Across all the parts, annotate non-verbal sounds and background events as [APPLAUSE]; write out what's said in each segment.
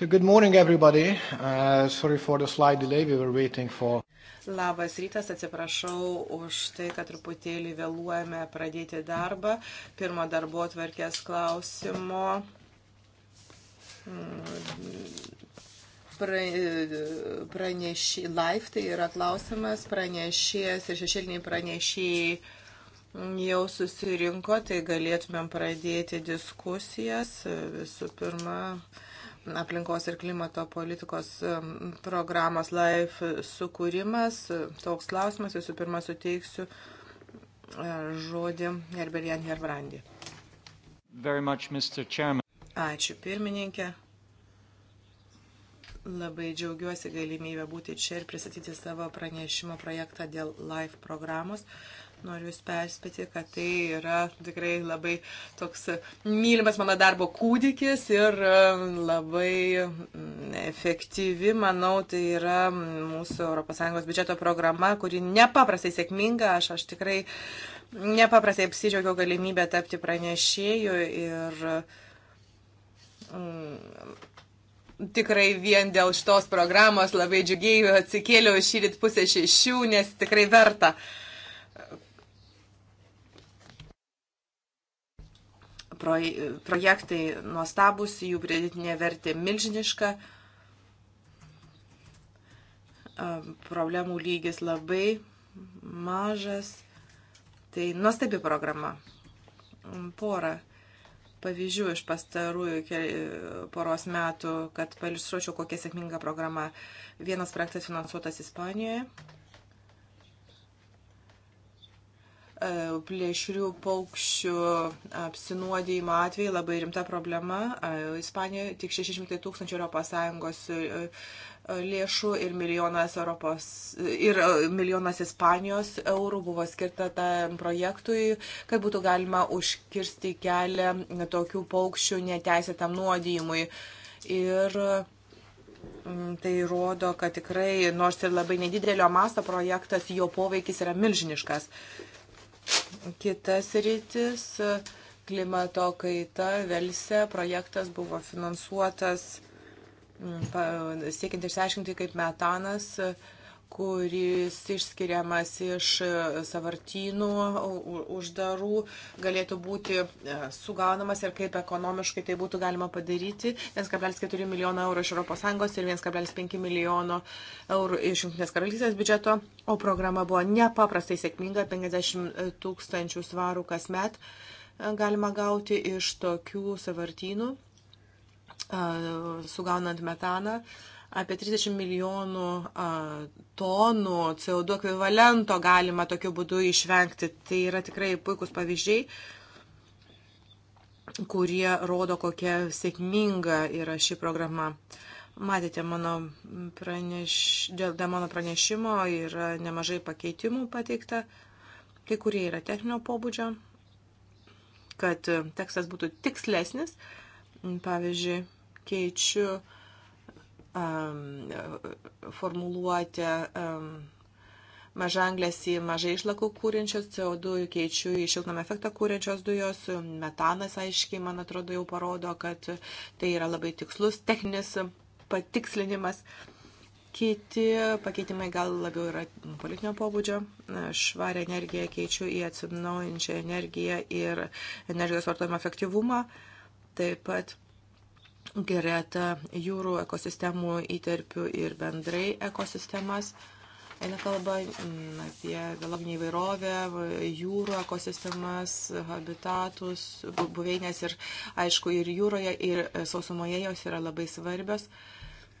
So good morning everybody. Uh, sorry for the slide delay. We were waiting for. Labas rytas, atsiprašau už tai, kad truputėlį vėluojame pradėti darbą. Pirmo darbo atverkės klausimo. Mm, pra, praneši, live tai yra klausimas, pranešėjas ir šešėliniai pranešėjai jau susirinko, tai galėtumėm pradėti diskusijas. Visų pirma, uh, aplinkos ir klimato politikos programos LIFE sukūrimas. Toks klausimas visų pirma suteiksiu e, žodį Herberian Herbrandi. Ačiū pirmininkė. Labai džiaugiuosi galimybę būti čia ir pristatyti savo pranešimo projektą dėl LIFE programos. Noriu Jūs perspėti, kad tai yra tikrai labai toks mylimas mano darbo kūdikis ir labai efektyvi, manau, tai yra mūsų ES biudžeto programa, kuri nepaprastai sėkminga. Aš, aš tikrai nepaprastai apsidžiaugiau galimybę tapti pranešėju ir tikrai vien dėl šitos programos labai džiugiai atsikėliau šį ryt pusę šešių, nes tikrai verta. Uh, projektai nuostabus, jų pridėtinė vertė milžiniška, problemų lygis labai mažas. Tai nuostabi programa. Porą pavyzdžių iš pastarųjų poros metų, kad palistruočiau, kokia sėkminga programa. Vienas projektas finansuotas Ispanijoje E, plėšrių paukščių apsinuodėjimo atvejai labai rimta problema. E, Ispanijoje tik 600 tūkstančių ES e, lėšų ir milijonas, Europos, ir milijonas Ispanijos eurų buvo skirta tam projektui, kad būtų galima užkirsti kelią tokių paukščių neteisėtam nuodijimui. Ir mm, Tai rodo, kad tikrai, nors ir labai nedidelio masto projektas, jo poveikis yra milžiniškas. Uh, Kitas rytis - klimato kaita. Velse projektas buvo finansuotas mm, siekiant išsiaiškinti, kaip metanas kuris išskiriamas iš savartynų uždarų, galėtų būti e, sugaunamas ir kaip ekonomiškai tai būtų galima padaryti. 1,4 milijono eurų iš ES ir 1,5 milijono eurų iš Junktinės karalystės biudžeto, o programa buvo nepaprastai sėkminga, 50 tūkstančių svarų kasmet e, galima gauti iš tokių savartynų, e, sugaunant metaną. Uh, apie 30 milijonų a, tonų CO2 ekvivalento galima tokiu būdu išvengti. Tai yra tikrai puikus pavyzdžiai, kurie rodo, kokia sėkminga yra ši programa. Matėte, mano praneš... dėl, dėl mano pranešimo yra nemažai pakeitimų pateikta, kai kurie yra techninio pobūdžio, kad tekstas būtų tikslesnis. Pavyzdžiui, keičiu uh, Um, formuluotę um, mažanglės į mažai išlakų kūrinčios CO2 keičiu į šiltnamą efektą kūrinčios dujos. Metanas aiškiai, man atrodo, jau parodo, kad tai yra labai tikslus techninis patikslinimas. Kiti pakeitimai gal labiau yra politinio pobūdžio. Švarę energiją keičiu į atsinaujančią energiją ir energijos vartojimo efektyvumą. Taip pat greta jūrų ekosistemų įterpių ir bendrai ekosistemas. Eina kalba mm, apie biologinį įvairovę, jūrų ekosistemas, habitatus, buveinės ir, aišku, ir jūroje, ir e, sausumoje jos yra labai svarbios.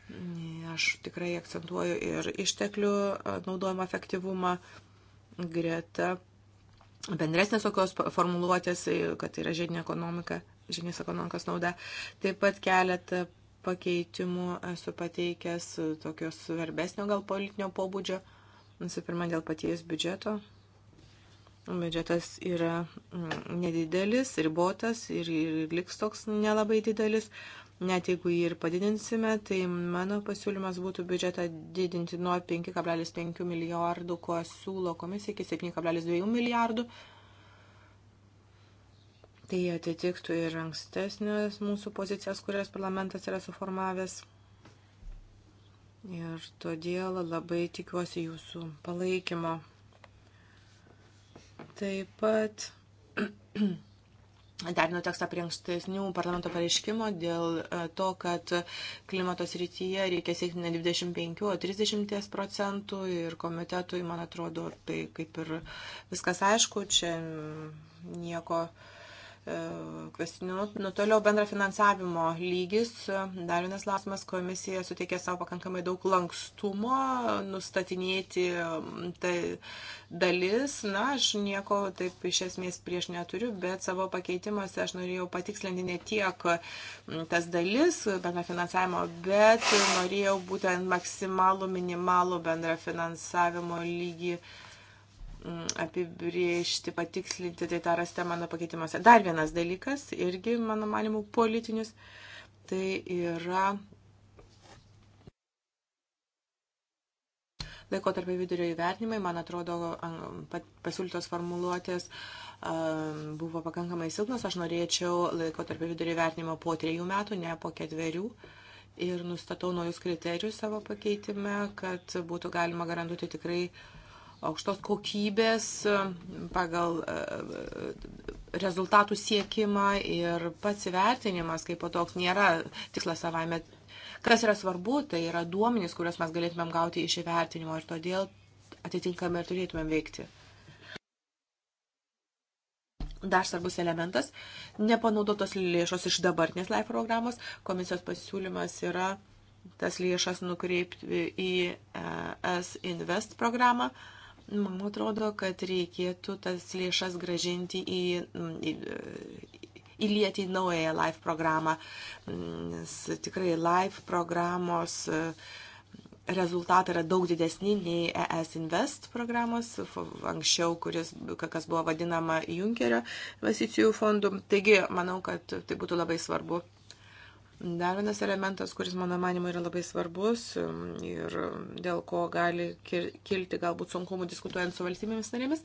Mm, aš tikrai akcentuoju ir išteklių e, naudojimo efektyvumą greta bendresnės tokios formuluotės, e, kad tai yra žiedinė ekonomika, žemės ekonomikos nauda. Taip pat keletą pakeitimų esu pateikęs tokios svarbesnio gal politinio pobūdžio. Visų pirma, dėl paties biudžeto. Biudžetas yra mm, nedidelis, ribotas ir, ir liks toks nelabai didelis. Net jeigu jį ir padidinsime, tai mano pasiūlymas būtų biudžetą didinti nuo 5,5 milijardų, ko siūlo komisija, iki 7,2 milijardų. Tai atitiktų ir ankstesnės mūsų pozicijas, kurias parlamentas yra suformavęs. Ir todėl labai tikiuosi jūsų palaikymo. Taip pat [CLEARS THROAT] derinu tekstą prie ankstesnių parlamento pareiškimo dėl e, to, kad klimatos rytyje reikia siekti ne 25, o 30 procentų ir komitetui, man atrodo, tai kaip ir viskas aišku, čia nieko E, kvestinuotinu. Toliau bendra finansavimo lygis. Dar vienas klausimas, komisija suteikė savo pakankamai daug lankstumo nustatinėti tai dalis. Na, aš nieko taip iš esmės prieš neturiu, bet savo pakeitimuose aš norėjau patikslinti ne tiek tas dalis bendra finansavimo, bet norėjau būtent maksimalų, minimalų bendra finansavimo lygį Mm, apibriežti, patikslinti, tai tą rastę mano pakeitimuose. Dar vienas dalykas, irgi, mano manimų, politinis, tai yra laiko tarp vidurio įvertinimai, man atrodo, pasiūlytos formuluotės buvo pakankamai silpnos, aš norėčiau laiko tarp vidurio įvertinimo po trejų metų, ne po ketverių. Ir nustatau naujus kriterijus savo pakeitime, kad būtų galima garantuoti tikrai uh, aukštos kokybės pagal e, rezultatų siekimą ir pats įvertinimas kaip po toks nėra tikslas savaime. Kas yra svarbu, tai yra duomenys, kuriuos mes galėtumėm gauti iš įvertinimo ir todėl atitinkamai ir turėtumėm veikti. Dar svarbus elementas - nepanaudotos lėšos iš dabartinės LIFE programos. Komisijos pasiūlymas yra tas lėšas nukreipti į ES Invest programą. Uh, Man atrodo, kad reikėtų tas lėšas gražinti į, į, įlieti į naująją LIFE programą, nes tikrai LIFE programos e, rezultatai yra daug didesni nei ES Invest programos, anksčiau, kuris, kas buvo vadinama Junkerio investicijų fondu. Taigi, manau, kad tai būtų labai svarbu Dar vienas elementas, kuris mano manimu yra labai svarbus um, ir dėl ko gali kilti galbūt sunkumų diskutuojant su valstybėmis narėmis,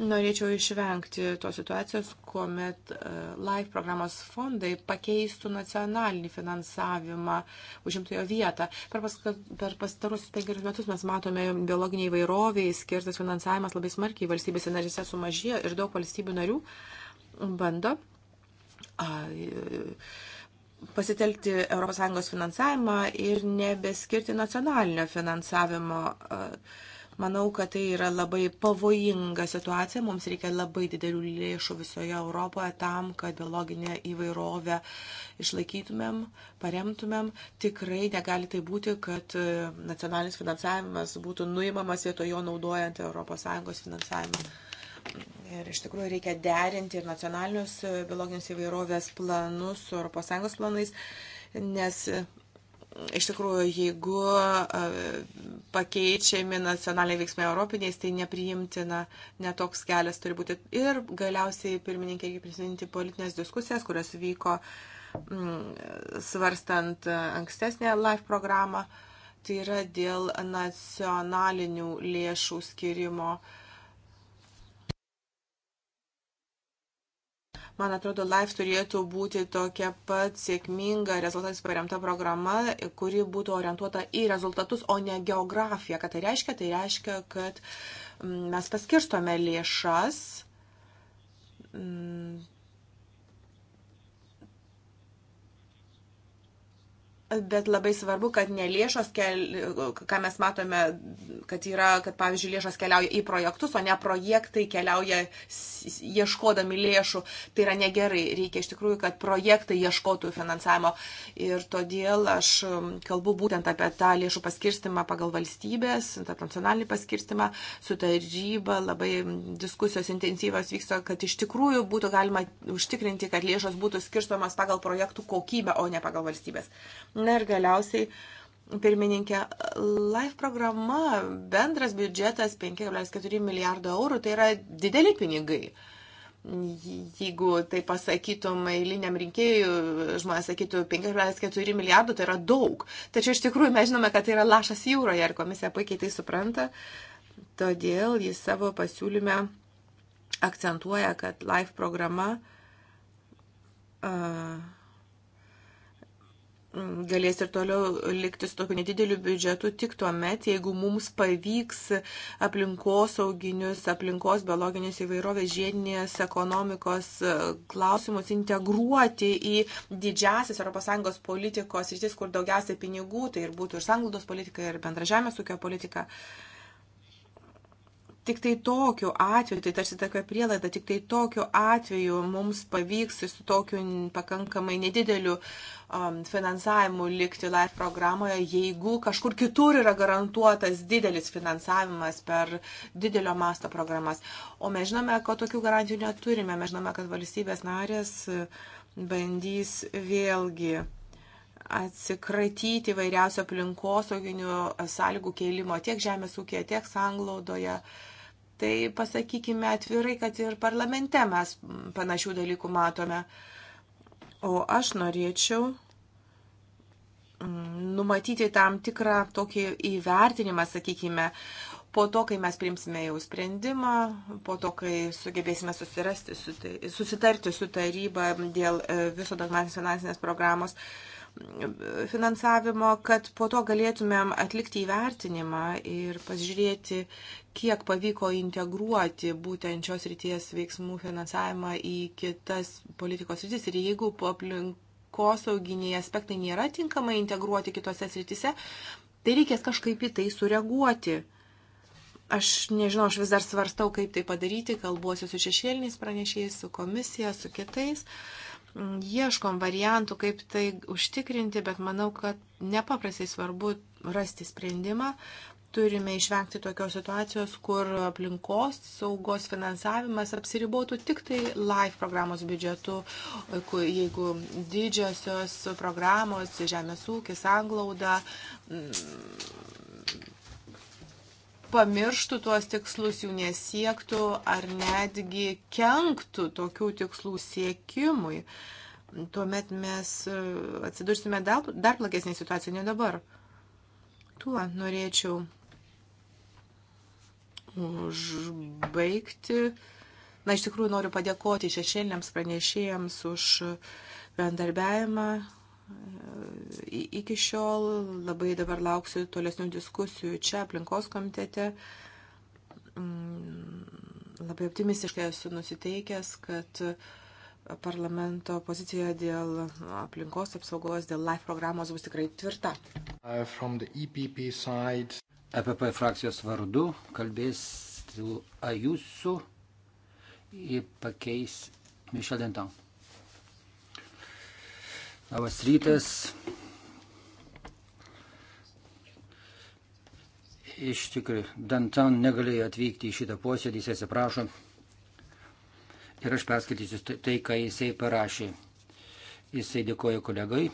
norėčiau išvengti tos situacijos, kuomet e, LIFE programos fondai pakeistų nacionalinį finansavimą užimtojo vietą. Per, paska, per pastarusius penkerius metus mes matome biologiniai įvairoviai skirtas finansavimas labai smarkiai valstybėse narėse sumažėjo ir daug valstybių narių bando. A, pasitelkti ES finansavimą ir nebeskirti nacionalinio finansavimo. Manau, kad tai yra labai pavojinga situacija. Mums reikia labai didelių lėšų visoje Europoje tam, kad biologinę įvairovę išlaikytumėm, paremtumėm. Tikrai negali tai būti, kad e, nacionalinis finansavimas būtų nuimamas vietoj jo naudojant ES finansavimą. Ir iš tikrųjų reikia derinti ir nacionalinius e, biologinės įvairovės planus su ES planais, nes e, iš tikrųjų, jeigu e, pakeičiami nacionaliniai veiksmai europiniais, tai nepriimtina, netoks kelias turi būti. Ir galiausiai pirmininkė reikia prisiminti politinės diskusijas, kurios vyko mm, svarstant ankstesnę live programą. Tai yra dėl nacionalinių lėšų skirimo uh, Man atrodo, LIFE turėtų būti tokia pat sėkminga rezultatais paremta programa, kuri būtų orientuota į rezultatus, o ne geografiją. Ką tai reiškia? Tai reiškia, kad mm, mes paskirstome lėšas mm, Bet labai svarbu, kad ne lėšos, kel... ką mes matome, kad yra, kad pavyzdžiui, lėšos keliauja į projektus, o ne projektai keliauja ieškodami lėšų. Tai yra negerai. Reikia iš tikrųjų, kad projektai ieškotų finansavimo. Ir todėl aš kalbu būtent apie tą lėšų paskirstimą pagal valstybės, internacionalinį paskirstimą, su taryba labai diskusijos intensyvios vyksta, kad iš tikrųjų būtų galima užtikrinti, kad lėšos būtų skirstomas pagal projektų kokybę, o ne pagal valstybės Na ir galiausiai pirmininkė, LIFE programa, bendras biudžetas 5,4 milijardo eurų, tai yra dideli pinigai. Jeigu tai pasakytum eiliniam rinkėjui, žmonės sakytų 5,4 milijardo, tai yra daug. Tačiau iš tikrųjų mes žinome, kad tai yra lašas jūroje ir komisija puikiai tai supranta. Todėl jis savo pasiūlyme akcentuoja, kad LIFE programa uh, galės ir toliau likti su tokiu nedideliu biudžetu tik tuo met, jeigu mums pavyks aplinkosauginius, aplinkos biologinės įvairovės žiedinės ekonomikos e, klausimus integruoti į didžiasis ES politikos rytis, kur daugiausia pinigų, tai ir būtų ir sanglaudos politika, ir bendražėmės ūkio politika. Uh, Tik tai tokiu atveju, tai tarsi tokia prielaida, tik tai tokiu atveju mums pavyks su tokiu pakankamai nedideliu um, finansavimu likti LIFE programoje, jeigu kažkur kitur yra garantuotas didelis finansavimas per didelio masto programas. O mes žinome, kad tokių garantijų neturime, mes žinome, kad valstybės narės uh, bandys vėlgi atsikratyti vairiausio aplinkosauginių sąlygų keilimo tiek žemės ūkėje, tiek sanglaudoje. Uh, Tai pasakykime atvirai, kad ir parlamente mes panašių dalykų matome. O aš norėčiau mm, numatyti tam tikrą tokį įvertinimą, sakykime, po to, kai mes primsime jau sprendimą, po to, kai sugebėsime susirasti, susitarti su taryba dėl e, viso dogmatinės finansinės programos, uh, finansavimo, kad po to galėtumėm atlikti įvertinimą ir pasižiūrėti, kiek pavyko integruoti būtent šios ryties veiksmų finansavimą į kitas politikos rytis. Ir jeigu aplinkosauginiai aspektai nėra tinkamai integruoti kitose srityse, tai reikės kažkaip į tai sureaguoti. Aš nežinau, aš vis dar svarstau, kaip tai padaryti, kalbuosiu su šešėliniais pranešėjais, su komisija, su kitais. Uh, ieškom variantų, kaip tai užtikrinti, bet manau, kad nepaprastai svarbu rasti sprendimą. Turime išvengti tokios situacijos, kur aplinkos saugos finansavimas apsiribotų tik tai LIFE programos biudžetu, jeigu didžiosios programos, žemės ūkis, anglauda, mm, pamirštų tuos tikslus, jų nesiektų ar netgi kenktų tokių tikslų siekimui. Tuomet mes e, atsidursime dar, dar plakesnė situacija, ne dabar. Tuo norėčiau užbaigti. Na, iš tikrųjų noriu padėkoti šešėliniams pranešėjams už bendarbiavimą, iki šiol. Labai dabar lauksiu tolesnių diskusijų čia aplinkos komitete. Mm, labai optimistiškai esu nusiteikęs, kad parlamento pozicija dėl aplinkos apsaugos, dėl LIFE programos bus tikrai tvirta. Uh, EPP, e EPP e frakcijos vardu kalbės Ajusų, jį pakeis Mišel Denton. Labas rytas. Iš tikrųjų, Dantan negalėjo atvykti į šitą posėdį, jis atsiprašo. Ir aš perskaitysiu tai, tai ką jisai parašė. Jisai dėkoja kolegai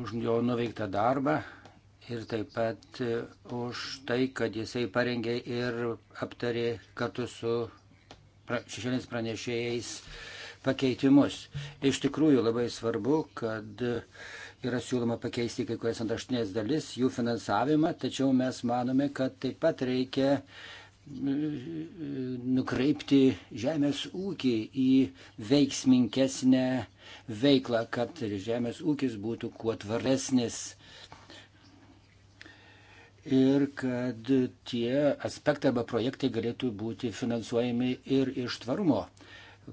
už jo nuveiktą darbą ir taip pat e, už tai, kad jisai parengė ir aptarė kartu su šešėlinis pranešėjais uh, pakeitimus. Iš tikrųjų labai svarbu, kad yra siūloma pakeisti kai kurias antraštinės dalis, jų finansavimą, tačiau mes manome, kad taip pat reikia mm, nukreipti žemės ūkį į veiksminkesnę veiklą, kad žemės ūkis būtų kuo tvaresnis ir kad tie aspektai arba projektai galėtų būti finansuojami ir iš tvarumo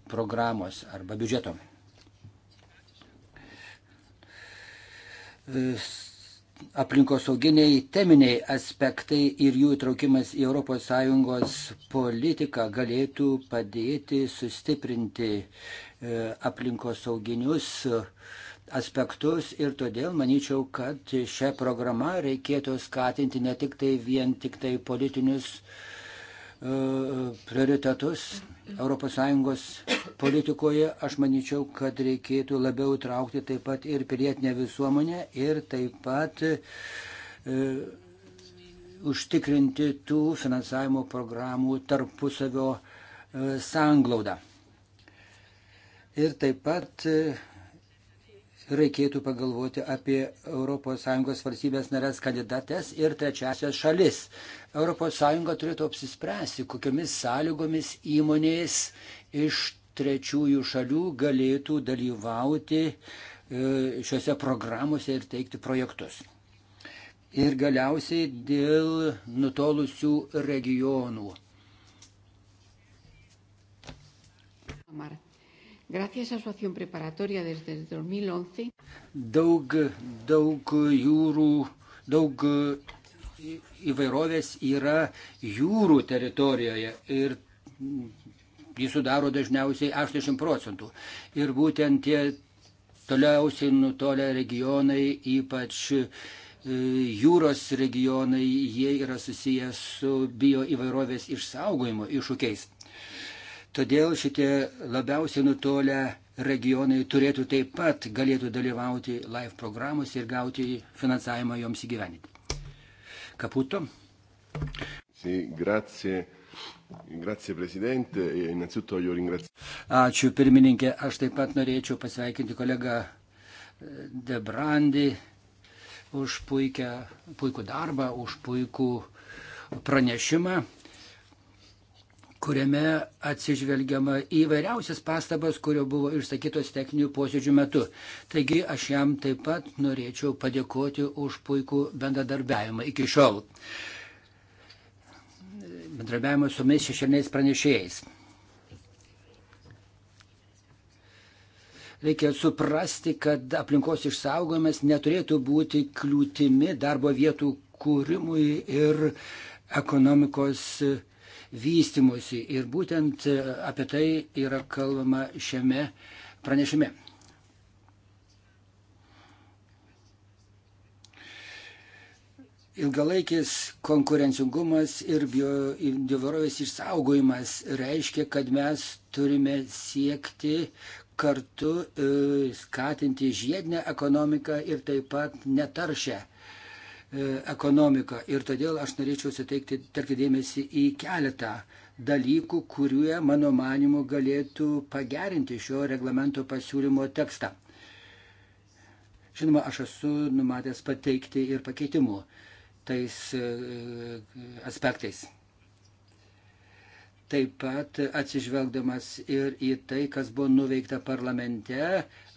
programos arba biudžeto. aplinkosauginiai teminiai aspektai ir jų įtraukimas į ES politiką galėtų padėti sustiprinti e, aplinkosauginius aspektus ir todėl manyčiau, kad šią programą reikėtų skatinti ne tik tai vien tik tai politinius uh, E, prioritetus ES politikoje, aš manyčiau, kad reikėtų labiau traukti taip pat ir pilietinę visuomenę ir taip pat e, užtikrinti tų finansavimo programų tarpusavio e, sanglaudą. Ir taip pat e, reikėtų pagalvoti apie ES valstybės narės kandidates ir trečiasias šalis. ES turėtų apsispręsti, kokiamis sąlygomis įmonės iš trečiųjų šalių galėtų dalyvauti e, šiuose programuose ir teikti projektus. Ir galiausiai dėl nutolusių regionų. Mara. Gracias a su acción preparatoria desde el 2011. Daug, daug jūrų, daug įvairovės yra jūrų teritorijoje ir jis sudaro dažniausiai 80 procentų. Ir būtent tie toliausiai nutolę regionai, ypač e, jūros regionai, jie yra susijęs su bio įvairovės išsaugojimo iššūkiais. Todėl šitie labiausiai nutolę regionai turėtų taip pat galėtų dalyvauti LIFE programos ir gauti finansavimą joms įgyveninti. Kaputo. Sì, grazie. Grazie Presidente, e innanzitutto io ringrazio. Ačiū pirmininkė, aš taip pat norėčiau pasveikinti kolegą e, Debrandi už puikia, puikų darbą, už puikų pranešimą kuriame atsižvelgiama į vairiausias pastabas, kurio buvo išsakytos techninių posėdžių metu. Taigi aš jam taip pat norėčiau padėkoti už puikų bendradarbiavimą iki šiol. Bendradarbiavimą su mes šešėliniais pranešėjais. Reikia suprasti, kad aplinkos išsaugojimas neturėtų būti kliūtimi darbo vietų kūrimui ir ekonomikos vystimusi. Ir būtent e, apie tai yra kalbama šiame pranešime. Ilgalaikis konkurencingumas ir bioįvairovės išsaugojimas reiškia, kad mes turime siekti kartu e, skatinti žiedinę ekonomiką ir taip pat netaršę E, ekonomiką. Ir todėl aš norėčiau suteikti, tarkit dėmesį, į keletą dalykų, kurie, mano manimu, galėtų pagerinti šio reglamento pasiūlymo tekstą. Žinoma, aš esu numatęs pateikti ir pakeitimų tais e, aspektais taip pat atsižvelgdamas ir į tai, kas buvo nuveikta parlamente,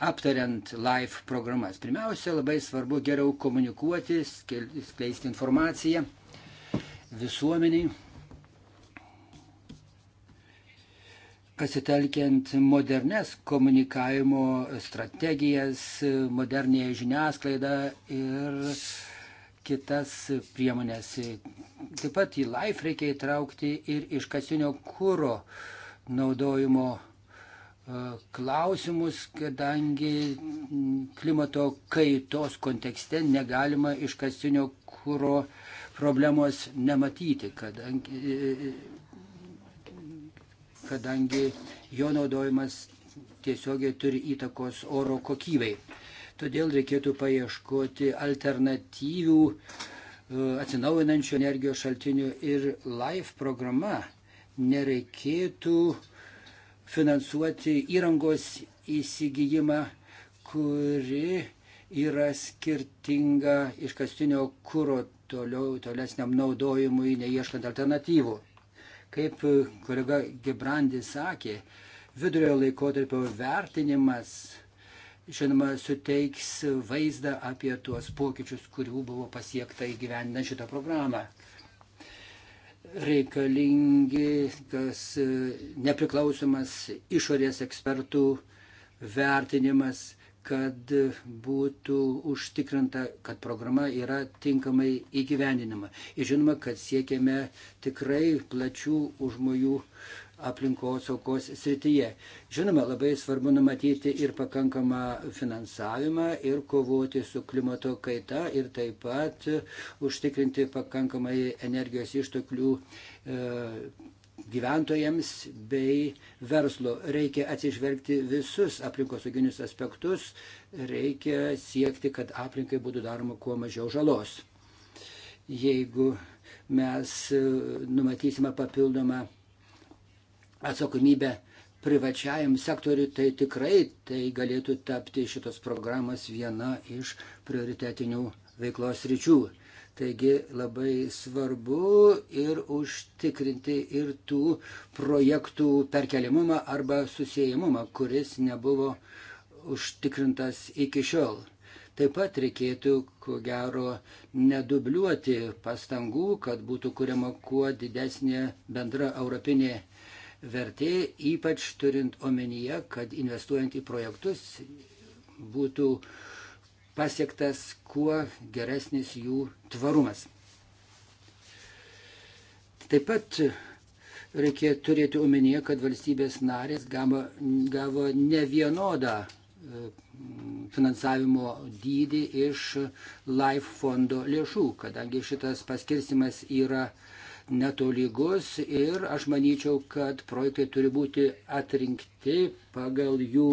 aptariant live programas. Pirmiausia, labai svarbu geriau komunikuoti, skleisti informaciją visuomeniai, pasitelkiant modernes komunikavimo strategijas, modernėje žiniasklaidą ir kitas priemonės. Taip pat į LIFE reikia įtraukti ir iškasinio kūro naudojimo e, klausimus, kadangi klimato kaitos kontekste negalima iškasinio kūro problemos nematyti, kadangi, e, e, kadangi jo naudojimas tiesiogiai turi įtakos oro kokybei. Todėl reikėtų paieškoti alternatyvių e, atsinaujinančių energijos šaltinių ir LIFE programa nereikėtų finansuoti įrangos įsigijimą, kuri yra skirtinga iškastinio kūro toliau, tolesniam naudojimui, neieškant alternatyvų. Kaip kolega Gebrandi sakė, vidurio laikotarpio vertinimas žinoma, suteiks vaizdą apie tuos pokyčius, kurių buvo pasiekta įgyvendinant šitą programą. Reikalingi tas e, nepriklausomas išorės ekspertų vertinimas, kad būtų užtikrinta, kad programa yra tinkamai įgyvendinama. Ir žinoma, kad siekiame tikrai plačių užmojų uh, aplinkosaugos srityje. Žinoma, labai svarbu numatyti ir pakankamą finansavimą ir kovoti su klimato kaita ir taip pat užtikrinti pakankamai energijos išteklių e, gyventojams bei verslo. Reikia atsižvelgti visus aplinkosauginius aspektus, reikia siekti, kad aplinkai būtų daroma kuo mažiau žalos. Jeigu mes e, numatysime papildomą atsakomybę privačiajam sektoriu, tai tikrai tai galėtų tapti šitos programos viena iš prioritetinių veiklos ryčių. Taigi labai svarbu ir užtikrinti ir tų projektų perkeliamumą arba susijimumą, kuris nebuvo užtikrintas iki šiol. Taip pat reikėtų, ko gero, nedubliuoti pastangų, kad būtų kuriama kuo didesnė bendra europinė vertė, ypač turint omenyje, kad investuojant į projektus būtų pasiektas kuo geresnis jų tvarumas. Taip pat reikia turėti omenyje, kad valstybės narės gavo, gavo ne vienodą e, finansavimo dydį iš LIFE fondo lėšų, kadangi šitas paskirstimas yra uh, netolygus ir aš manyčiau, kad projektai turi būti atrinkti pagal jų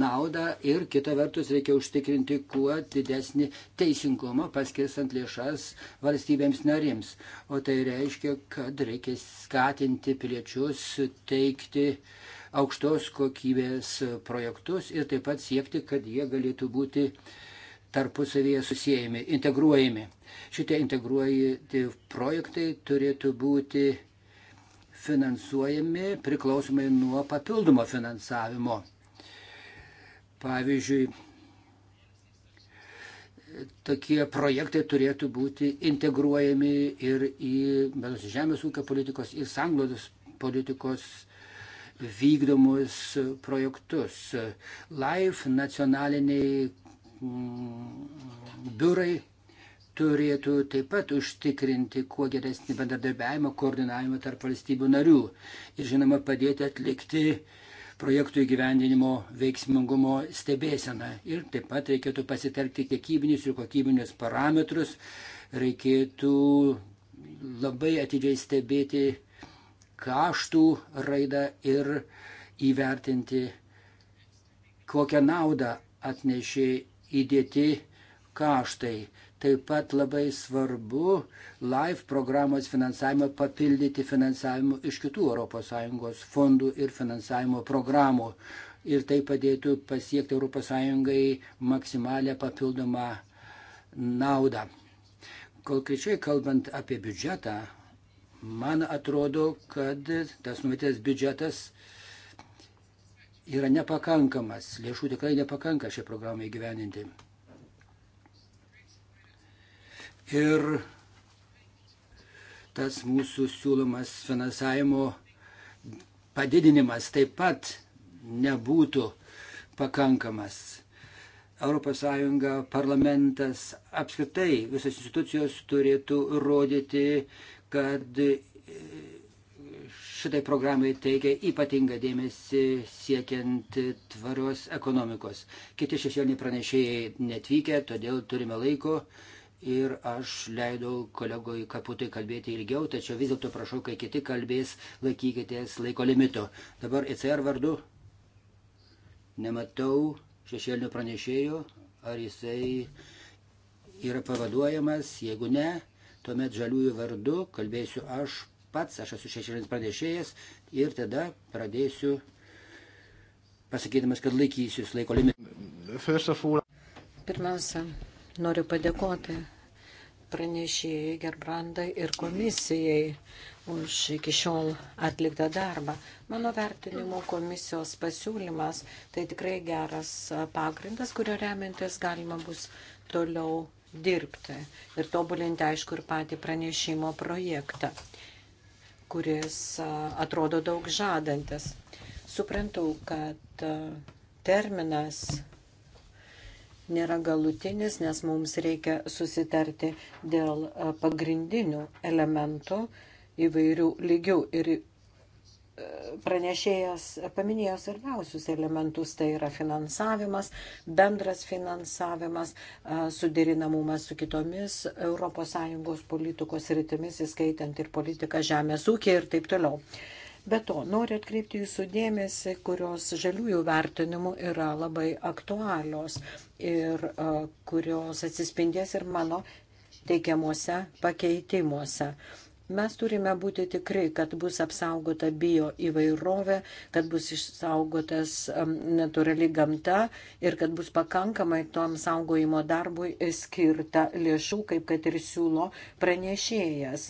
naudą ir kita vertus reikia užtikrinti kuo didesnį teisingumą paskirstant lėšas valstybėms narims. O tai reiškia, kad reikia skatinti piliečius teikti aukštos kokybės projektus ir taip pat siekti, kad jie galėtų būti uh, tarpusavėje susijęjami, integruojami. Šitie integruojami projektai turėtų būti finansuojami priklausomai nuo papildomo finansavimo. Pavyzdžiui, tokie projektai turėtų būti integruojami ir į žemės ūkio politikos, į sanglaudos politikos vykdomus projektus. LIFE nacionaliniai Mm, biurai turėtų taip pat užtikrinti kuo geresnį bendradarbiavimą, koordinavimą tarp valstybių narių ir žinoma padėti atlikti projektų įgyvendinimo veiksmingumo stebėseną. Ir taip pat reikėtų pasitelkti kiekybinius ir kokybinius parametrus, reikėtų labai atidžiai stebėti kaštų raidą ir įvertinti, kokią naudą atnešė įdėti kaštai. Taip pat labai svarbu LIFE programos finansavimą papildyti finansavimu iš kitų ES fondų ir finansavimo programų. Ir tai padėtų pasiekti ES maksimalę papildomą naudą. Konkrečiai kalbant apie biudžetą, man atrodo, kad tas numatytas biudžetas yra nepakankamas, lėšų tikrai nepakanka šią programą įgyveninti. Ir tas mūsų siūlomas finansavimo padidinimas taip pat nebūtų pakankamas. ES, parlamentas, apskritai visos institucijos turėtų rodyti, kad šitai programai teikia ypatingą dėmesį siekiant tvarios ekonomikos. Kiti šešėliniai pranešėjai netvykę, todėl turime laiko ir aš leidau kolegoj kaputui kalbėti ilgiau, tačiau vis dėlto prašau, kai kiti kalbės, laikykitės laiko limito. Dabar ECR vardu nematau šešėlinio pranešėjo, ar jisai yra pavaduojamas, jeigu ne, tuomet žaliųjų vardu kalbėsiu aš, pats, aš esu šešėlinis pranešėjas ir tada pradėsiu pasakydamas, kad laikysiu laiko limitą. Pirmiausia, noriu padėkoti pranešėjai Gerbrandai ir komisijai už iki šiol atliktą darbą. Mano vertinimo komisijos pasiūlymas tai tikrai geras pagrindas, kurio remintis galima bus toliau dirbti ir tobulinti, aišku, ir patį pranešimo projektą kuris atrodo daug žadantis. Suprantu, kad terminas nėra galutinis, nes mums reikia susitarti dėl pagrindinių elementų įvairių lygių ir pranešėjas paminėjo svarbiausius elementus, tai yra finansavimas, bendras finansavimas, suderinamumas su kitomis ES politikos rytimis, įskaitant ir politiką žemės ūkį ir taip toliau. Be to, noriu atkreipti jūsų dėmesį, kurios žaliųjų vertinimų yra labai aktualios ir kurios atsispindės ir mano teikiamuose pakeitimuose. Mes turime būti tikrai, kad bus apsaugota bio įvairovė, kad bus išsaugotas um, natūrali gamta ir kad bus pakankamai tom saugojimo darbui skirta lėšų, kaip kad ir siūlo pranešėjas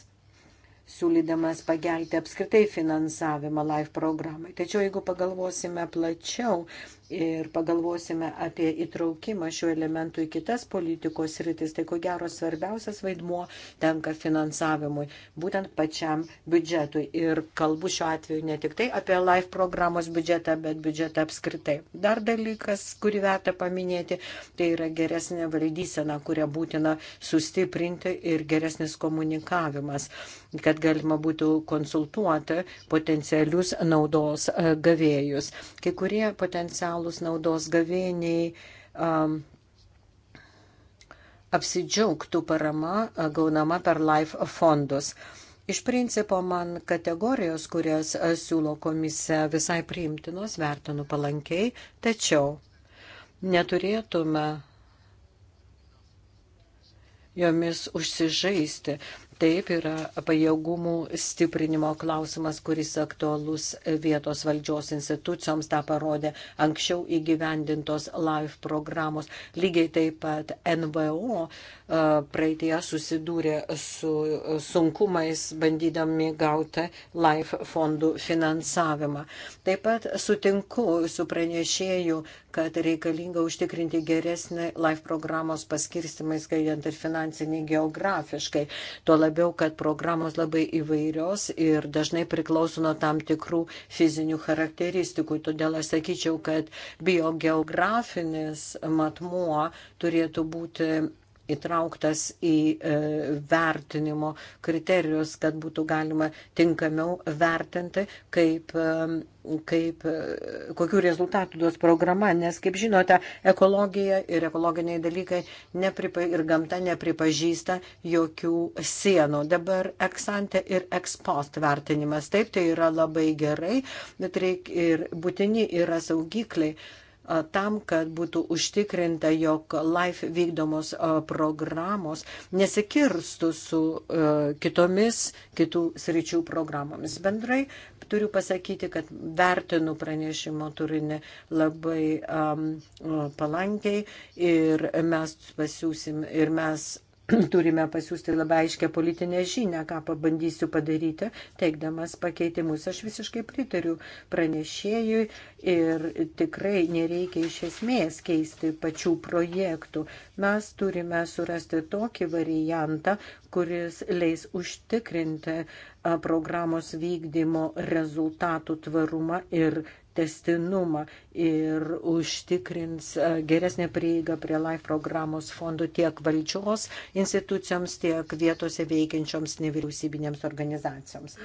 siūlydamas pagelti apskritai finansavimą LIFE programai. Tačiau jeigu pagalvosime plačiau, ir pagalvosime apie įtraukimą šio elementų į kitas politikos rytis, tai ko gero svarbiausias vaidmuo tenka finansavimui, būtent pačiam biudžetui. Ir kalbu šiuo atveju ne tik tai apie LIFE programos biudžetą, bet biudžetą apskritai. Dar dalykas, kurį verta paminėti, tai yra geresnė valdysena, kurią būtina sustiprinti ir geresnis komunikavimas, kad galima būtų konsultuoti potencialius naudos e, gavėjus. Kai kurie potencialų potencialus naudos gavėjai um, apsidžiaugtų parama gaunama per LIFE fondus. Iš principo man kategorijos, kurias siūlo komisija, visai priimtinos, vertinu palankiai, tačiau neturėtume jomis užsižaisti, Taip yra pajėgumų stiprinimo klausimas, kuris aktualus vietos valdžios institucijoms, tą parodė anksčiau įgyvendintos LIFE programos. Lygiai taip pat NVO praeitie susidūrė su sunkumais, bandydami gauti LIFE fondų finansavimą. Taip pat sutinku su pranešėju, kad reikalinga užtikrinti geresnį LIFE programos paskirstimą, skaitant ir finansinį geografiškai. Tuo labiau, kad programos labai įvairios ir dažnai priklauso nuo tam tikrų fizinių charakteristikų. Todėl aš sakyčiau, kad biogeografinis matmuo turėtų būti įtrauktas į e, vertinimo kriterijus, kad būtų galima tinkamiau vertinti, kaip, e, kaip, e, kokiu rezultatu duos programa, nes, kaip žinote, ekologija ir ekologiniai dalykai nepripa, ir gamta nepripažįsta jokių sienų. Dabar eksante ir ekspost vertinimas. Taip, tai yra labai gerai, bet reikia ir būtini yra saugikliai tam, kad būtų užtikrinta, jog LIFE vykdomos programos nesikirstų su kitomis kitų sričių programomis. Bendrai turiu pasakyti, kad vertinu pranešimo turinį labai um, palankiai ir mes pasiūsim ir mes [CLEARS THROAT] turime pasiūsti labai aiškę politinę žinę, ką pabandysiu padaryti, teikdamas pakeitimus. Aš visiškai pritariu pranešėjui ir tikrai nereikia iš esmės keisti pačių projektų. Mes turime surasti tokį variantą, kuris leis užtikrinti programos vykdymo rezultatų tvarumą ir testinumą ir užtikrins e, geresnę prieigą prie LIFE programos fondų tiek valdžios institucijoms, tiek vietose veikiančioms nevyriausybinėms organizacijoms.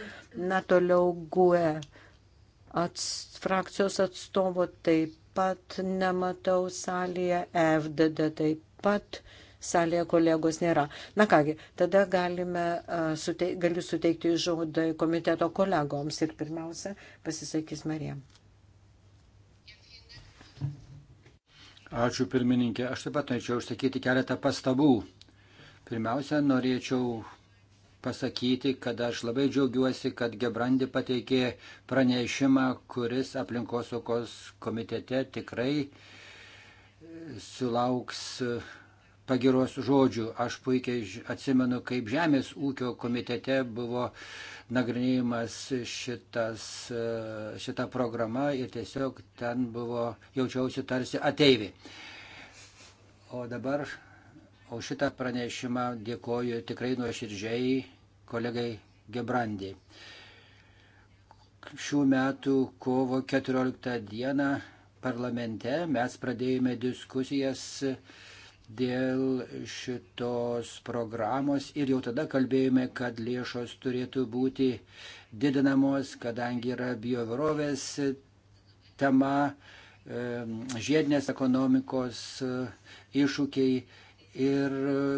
Na, toliau GUE ats, frakcijos atstovo taip pat nematau salėje, FDD taip pat salėje kolegos nėra. Na kągi, tada galime, e, suteik, galiu suteikti žodį komiteto kolegoms ir pirmiausia pasisakys Marija. Ačiū pirmininkė. Aš taip pat norėčiau išsakyti keletą pastabų. Pirmiausia, norėčiau pasakyti, kad aš labai džiaugiuosi, kad Gebrandi pateikė pranešimą, kuris aplinkosaugos komitete tikrai sulauks pagiros žodžių. Aš puikiai atsimenu, kaip Žemės ūkio komitete buvo nagrinėjimas šitas, e, šita programa ir tiesiog ten buvo, jaučiausi tarsi ateivi. O dabar, o šitą pranešimą dėkoju tikrai nuoširdžiai kolegai Gebrandi. Šių metų kovo 14 dieną parlamente mes pradėjome diskusijas uh, dėl šitos programos ir jau tada kalbėjome, kad lėšos turėtų būti didinamos, kadangi yra bioverovės tema, žiedinės ekonomikos e, iššūkiai ir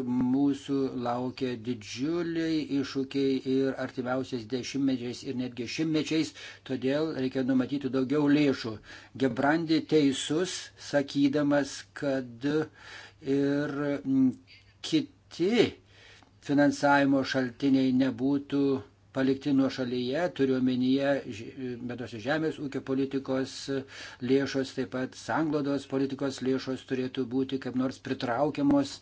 mūsų laukia didžiuliai iššūkiai ir artimiausiais dešimtmečiais ir netgi šimtmečiais, todėl reikia numatyti daugiau lėšų. Gebrandi teisus, sakydamas, kad uh, ir mm, kiti finansavimo šaltiniai nebūtų palikti nuo šalyje, turiuomenyje bedosios žemės ūkio politikos lėšos, taip pat sanglodos politikos lėšos turėtų būti kaip nors pritraukiamos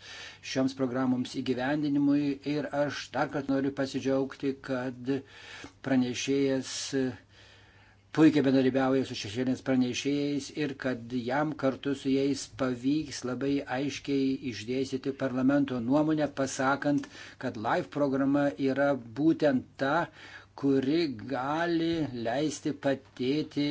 šioms programoms įgyvendinimui. Ir aš dar kartą noriu pasidžiaugti, kad pranešėjas puikiai bendradarbiauja su šešėlės pranešėjais ir kad jam kartu su jais pavyks labai aiškiai išdėstyti parlamento nuomonę, pasakant, kad LIFE programa yra būtent ta, kuri gali leisti patėti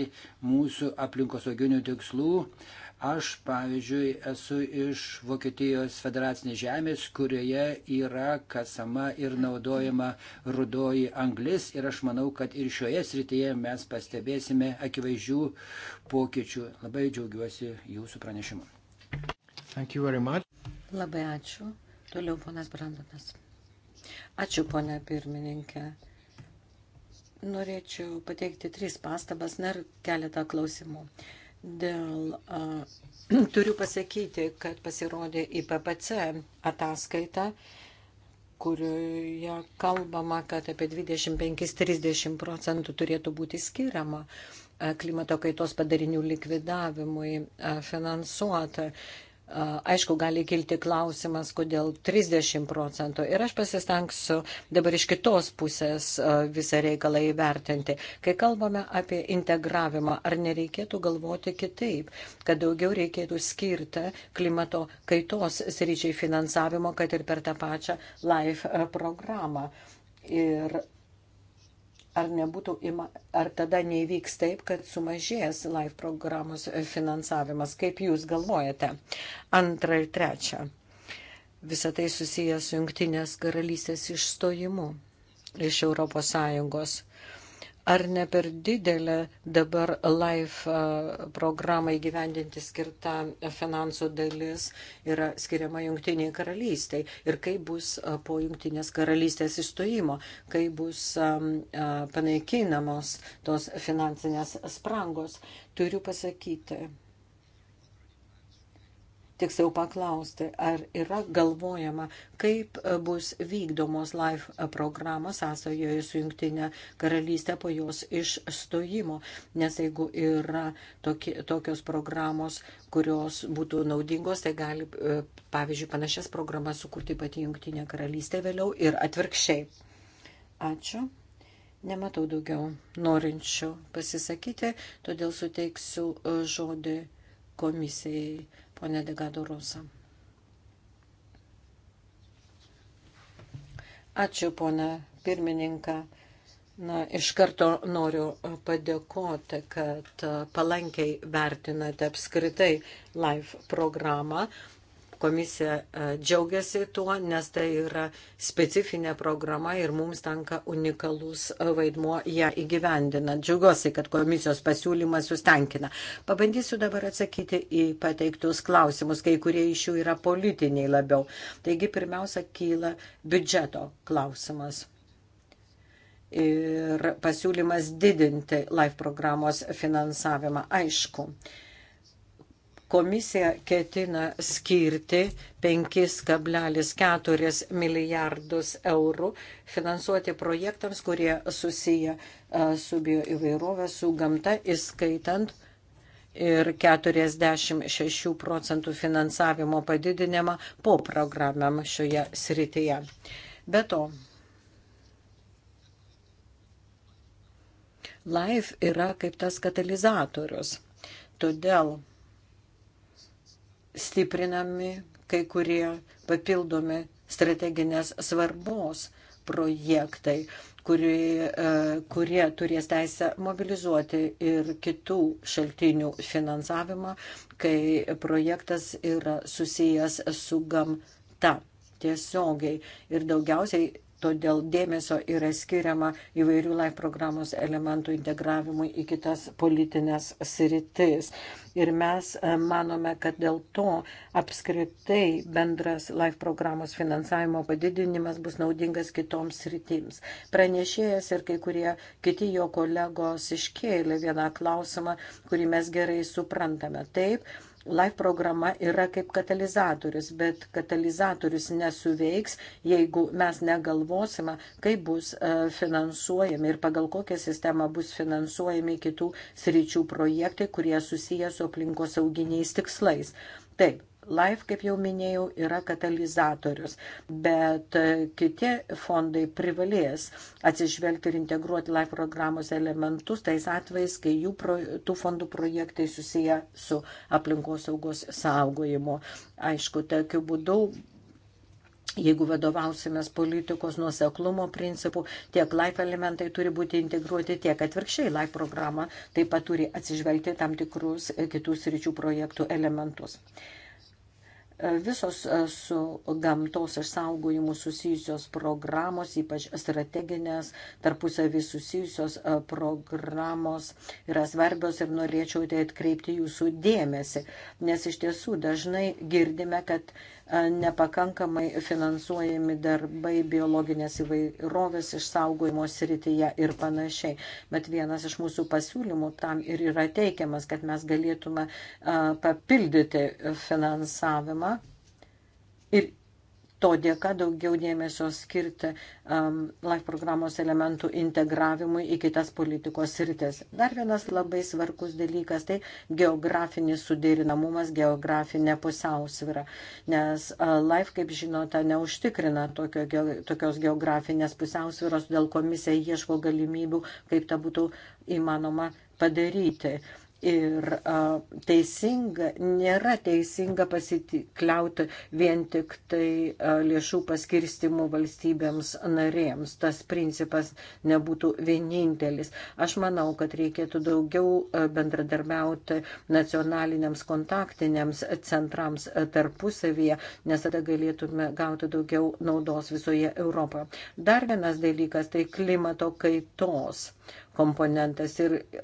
mūsų aplinkosauginių tikslų. Uh, Aš, pavyzdžiui, esu iš Vokietijos federacinės žemės, kurioje yra kasama ir naudojama rudoji anglis ir aš manau, kad ir šioje srityje mes pastebėsime akivaizdžių pokyčių. Labai džiaugiuosi jūsų pranešimu. Labai ačiū. Toliau ponas Brandonas. Ačiū, ponia pirmininkė. Norėčiau pateikti tris pastabas, ner keletą klausimų. Uh, Dėl uh, [CLEARS THROAT] turiu pasakyti, kad pasirodė IPPC ataskaita, kurioje kalbama, kad apie 25-30 procentų turėtų būti skiriama klimato kaitos padarinių likvidavimui finansuota. Aišku, gali kilti klausimas, kodėl 30 procentų. Ir aš pasistengsiu dabar iš kitos pusės e, visą reikalą įvertinti. Kai kalbame apie integravimą, ar nereikėtų galvoti kitaip, kad daugiau reikėtų skirti klimato kaitos sryčiai finansavimo, kad ir per tą pačią LIFE e, programą. Ir ar nebūtų, ima, ar tada neįvyks taip, kad sumažės live programos finansavimas, kaip jūs galvojate. Antra ir trečia. Visą tai susijęs su jungtinės karalystės išstojimu iš Europos Sąjungos. Ar ne per didelė dabar LIFE programai gyvendinti skirta finansų dalis yra skiriama jungtiniai karalystiai? Ir kaip bus po jungtinės karalystės įstojimo, kaip bus panaikinamos tos finansinės sprangos? Turiu pasakyti, tiksliau paklausti, ar yra galvojama, kaip e, bus vykdomos LIFE e, programos sąsojoje su Junktinė karalystė po jos išstojimo. Nes jeigu yra tokie, tokios programos, kurios būtų naudingos, tai gali, e, pavyzdžiui, panašias programas sukurti pati Junktinė karalystė vėliau ir atvirkščiai. Ačiū. Nematau daugiau norinčių pasisakyti, todėl suteiksiu žodį komisijai ponė Degado Rosa. Ačiū, ponė pirmininką. Na, iš karto noriu padėkoti, kad palankiai vertinate apskritai live programą. Komisija e, džiaugiasi tuo, nes tai yra specifinė programa ir mums tenka unikalus e, vaidmuo ją įgyvendinant. Džiaugiuosi, kad komisijos pasiūlymas jūs tenkina. Pabandysiu dabar atsakyti į pateiktus klausimus, kai kurie iš jų yra politiniai labiau. Taigi pirmiausia kyla biudžeto klausimas ir pasiūlymas didinti LIFE programos finansavimą. Aišku, Komisija ketina skirti 5,4 milijardus eurų finansuoti projektams, kurie susiję su bioįvairovė, su gamta, įskaitant ir 46 procentų finansavimo padidinimą po programam šioje srityje. Be to, LIFE yra kaip tas katalizatorius. Todėl stiprinami kai kurie papildomi strateginės svarbos projektai, kurie, kurie turės teisę mobilizuoti ir kitų šaltinių finansavimą, kai projektas yra susijęs su gamta tiesiogiai. Ir daugiausiai todėl dėmesio yra skiriama įvairių LIFE programos elementų integravimui į kitas politinės sritis. Ir mes e, manome, kad dėl to apskritai bendras LIFE programos finansavimo padidinimas bus naudingas kitoms sritims. Pranešėjas ir kai kurie kiti jo kolegos iškėlė vieną klausimą, kurį mes gerai suprantame. Taip, Life programa yra kaip katalizatorius, bet katalizatorius nesuveiks, jeigu mes negalvosime, kaip bus e, finansuojami ir pagal kokią sistemą bus finansuojami kitų sričių projektai, kurie susiję su aplinkosauginiais tikslais. Taip, Life, kaip jau minėjau, yra katalizatorius, bet e, kiti fondai privalės atsižvelgti ir integruoti Life programos elementus tais atvejais, kai jų pro, tų fondų projektai susiję su aplinkosaugos saugojimu. Aišku, tokiu būdu Jeigu vadovausimės politikos nuoseklumo principų, tiek LIFE elementai turi būti integruoti, tiek atvirkščiai LIFE programa taip pat turi atsižvelgti tam tikrus e, kitus ryčių projektų elementus. Visos e, su gamtos išsaugojimu susijusios programos, ypač strateginės, tarpusavį susijusios e, programos yra svarbios ir norėčiau tai atkreipti jūsų dėmesį, nes iš tiesų dažnai girdime, kad nepakankamai finansuojami darbai biologinės įvairovės išsaugojimo srityje ir panašiai. Bet vienas iš mūsų pasiūlymų tam ir yra teikiamas, kad mes galėtume papildyti finansavimą ir to dėka daugiau dėmesio skirti um, LIFE programos elementų integravimui į kitas politikos sritis. Dar vienas labai svarbus dalykas - tai geografinis suderinamumas, geografinė pusiausvyra, nes uh, LIFE, kaip žinote, neužtikrina tokio, ge, tokios geografinės pusiausvyros, dėl komisija ieško galimybių, kaip tą būtų įmanoma padaryti. Uh, ir a, teisinga, nėra teisinga pasitikliauti vien tik tai a, lėšų paskirstimų valstybėms narėms. Tas principas nebūtų vienintelis. Aš manau, kad reikėtų daugiau a, bendradarbiauti nacionaliniams kontaktiniams centrams a, tarpusavyje, nes tada galėtume gauti daugiau naudos visoje Europoje. Dar vienas dalykas - tai klimato kaitos. A, komponentas ir e,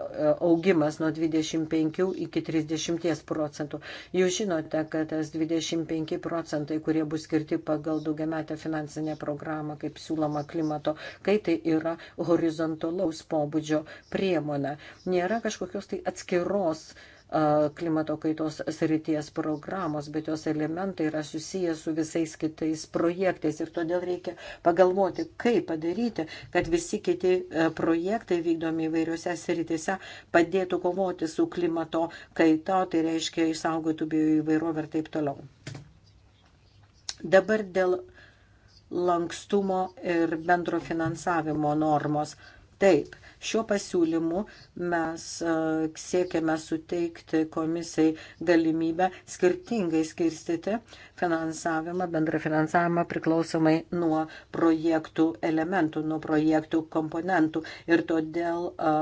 augimas nuo 25 iki 30 procentų. Jūs žinote, kad tas 25 procentai, kurie bus skirti pagal daugiametę finansinę programą, kaip siūloma klimato, kai tai yra horizontalaus pobūdžio priemonė. Nėra kažkokios tai atskiros uh, klimato kaitos srities programos, bet jos elementai yra susiję su visais kitais projektais ir todėl reikia pagalvoti, kaip padaryti, kad visi kiti projektai vykdomi įvairiose sritise padėtų kovoti su klimato kaita, tai reiškia išsaugotų bioįvairovę ir taip toliau. Dabar dėl lankstumo ir bendro finansavimo normos. Taip, Šiuo pasiūlymu mes e, siekiame suteikti komisijai galimybę skirtingai skirstyti finansavimą, bendrą finansavimą priklausomai nuo projektų elementų, nuo projektų komponentų ir todėl e,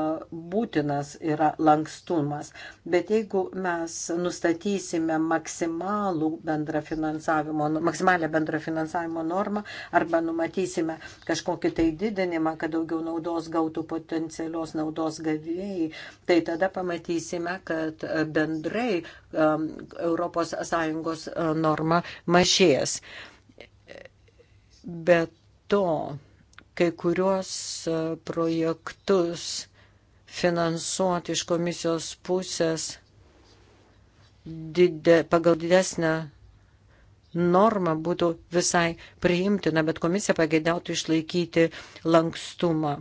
būtinas yra lankstumas. Bet jeigu mes nustatysime maksimalų bendrą finansavimo, maksimalę bendrą finansavimo normą arba numatysime kažkokį tai didinimą, kad daugiau naudos gautų potencialų, potencialios naudos gavėjai, tai tada pamatysime, kad bendrai um, ES uh, norma mažės. Bet to, kai kuriuos uh, projektus finansuoti iš komisijos pusės didė, pagal didesnę norma būtų visai priimtina, bet komisija pagėdautų išlaikyti lankstumą.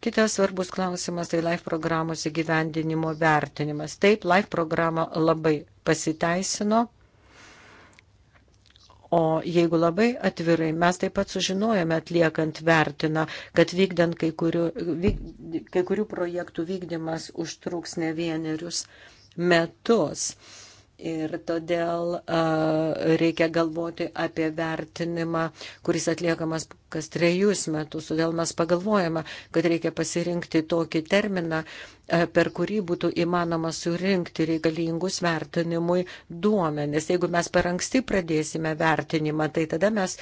Kitas svarbus klausimas tai LIFE programos įgyvendinimo vertinimas. Taip, LIFE programa labai pasiteisino. O jeigu labai atvirai, mes taip pat sužinojame atliekant vertiną, kad vykdant kai kurių, vyk, kai kurių projektų vykdymas užtruks ne vienerius metus. Ir todėl uh, reikia galvoti apie vertinimą, kuris atliekamas kas trejus metus. Todėl mes pagalvojame, kad reikia pasirinkti tokį terminą, uh, per kurį būtų įmanoma surinkti reikalingus vertinimui duomenis. Jeigu mes per anksti pradėsime vertinimą, tai tada mes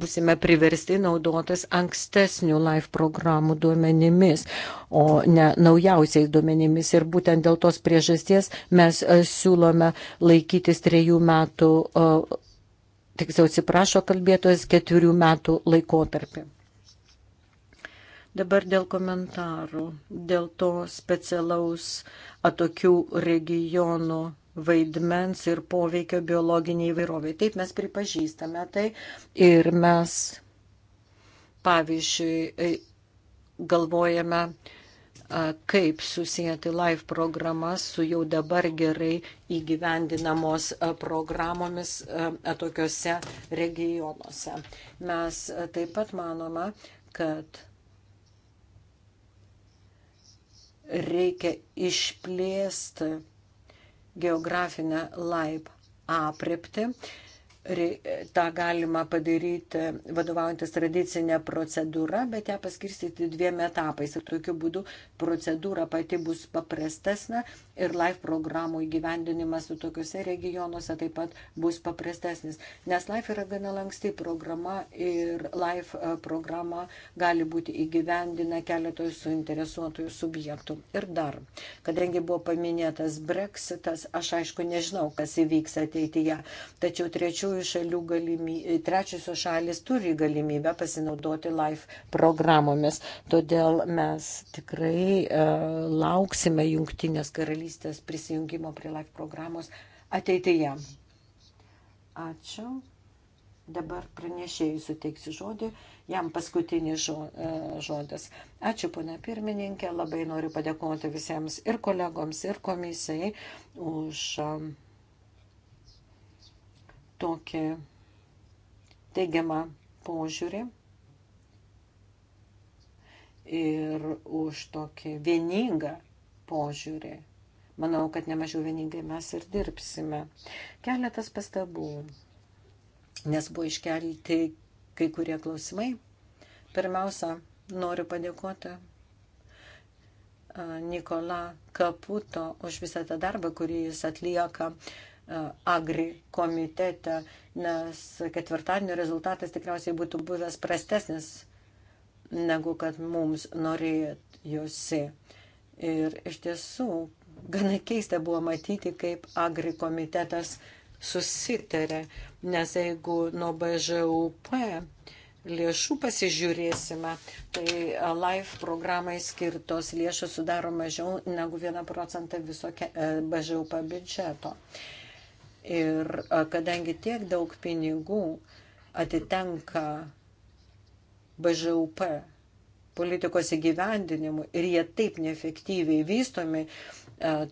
busime priversti naudotis ankstesnių live programų duomenimis, o ne naujausiais duomenimis. Ir būtent dėl tos priežasties mes e, siūlome laikytis trejų metų, e, tiksliau atsiprašo kalbėtojas, keturių metų laikotarpį. Dabar dėl komentarų, dėl to specialaus atokių regionų vaidmens ir poveikio biologiniai įvairoviai. Taip mes pripažįstame tai ir mes, pavyzdžiui, galvojame, kaip susijęti live programas su jau dabar gerai įgyvendinamos programomis tokiuose regionuose. Mes taip pat manome, kad reikia išplėsti geografinę laip aprepti tą galima padaryti vadovaujantis tradicinė procedūra, bet ją paskirstyti dviem etapais. Ir tokiu būdu procedūra pati bus paprastesnė ir live programų įgyvendinimas su tokiuose regionuose taip pat bus paprastesnis. Nes live yra gana lanksti programa ir live e, programa gali būti įgyvendina keletoj suinteresuotųjų subjektų. Ir dar, kadangi buvo paminėtas Brexitas, aš aišku nežinau, kas įvyks ateityje, tačiau trečių trečiųjų šalių galimybė, e, trečiosios šalis turi galimybę pasinaudoti LIFE programomis. Todėl mes tikrai uh, lauksime Junktinės karalystės prisijungimo prie LIFE programos ateityje. Ačiū. Dabar pranešėjai suteiksiu žodį, jam paskutinis e, žodis. Ačiū, pana pirmininkė, labai noriu padėkoti visiems ir kolegoms, ir komisijai už. Uh, tokį teigiamą požiūrį ir už tokį vieningą požiūrį. Manau, kad nemažiau vieningai mes ir dirbsime. Keletas pastabų, nes buvo iškelti kai kurie klausimai. Pirmiausia, noriu padėkoti Nikola Kaputo už visą tą darbą, kurį jis atlieka E, agri komitete, nes ketvirtadienio rezultatas tikriausiai būtų buvęs prastesnis, negu kad mums norėjosi. Ir iš tiesų, gana keista buvo matyti, kaip agri komitetas susitarė, nes jeigu nuo BŽUP lėšų pasižiūrėsime, tai LIFE programai skirtos lėšos sudaro mažiau negu 1 procentą viso e, BŽUP biudžeto. Ir kadangi tiek daug pinigų atitenka BŽUP politikos įgyvendinimu ir jie taip neefektyviai vystomi,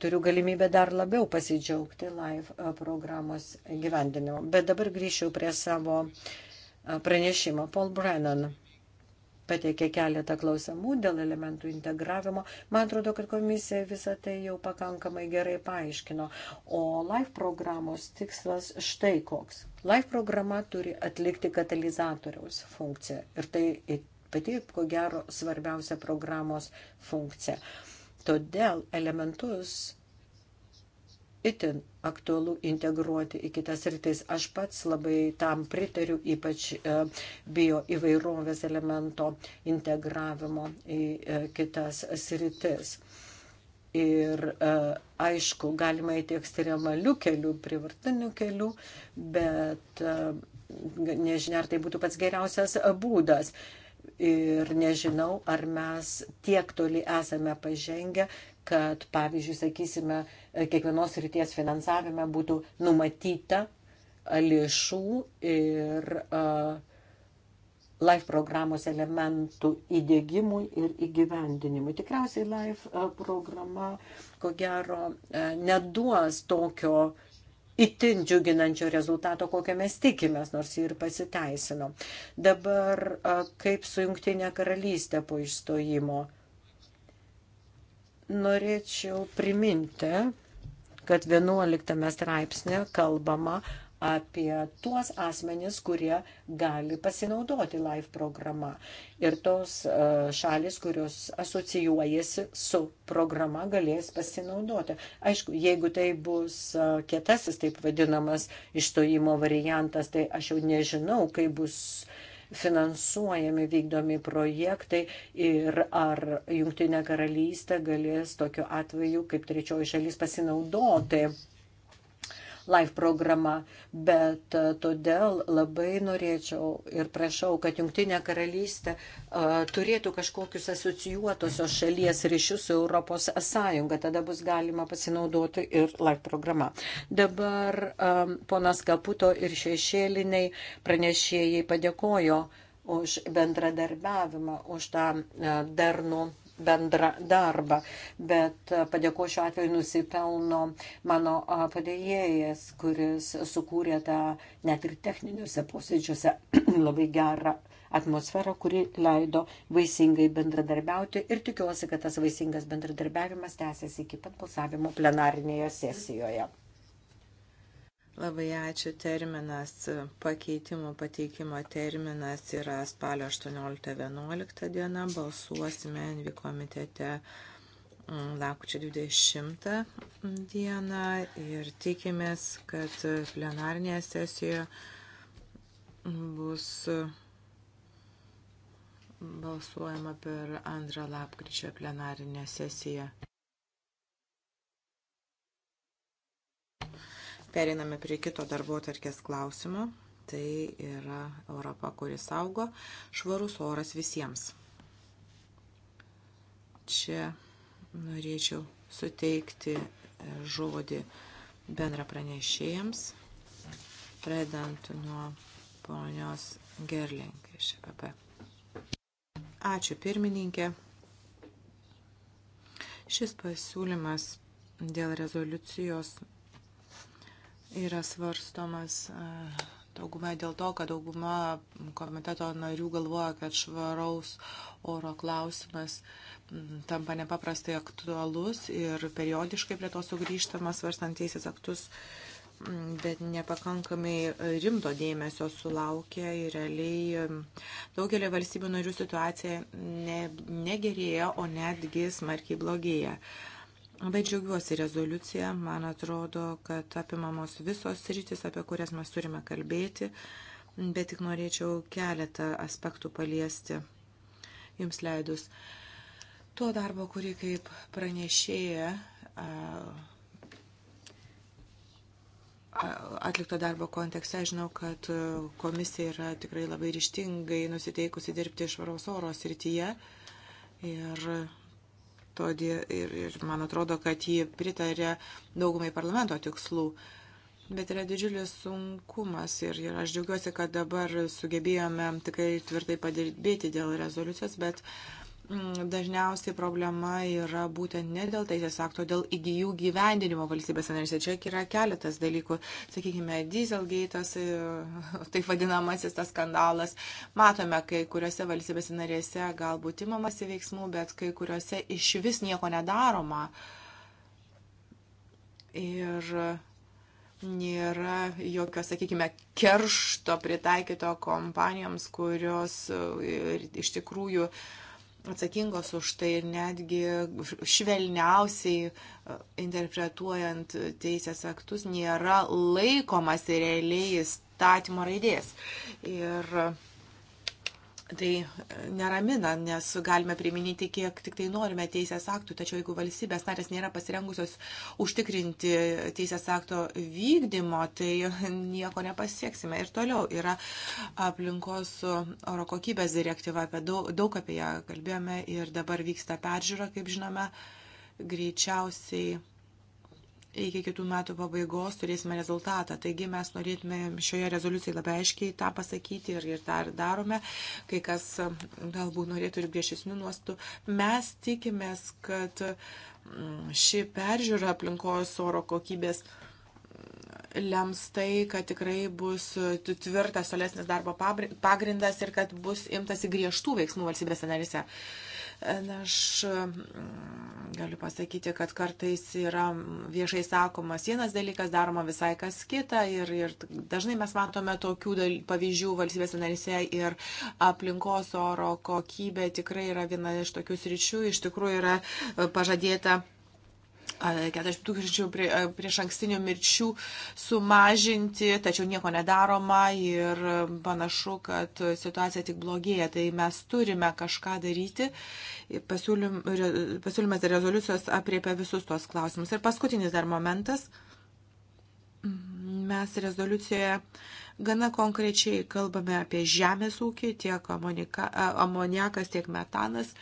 turiu galimybę dar labiau pasidžiaugti live programos gyvendinimu. Bet dabar grįšiu prie savo pranešimo. Paul Brennan pateikė keletą klausimų dėl elementų integravimo. Man atrodo, kad komisija visą tai jau pakankamai gerai paaiškino. O LIFE programos tikslas štai koks. LIFE programa turi atlikti katalizatoriaus funkciją. Ir tai pati, ko gero, svarbiausia programos funkcija. Todėl elementus itin aktualu integruoti į kitas rytis. Aš pats labai tam pritariu, ypač e, bio įvairovės elemento integravimo į e, kitas rytis. Ir e, aišku, galima eiti ekstremalių kelių, privartinių kelių, bet nežinia, ar tai būtų pats geriausias būdas. Ir nežinau, ar mes tiek toli esame pažengę, kad, pavyzdžiui, sakysime, kiekvienos ryties finansavime būtų numatyta lėšų ir uh, LIFE programos elementų įdėgymui ir įgyvendinimui. Tikriausiai LIFE programa, ko gero, neduos tokio itin džiuginančio rezultato, kokio mes tikimės, nors jį ir pasiteisino. Dabar kaip su Junktinė karalystė po išstojimo Norėčiau priminti, kad 11 straipsnė kalbama apie tuos asmenis, kurie gali pasinaudoti LIFE programa. Ir tos e, šalis, kurios asocijuojasi su programa, galės pasinaudoti. Aišku, jeigu tai bus e, kietasis, taip vadinamas, išstojimo variantas, tai aš jau nežinau, kaip bus finansuojami vykdomi projektai ir ar Junktinė karalystė galės tokiu atveju kaip trečioji šalis pasinaudoti live programa, bet e, todėl labai norėčiau ir prašau, kad Junktinė karalystė e, turėtų kažkokius asocijuotosios šalies ryšius su Europos Sąjunga, tada bus galima pasinaudoti ir live programa. Dabar e, ponas Kaputo ir šešėliniai pranešėjai padėkojo už bendradarbiavimą, už tą darnų bendrą darbą. Bet e, padėko šiuo atveju nusipelno mano e, padėjėjas, kuris sukūrė tą net ir techniniuose posėdžiuose [CLEARS THROAT] labai gerą atmosferą, kuri leido vaisingai bendradarbiauti ir tikiuosi, kad tas vaisingas bendradarbiavimas tęsiasi iki pat balsavimo plenarinėje sesijoje. Labai ačiū terminas, pakeitimų pateikimo terminas yra spalio 18-11 diena, balsuosime Envi komitete mm, lakučio 20 dieną ir tikimės, kad plenarnėje sesijoje bus balsuojama per antrą lapkričio plenarinę sesiją Pereiname prie kito darbo tarkės klausimo. Tai yra Europa, kuris augo, švarus oras visiems. Čia norėčiau suteikti e, žodį bendra pranešėjams, pradant nuo ponios Gerlink iš EPP. Ačiū pirmininkė. Šis pasiūlymas dėl rezoliucijos yra svarstomas e, daugumai dėl to, kad dauguma komiteto narių galvoja, kad švaraus oro klausimas tampa nepaprastai aktualus ir periodiškai prie to sugrįžtama svarstant teisės aktus, bet nepakankamai rimto dėmesio sulaukia ir realiai daugelio valstybių narių situacija ne, negerėja, o netgi smarkiai blogėja. Labai džiaugiuosi rezoliucija, man atrodo, kad apimamos visos rytis, apie kurias mes turime kalbėti, bet tik norėčiau keletą aspektų paliesti jums leidus. Tuo darbo, kurį kaip pranešėja atlikto darbo kontekste žinau, kad komisija yra tikrai labai ryštingai nusiteikusi dirbti švaros oro srityje ir Todėl ir, ir man atrodo, kad ji pritarė daugumai parlamento tikslų. Bet yra didžiulis sunkumas ir, ir aš džiaugiuosi, kad dabar sugebėjome tikrai tvirtai padirbėti dėl rezoliucijos, bet uh, Mm, dažniausiai problema yra būtent ne dėl teisės akto, dėl įgyjų gyvendinimo valstybės narėse. Čia yra keletas dalykų, sakykime, dieselgeitas, e, [LAUGHS] taip vadinamasis tas skandalas. Matome, kai kuriuose valstybės narėse galbūt imamasi veiksmų, bet kai kuriuose iš vis nieko nedaroma. Ir nėra jokio, sakykime, keršto pritaikyto kompanijoms, kurios e, iš tikrųjų uh, atsakingos už tai ir netgi švelniausiai e, interpretuojant teisės aktus nėra laikomasi realiai įstatymo raidės. Ir Tai e, neramina, nes galime priminyti, kiek tik tai norime teisės aktų, tačiau jeigu valstybės narės nėra pasirengusios užtikrinti teisės akto vykdymo, tai nieko nepasieksime. Ir toliau yra aplinkos oro kokybės direktyva, apie daug, daug apie ją kalbėjome ir dabar vyksta peržiūra, kaip žinome, greičiausiai iki kitų metų pabaigos turėsime rezultatą. Taigi mes norėtume šioje rezoliucijoje labai aiškiai tą pasakyti ir, ir dar darome, kai kas e, galbūt norėtų ir griežesnių nuostų. Mes tikimės, kad mm, ši peržiūra aplinkos oro kokybės mm, lems tai, kad tikrai bus e, tvirtas solesnis darbo pagrindas ir kad bus imtasi griežtų veiksmų valstybės narise. Uh, Na, aš mm, galiu pasakyti, kad kartais yra viešai sakomas vienas dalykas, daroma visai kas kita ir, ir dažnai mes matome tokių dal, pavyzdžių valstybės analise ir aplinkos oro kokybė tikrai yra viena iš tokių sričių, iš tikrųjų yra e, pažadėta 40 tūkstančių prie, prieš ankstinių mirčių sumažinti, tačiau nieko nedaroma ir panašu, kad situacija tik blogėja. Tai mes turime kažką daryti. Pasiūlym, pasiūlymas dėl rezoliucijos apriepia visus tuos klausimus. Ir paskutinis dar momentas. Mes rezoliucijoje gana konkrečiai kalbame apie žemės ūkį, tiek amoniakas, tiek metanas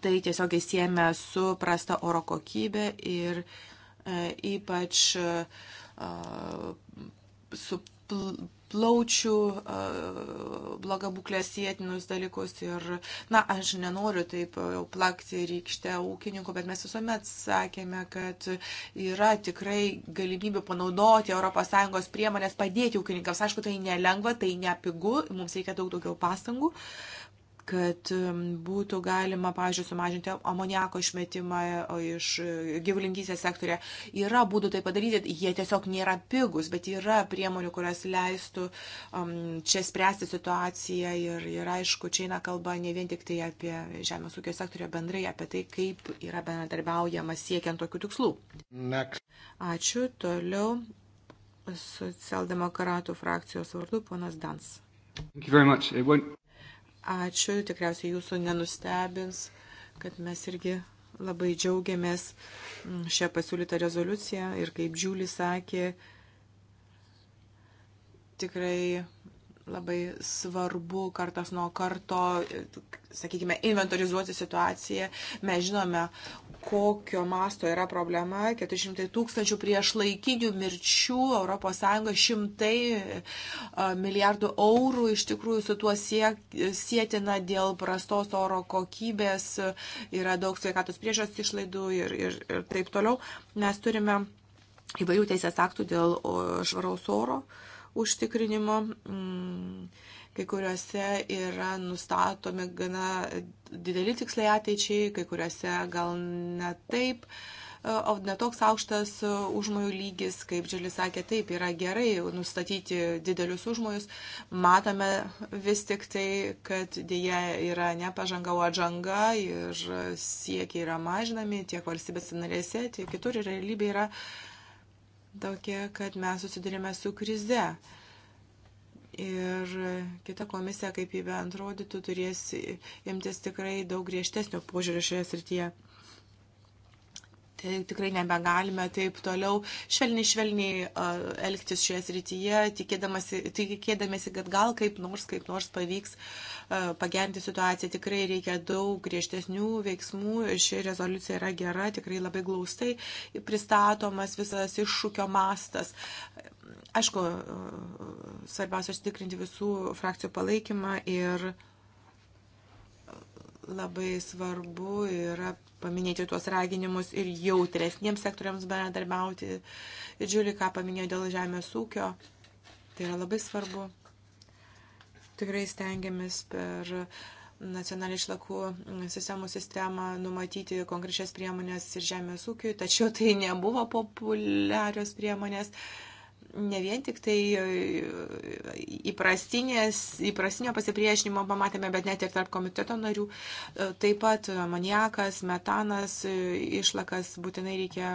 tai tiesiogiai siejame su prasta oro kokybė ir e, ypač e, su plaučių e, bloga būklė sėtinus dalykus ir, na, aš nenoriu taip jau plakti rykštę ūkininkų, bet mes visuomet sakėme, kad yra tikrai galimybių panaudoti ES priemonės padėti ūkininkams. Aišku, tai nelengva, tai nepigu, mums reikia daug daugiau pastangų. Uh, kad būtų galima, pavyzdžiui, sumažinti amoniako išmetimą iš e, gyvulininkysės sektorė. Yra būdų tai padaryti, jie tiesiog nėra pigus, bet yra priemonių, kurias leistų um, čia spręsti situaciją ir, ir aišku, čia eina kalba ne vien tik tai apie žemės ūkio sektorę bendrai, apie tai, kaip yra bendradarbiaujama siekiant tokių tikslų. Next. Ačiū. Toliau socialdemokratų frakcijos vardu ponas Dans. Ačiū, tikriausiai jūsų nenustebins, kad mes irgi labai džiaugiamės mm, šią pasiūlytą rezoliuciją ir kaip Džiulį sakė, tikrai labai svarbu kartas nuo karto, sakykime, inventorizuoti situaciją. Mes žinome, kokio masto yra problema. 400 tūkstančių prieš laikinių mirčių ES šimtai milijardų eurų iš tikrųjų su tuo siek, sėtina dėl prastos oro kokybės, yra daug sveikatos priežos išlaidų ir, ir, ir taip toliau. Mes turime įvairių teisės aktų dėl švaraus oro. Uh, užtikrinimo. Mm, kai kuriuose yra nustatomi gana dideli tikslai ateičiai, kai kuriuose gal netaip e, netoks aukštas užmojų lygis, kaip Dželis sakė, taip yra gerai nustatyti didelius užmojus. Matome vis tik tai, kad dėja yra nepažanga, o atžanga ir siekiai yra mažinami tiek valstybės narėse, tiek kitur ir realybė yra tokia, kad mes susidurime su krize. Ir kita komisija, kaip jį beantrodytų, turės imtis tikrai daug griežtesnio požiūrio šioje srityje. Tai tikrai nebegalime taip toliau švelniai, švelniai e, elgtis šioje srityje, tikėdamėsi, kad gal kaip nors, kaip nors pavyks e, pagerinti situaciją. Tikrai reikia daug griežtesnių veiksmų. Ši rezoliucija yra gera, tikrai labai glaustai pristatomas visas iššūkio mastas. Aišku, svarbiausia užtikrinti visų frakcijų palaikymą ir labai svarbu yra paminėti tuos raginimus ir jautresniems sektoriams bendradarbiauti. Ir Džiulį, ką paminėjo dėl žemės ūkio, tai yra labai svarbu. Tikrai stengiamės per nacionalinį išlakų sistemų sistemą numatyti konkrečias priemonės ir žemės ūkiui, tačiau tai nebuvo populiarios priemonės. Uh, ne vien tik tai e, įprastinio pasipriešinimo pamatėme, bet net ir tarp komiteto narių. E, taip pat maniakas, metanas, e, išlakas būtinai reikia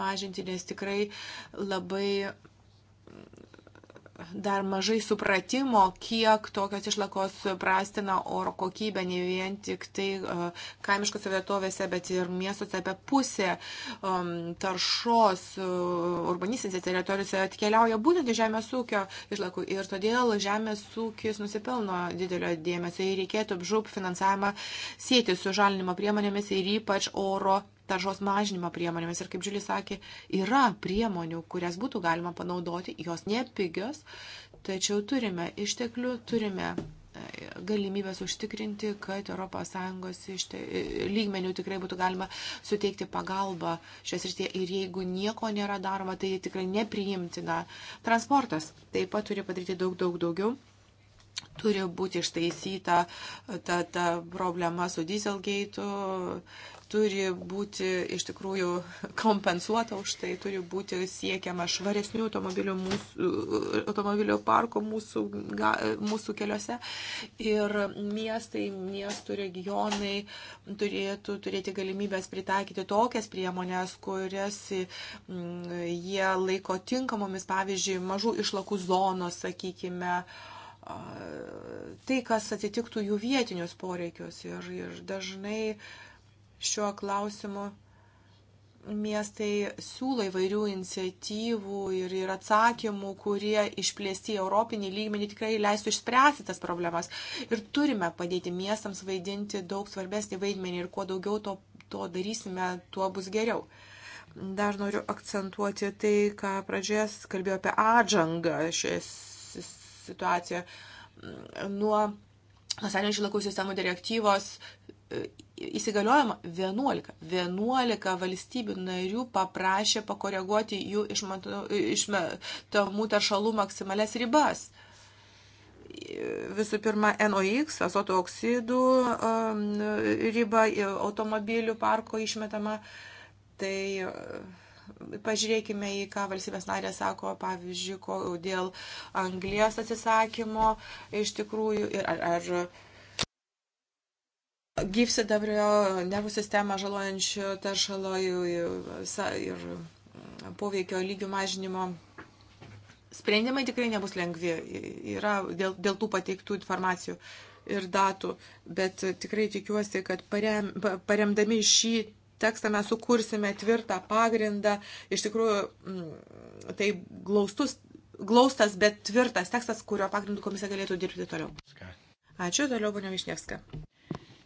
mažinti, nes tikrai labai dar mažai supratimo, kiek tokios išlakos prastina oro kokybę ne vien tik tai e, kaimiškose vietovėse, bet ir miestuose apie pusę um, taršos e, urbanistinėse teritorijose atkeliauja būtent iš žemės ūkio išlakų. Ir todėl žemės ūkis nusipelno didelio dėmesio ir reikėtų apžūp finansavimą sėti su žalinimo priemonėmis ir ypač oro taršos mažinimo priemonėmis. Ir kaip Džiulis sakė, yra priemonių, kurias būtų galima panaudoti, jos nepigios, tačiau turime išteklių, turime e, galimybės užtikrinti, kad ES ište, e, lygmenių tikrai būtų galima suteikti pagalbą šios rytie. Ir jeigu nieko nėra daroma, tai tikrai nepriimtina. Transportas taip pat turi padaryti daug, daug daugiau. Turi būti ištaisyta ta, ta problema su Dieselgate'u turi būti iš tikrųjų kompensuota už tai, turi būti siekiama švaresnių automobilių, mūsų, automobilių parko mūsų, ga, mūsų keliuose. Ir miestai, miestų regionai turėtų turėti galimybės pritaikyti tokias priemonės, kurias mm, jie laiko tinkamomis, pavyzdžiui, mažų išlakų zonos, sakykime, tai, kas atitiktų jų vietinius poreikius. Ir, ir dažnai uh, šiuo klausimu miestai siūlo įvairių iniciatyvų ir, ir atsakymų, kurie išplėsti į europinį lygmenį tikrai leistų išspręsti tas problemas. Ir turime padėti miestams vaidinti daug svarbesnį vaidmenį ir kuo daugiau to, to darysime, tuo bus geriau. Dar noriu akcentuoti tai, ką pradžioje kalbėjau apie atžangą šioje situacijoje. Nuo Nuo seniai šilakų sistemų direktyvos įsigaliojama 11. 11 valstybių narių paprašė pakoreguoti jų išmetamų teršalų maksimales ribas. Visų pirma, NOx, azoto oksidų um, riba, automobilių parko išmetama. Tai uh, pažiūrėkime į ką valstybės narė sako, pavyzdžiui, ko, dėl anglijos atsisakymo iš tikrųjų ir ar, ar gyvsidabrio, nervų sistemą žalojančių taršalo ir poveikio lygių mažinimo. Sprendimai tikrai nebus lengvi, yra dėl, dėl tų pateiktų informacijų ir datų, bet tikrai tikiuosi, kad parem, paremdami šį tekstą mes sukursime tvirtą pagrindą, iš tikrųjų mm, tai glaustus, glaustas, bet tvirtas tekstas, kurio pagrindu komisija galėtų dirbti toliau. Ačiū, toliau ponia Višnievska.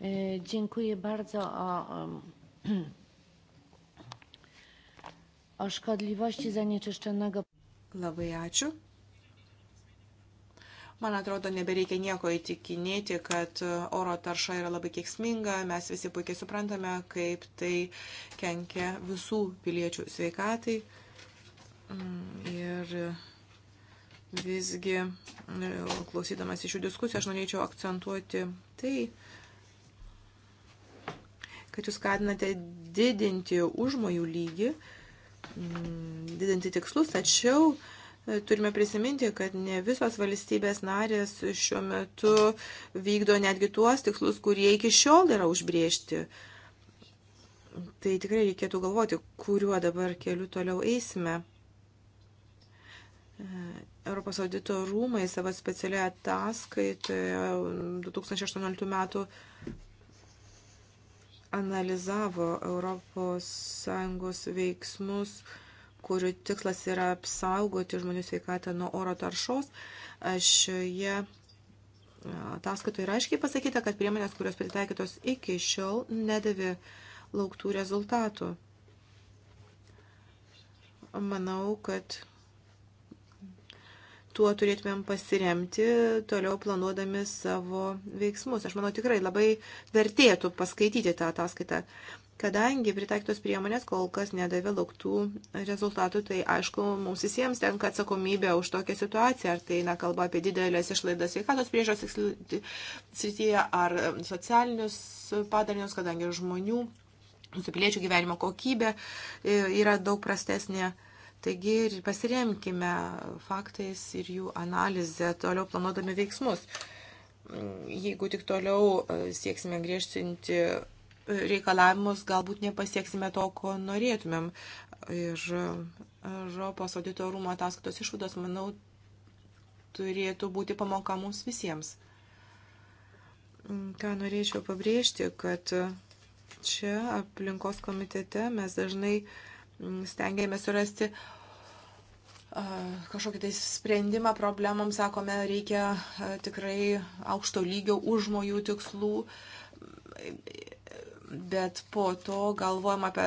E, dziękuję bardzo o, o škodlyvosti zaniečiščenego. Labai ačiū. Man atrodo, nebereikia nieko įtikinėti, kad oro tarša yra labai kiksminga, mes visi puikiai suprantame, kaip tai kenkia visų piliečių sveikatai. Mm, ir visgi, klausydamas iš šių diskusijų, aš norėčiau akcentuoti tai, kad jūs skatinate didinti užmojų lygį, mm, didinti tikslus, tačiau e, turime prisiminti, kad ne visos valstybės narės šiuo metu vykdo netgi tuos tikslus, kurie iki šiol yra užbriežti. Tai tikrai reikėtų galvoti, kuriuo dabar keliu toliau eisime. E, Europos audito rūmai savo specialioje ataskaitoje 2018 mm, metų analizavo ES veiksmus, kurių tikslas yra apsaugoti žmonių sveikatą nuo oro taršos. Šioje ataskaitoje yra aiškiai pasakyta, kad priemonės, kurios pritaikytos iki šiol, nedavė lauktų rezultatų. Manau, kad tuo turėtumėm pasiremti toliau planuodami savo veiksmus. Aš manau, tikrai labai vertėtų paskaityti tą ataskaitą. Kadangi pritaikytos priemonės kol kas nedavė lauktų rezultatų, tai aišku, mums visiems tenka atsakomybė už tokią situaciją, ar tai na, kalba apie didelės išlaidas sveikatos priežos srityje ar socialinius padarinius, kadangi žmonių, mūsų piliečių gyvenimo kokybė e, yra daug prastesnė. Ne Taigi ir pasiremkime faktais ir jų analizę, toliau planuodami veiksmus. Jeigu tik toliau e, sieksime griežtinti e, reikalavimus, galbūt nepasieksime to, ko norėtumėm. Ir e, Europos audito rūmo ataskaitos išvados, manau, turėtų būti pamoka mums visiems. Ką norėčiau pabrėžti, kad čia aplinkos komitete mes dažnai uh, Mm, stengiamės surasti kažkokį tai sprendimą problemam, sakome, reikia tikrai aukšto lygio užmojų tikslų, bet po to galvojam apie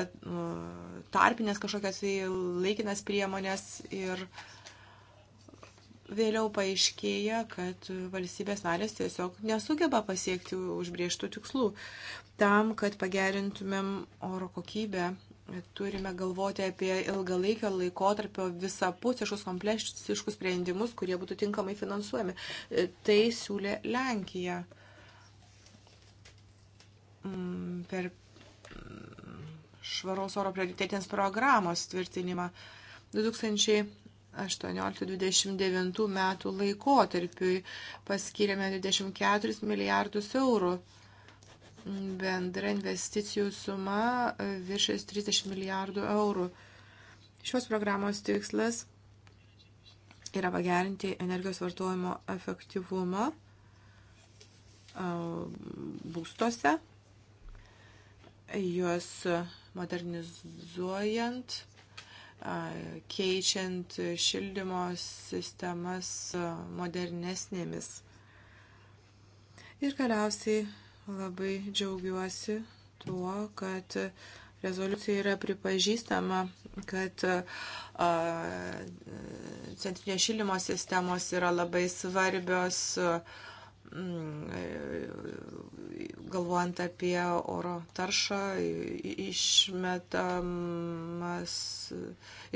tarpinės kažkokias tai laikinas priemonės ir vėliau paaiškėja, kad valstybės narės tiesiog nesugeba pasiekti užbrieštų tikslų. Tam, kad pagerintumėm oro kokybę Turime galvoti apie ilgalaikio laikotarpio visapusiškus kompleksiškus sprendimus, kurie būtų tinkamai finansuojami. E, tai siūlė Lenkija mm, per mm, švaros oro prioritetinės programos tvirtinimą 2018-2029 metų laikotarpiui paskiriame 24 milijardus eurų bendra investicijų suma e, viršės 30 milijardų eurų. Šios programos tikslas yra pagerinti energijos vartojimo efektyvumą e, būstuose, juos modernizuojant, e, keičiant šildymo sistemas modernesnėmis. Ir galiausiai Labai džiaugiuosi tuo, kad rezoliucija yra pripažįstama, kad a, centrinės šilimo sistemos yra labai svarbios, mm, galvojant apie oro taršą,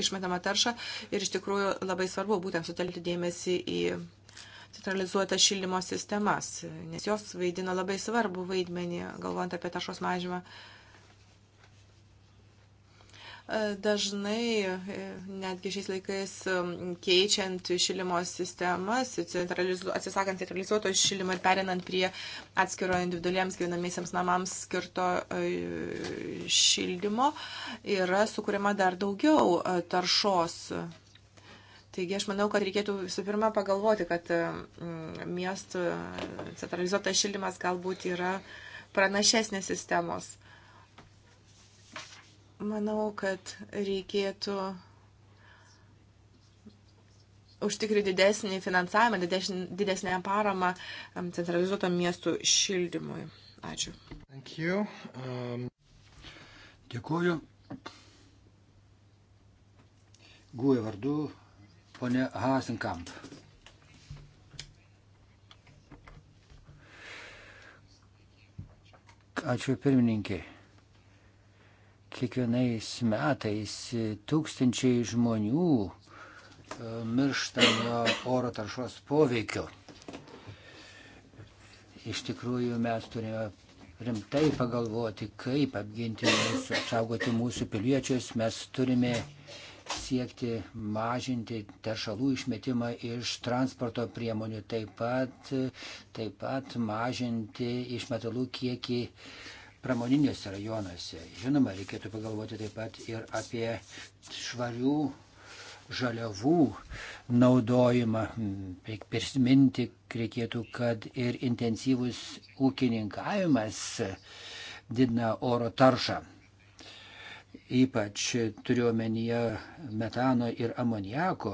išmetama taršą. Ir iš tikrųjų labai svarbu būtent sutelkti dėmesį į centralizuotas šildymo sistemas, nes jos vaidina labai svarbų vaidmenį, galvojant apie taršos mažymą. Dažnai, netgi šiais laikais, keičiant šilimo sistemas, centralizu, atsisakant centralizuoto šilimo ir perinant prie atskiro individualiems gyvenamiesiams namams skirto e, šildymo, yra sukūrima dar daugiau e, taršos Taigi aš manau, kad reikėtų visų pirma pagalvoti, kad mm, miestų e, centralizuotas šildymas galbūt yra pranašesnės sistemos. Manau, kad reikėtų užtikrinti didesnį finansavimą, didesnį, didesnę paramą centralizuotam miestų šildymui. Ačiū. Um... Dėkuoju. Gūja vardu Pone Hasenkamp. Ačiū pirmininkė. Kiekvienais metais tūkstančiai žmonių e, miršta nuo oro taršos poveikio. Iš tikrųjų mes turime rimtai pagalvoti, kaip apginti mūsų, apsaugoti mūsų piliečius. Mes turime uh, siekti mažinti teršalų išmetimą iš transporto priemonių, taip pat, taip pat mažinti išmetalų kiekį pramoninėse rajonuose. Žinoma, reikėtų pagalvoti taip pat ir apie švarių žaliavų naudojimą. Prisiminti reikėtų, kad ir intensyvus ūkininkavimas didina oro taršą ypač turiuomenyje metano ir amoniako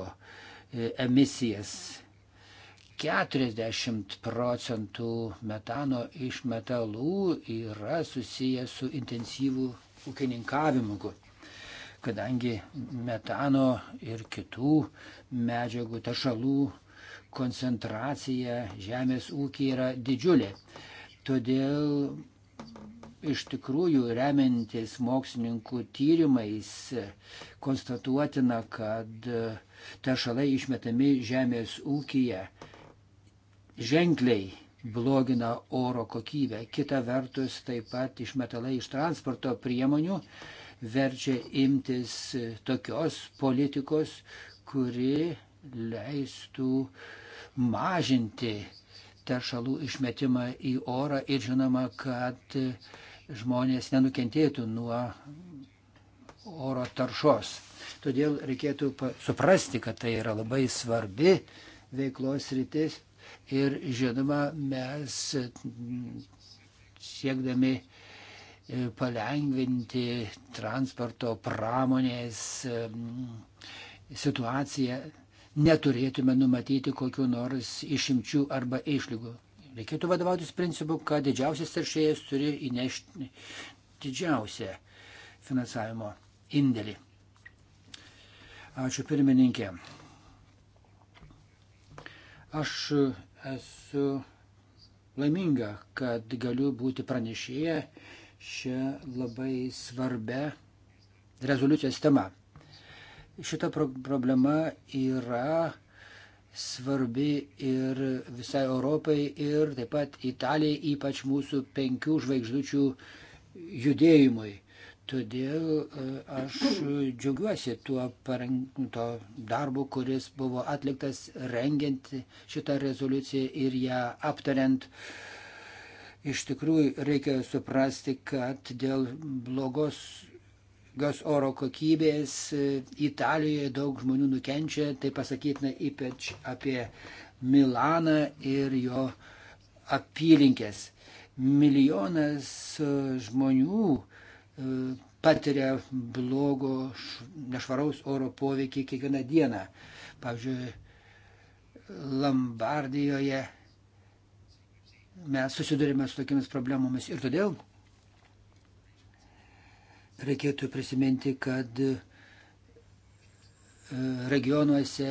e, emisijas. 40 procentų metano iš metalų yra susijęs su intensyvų ūkininkavimu, kadangi metano ir kitų medžiagų tašalų koncentracija žemės ūkiai yra didžiulė. Todėl iš tikrųjų remiantis mokslininkų tyrimais konstatuotina, kad teršalai išmetami žemės ūkija ženkliai blogina oro kokybę. Kita vertus, taip pat išmetalai iš transporto priemonių verčia imtis tokios politikos, kuri leistų mažinti teršalų išmetimą į orą ir žinoma, kad žmonės nenukentėtų nuo oro taršos. Todėl reikėtų suprasti, kad tai yra labai svarbi veiklos rytis ir žinoma, mes mm, siekdami e, palengvinti transporto pramonės mm, situaciją neturėtume numatyti kokiu nors išimčių arba išlygų. Reikėtų vadovautis principu, kad didžiausias teršėjas turi įnešti didžiausią finansavimo indėlį. Ačiū pirmininkė. Aš esu laiminga, kad galiu būti pranešėję šią labai svarbę rezoliucijos temą. Šita problema yra svarbi ir visai Europai ir taip pat Italijai, ypač mūsų penkių žvaigždučių judėjimui. Todėl e, aš džiaugiuosi tuo parengto darbu, kuris buvo atliktas rengiant šitą rezoliuciją ir ją aptariant. Iš tikrųjų reikia suprasti, kad dėl blogos gas oro kokybės. E, Italijoje daug žmonių nukenčia, tai pasakytina ypač apie Milaną ir jo apylinkės. Milijonas e, žmonių e, patiria blogo, nešvaraus oro poveikį kiekvieną dieną. Pavyzdžiui, Lombardijoje mes susidurime su tokiamis problemomis ir todėl Reikėtų prisiminti, kad e, regionuose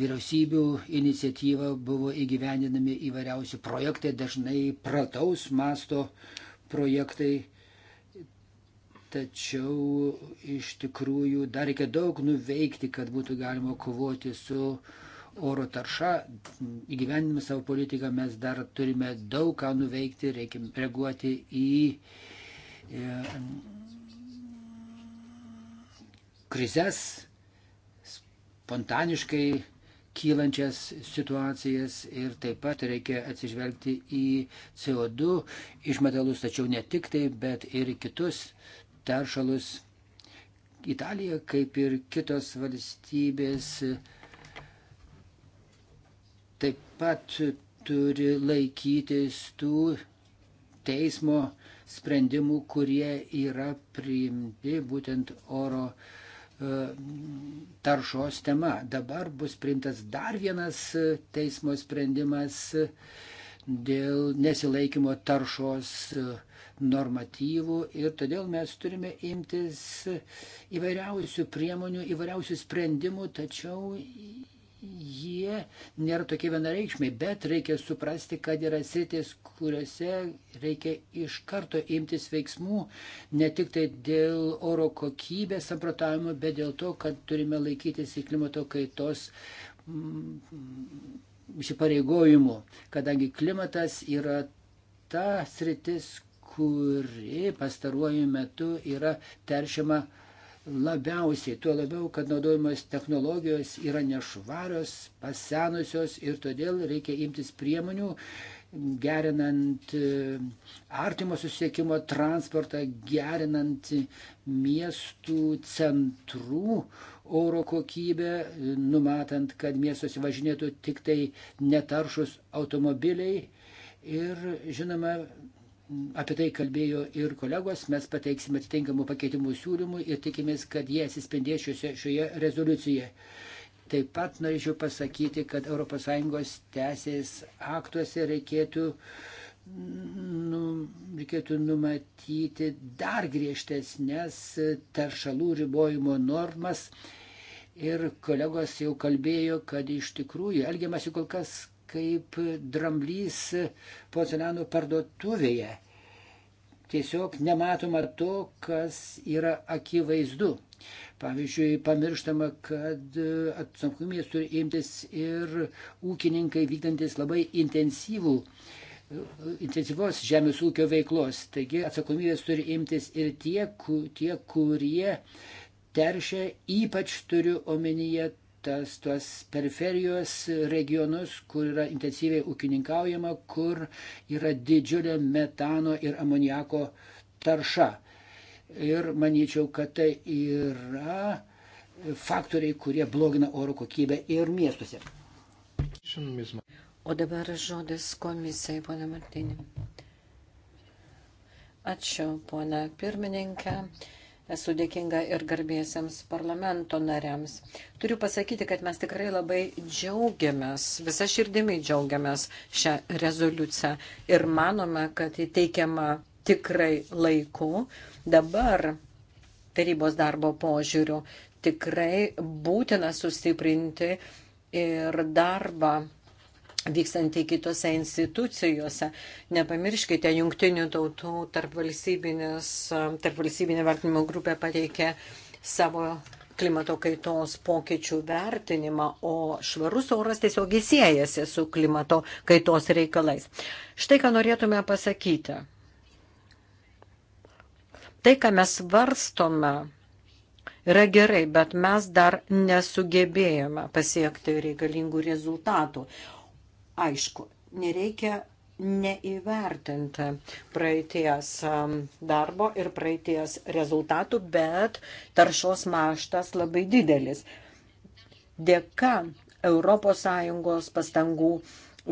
vyriausybių iniciatyva buvo įgyvendinami įvairiausi projektai, dažnai prataus masto projektai. Tačiau iš tikrųjų dar reikia daug nuveikti, kad būtų galima kovoti su oro tarša. Įgyvendinimą savo politiką mes dar turime daug ką nuveikti, reikia reaguoti į e, krizes, spontaniškai kylančias situacijas ir taip pat reikia atsižvelgti į CO2 išmetalus, tačiau ne tik tai, bet ir kitus teršalus. Italija, kaip ir kitos valstybės, taip pat turi laikytis tų teismo sprendimų, kurie yra priimti būtent oro uh, taršos tema. Dabar bus priimtas dar vienas teismo sprendimas dėl nesilaikymo taršos normatyvų ir todėl mes turime imtis įvairiausių priemonių, įvairiausių sprendimų, tačiau jie nėra tokie vienareikšmiai, bet reikia suprasti, kad yra sritis, kuriuose reikia iš karto imtis veiksmų, ne tik tai dėl oro kokybės samprotavimo, bet dėl to, kad turime laikytis į klimato kaitos mm, įsipareigojimų, kadangi klimatas yra ta sritis, kuri pastaruoju metu yra teršiama labiausiai, tuo labiau, kad naudojamos technologijos yra nešvarios, pasenusios ir todėl reikia imtis priemonių, gerinant e, artimo susiekimo transportą, gerinant miestų centrų oro kokybę, numatant, kad miestuose važinėtų tik tai netaršus automobiliai ir, žinoma, apie tai kalbėjo ir kolegos, mes pateiksime atitinkamų pakeitimų siūlymų ir tikimės, kad jie atsispindės šioje, šioje rezoliucijoje. Taip pat norėčiau pasakyti, kad ES teisės aktuose reikėtų, nu, reikėtų numatyti dar griežtesnės taršalų ribojimo normas. Ir kolegos jau kalbėjo, kad iš tikrųjų elgiamasi kol kas kaip dramblys porceliano parduotuvėje. Tiesiog nematoma to, kas yra akivaizdu. Pavyzdžiui, pamirštama, kad atsakomybės turi imtis ir ūkininkai vykdantis labai intensyvų, intensyvos žemės ūkio veiklos. Taigi atsakomybės turi imtis ir tie, tie kurie teršia, ypač turiu omenyje tas, tuos periferijos regionus, kur yra intensyviai ūkininkaujama, kur yra didžiulė metano ir amoniako tarša. Ir manyčiau, kad tai yra faktoriai, kurie blogina oro kokybę ir miestuose. O dabar žodis komisijai, pana Martinė. Ačiū, pana pirmininkė. Esu dėkinga ir garbėsiams parlamento nariams. Turiu pasakyti, kad mes tikrai labai džiaugiamės, visą širdimi džiaugiamės šią rezoliuciją ir manome, kad įteikiama tikrai laiku. Dabar tarybos darbo požiūrių tikrai būtina sustiprinti ir darbą vykstantį kitose institucijose. Nepamirškite, jungtinių tautų tarpvalstybinė tarp vertinimo grupė pateikė savo klimato kaitos pokyčių vertinimą, o švarus oras tiesiog įsiejasi su klimato kaitos reikalais. Štai ką norėtume pasakyti. Tai, ką mes varstome, yra gerai, bet mes dar nesugebėjome pasiekti reikalingų rezultatų aišku, nereikia neįvertinti praeities um, darbo ir praeities rezultatų, bet taršos maštas labai didelis. Dėka ES pastangų,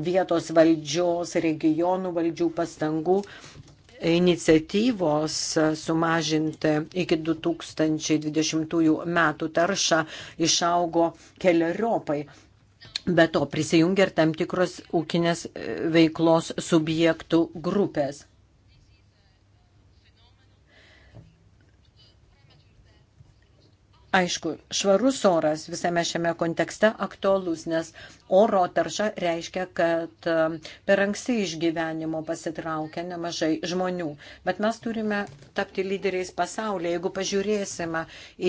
vietos valdžios, regionų valdžių pastangų iniciatyvos uh, sumažinti iki 2020 metų taršą išaugo keliariopai. Be to prisijungia ir tam tikros ūkinės e, veiklos subjektų grupės. Aišku, švarus oras visame šiame kontekste aktualus, nes oro tarša reiškia, kad um, per anksti iš gyvenimo pasitraukia nemažai žmonių. Bet mes turime tapti lyderiais pasaulyje. Jeigu pažiūrėsime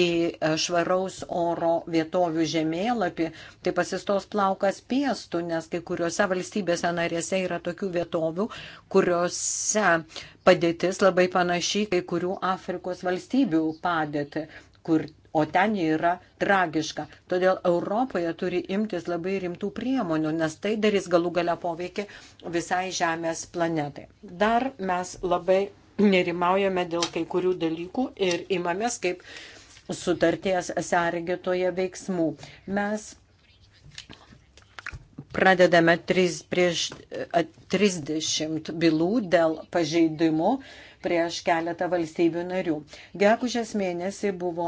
į e, švaraus oro vietovių žemėlapį, tai pasistos plaukas piestų, nes kai kuriuose valstybėse narėse yra tokių vietovių, kuriuose padėtis labai panašiai kai kurių Afrikos valstybių padėti kur o ten jie yra tragiška. Todėl Europoje turi imtis labai rimtų priemonių, nes tai darys galų gale poveikį visai Žemės planetai. Dar mes labai nerimaujame dėl kai kurių dalykų ir imamės kaip sutarties sergėtoje veiksmų. Mes pradedame 3 prieš 30 bylų dėl pažeidimų prieš keletą valstybių narių. Gekužės mėnesį buvo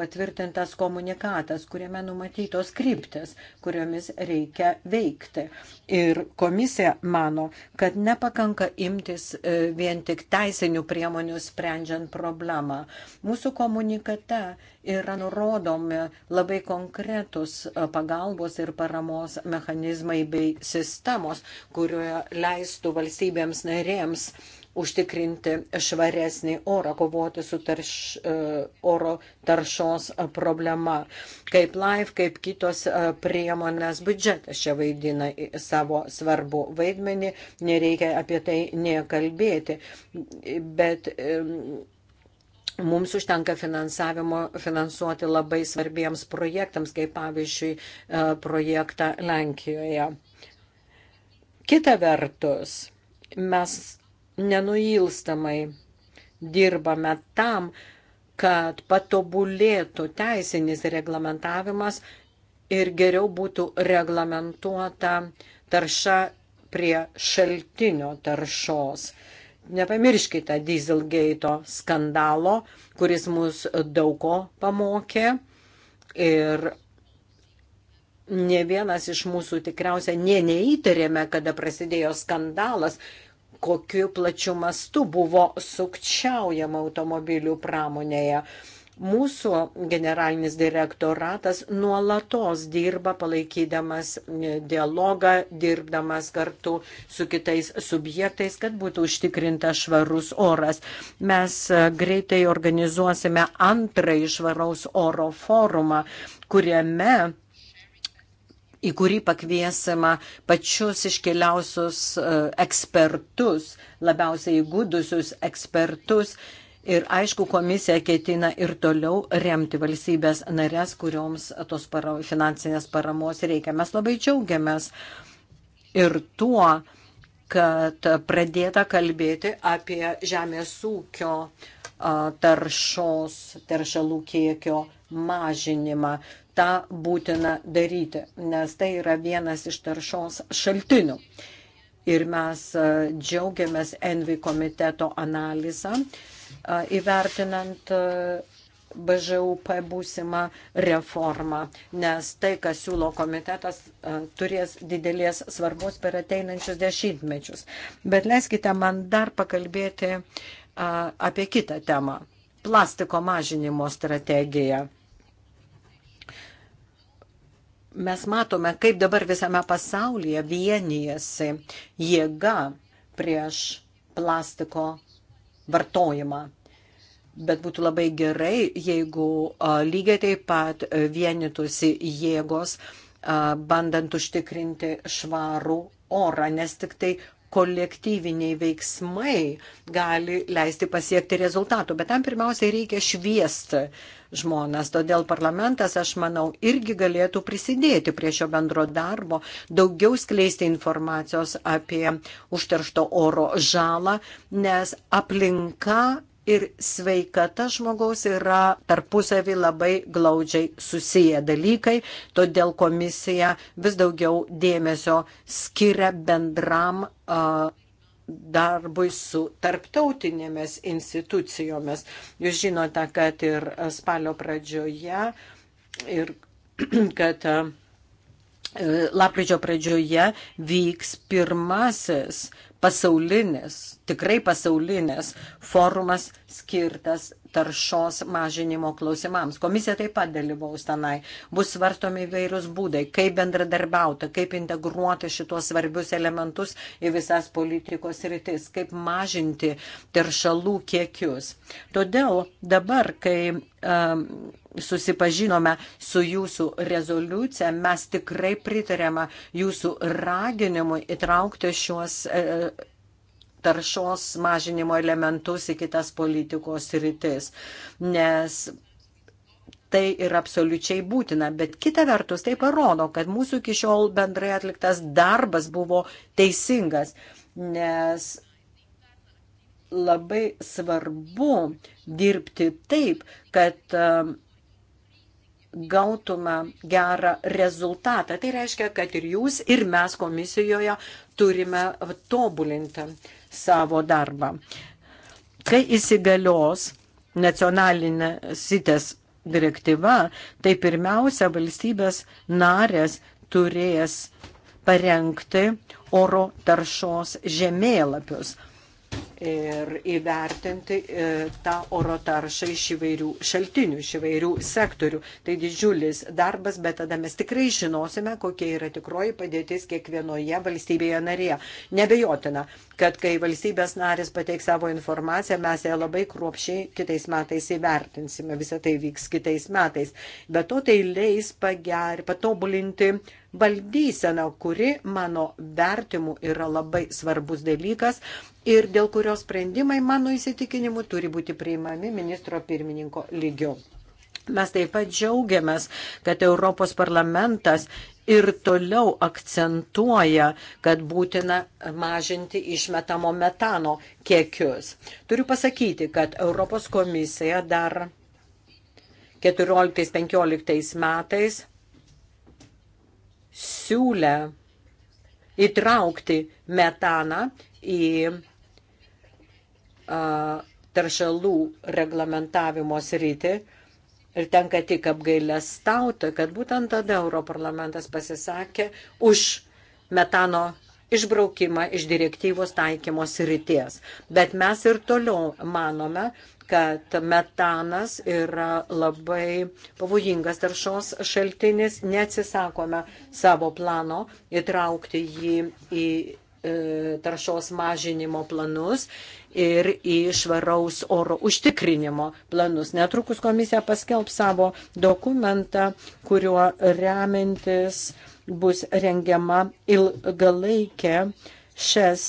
patvirtintas komunikatas, kuriame numatytos kryptis, kuriomis reikia veikti. Ir komisija mano, kad nepakanka imtis e, vien tik teisinių priemonių sprendžiant problemą. Mūsų komunikate yra nurodomi labai konkretus pagalbos ir paramos mechanizmai bei sistemos, kurioje leistų valstybėms narėms užtikrinti švaresnį orą, kovoti su tarš, e, oro taršos problema. Kaip LIFE, kaip kitos e, priemonės biudžetas čia vaidina savo svarbu vaidmenį, nereikia apie tai nekalbėti. Bet mums užtenka finansavimo finansuoti labai svarbiems projektams, kaip pavyzdžiui e, projektą Lenkijoje. Kita vertus, mes nenuilstamai dirbame tam, kad patobulėtų teisinis reglamentavimas ir geriau būtų reglamentuota tarša prie šaltinio taršos. Nepamirškite Dieselgate skandalo, kuris mus daug ko pamokė ir ne vienas iš mūsų tikriausiai nie neįtarėme, kada prasidėjo skandalas kokiu plačiu mastu buvo sukčiaujama automobilių pramonėje. Mūsų generalinis direktoratas nuolatos dirba palaikydamas dialogą, dirbdamas kartu su kitais subjektais, kad būtų užtikrinta švarus oras. Mes greitai organizuosime antrąjį švaraus oro forumą, kuriame į kurį pakviesama pačius iškeliausius e, ekspertus, labiausiai įgūdusius ekspertus. Ir aišku, komisija ketina ir toliau remti valstybės narės, kurioms tos para, finansinės paramos reikia. Mes labai džiaugiamės ir tuo, kad pradėta kalbėti apie žemės ūkio taršos, teršalų kiekio mažinimą tą būtina daryti, nes tai yra vienas iš taršos šaltinių. Ir mes e, džiaugiamės Envi komiteto analizą, e, įvertinant e, BŽUP būsimą reformą, nes tai, kas siūlo komitetas, turės didelės svarbos per ateinančius dešimtmečius. Bet leiskite man dar pakalbėti apie kitą temą - plastiko mažinimo strategiją mes matome, kaip dabar visame pasaulyje vienijasi jėga prieš plastiko vartojimą. Bet būtų labai gerai, jeigu lygiai taip pat vienytųsi jėgos, bandant užtikrinti švarų orą, nes tik tai kolektyviniai veiksmai gali leisti pasiekti rezultatų. Bet tam pirmiausiai reikia šviesti žmonas. Todėl parlamentas, aš manau, irgi galėtų prisidėti prie šio bendro darbo, daugiau skleisti informacijos apie užteršto oro žalą, nes aplinka ir sveikata žmogaus yra tarpusavį labai glaudžiai susiję dalykai, todėl komisija vis daugiau dėmesio skiria bendram uh, darbui su tarptautinėmis institucijomis. Jūs žinote, kad ir spalio pradžioje ir [CLEARS THROAT] kad uh, lapkričio pradžioje vyks pirmasis uh, pasaulinis, tikrai pasaulinis forumas skirtas taršos mažinimo klausimams. Komisija taip pat dalyvaus tenai. Bus svarstomi įvairūs būdai, kaip bendradarbiauti, kaip integruoti šitos svarbius elementus į visas politikos rytis, kaip mažinti teršalų kiekius. Todėl dabar, kai um, susipažinome su jūsų rezoliucija, mes tikrai pritarėme jūsų raginimui įtraukti šiuos e, taršos mažinimo elementus į kitas politikos rytis, nes tai yra absoliučiai būtina. Bet kita vertus, tai parodo, kad mūsų iki šiol bendrai atliktas darbas buvo teisingas, nes labai svarbu dirbti taip, kad e, gautume gerą rezultatą. Tai reiškia, kad ir jūs, ir mes komisijoje turime tobulinti savo darbą. Kai įsigalios nacionalinė sitės direktyva, tai pirmiausia valstybės narės turės parengti oro taršos žemėlapius, ir įvertinti e, tą oro taršą iš įvairių šaltinių, iš įvairių sektorių. Tai didžiulis darbas, bet tada mes tikrai žinosime, kokia yra tikroji padėtis kiekvienoje valstybėje narėje. Nebejotina, kad kai valstybės narės pateiks savo informaciją, mes ją labai kruopšiai kitais metais įvertinsime. Visą tai vyks kitais metais. Be to tai leis pager, patobulinti valdysena, kuri mano vertimu yra labai svarbus dalykas, ir dėl kurios sprendimai, mano įsitikinimu, turi būti priimami ministro pirmininko lygiu. Mes taip pat džiaugiamės, kad Europos parlamentas ir toliau akcentuoja, kad būtina mažinti išmetamo metano kiekius. Turiu pasakyti, kad Europos komisija dar 14-15 metais siūlė įtraukti metaną į taršalų reglamentavimo sritį. Ir tenka tik apgailę stauti, kad būtent tada Europarlamentas pasisakė už metano išbraukimą iš direktyvos taikymos ryties. Bet mes ir toliau manome, kad metanas yra labai pavojingas taršos šaltinis, neatsisakome savo plano įtraukti jį į E, taršos mažinimo planus ir į švaraus oro užtikrinimo planus. Netrukus komisija paskelb savo dokumentą, kuriuo remiantis bus rengiama ilgalaikė uh, šias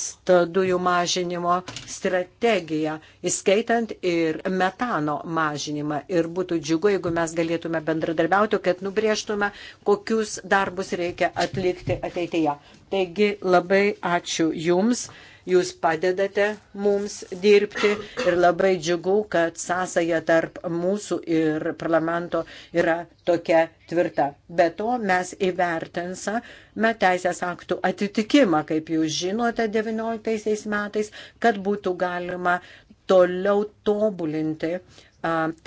dujų mažinimo strategiją, įskaitant ir metano mažinimą. Ir būtų džiugu, jeigu mes galėtume bendradarbiauti, kad nubrėžtume, kokius darbus reikia atlikti ateityje. Taigi labai ačiū Jums jūs padedate mums dirbti ir labai džiugu, kad sąsaja tarp mūsų ir parlamento yra tokia tvirta. Be to mes įvertinsime teisės aktų atitikimą, kaip jūs žinote, 19 metais, kad būtų galima toliau tobulinti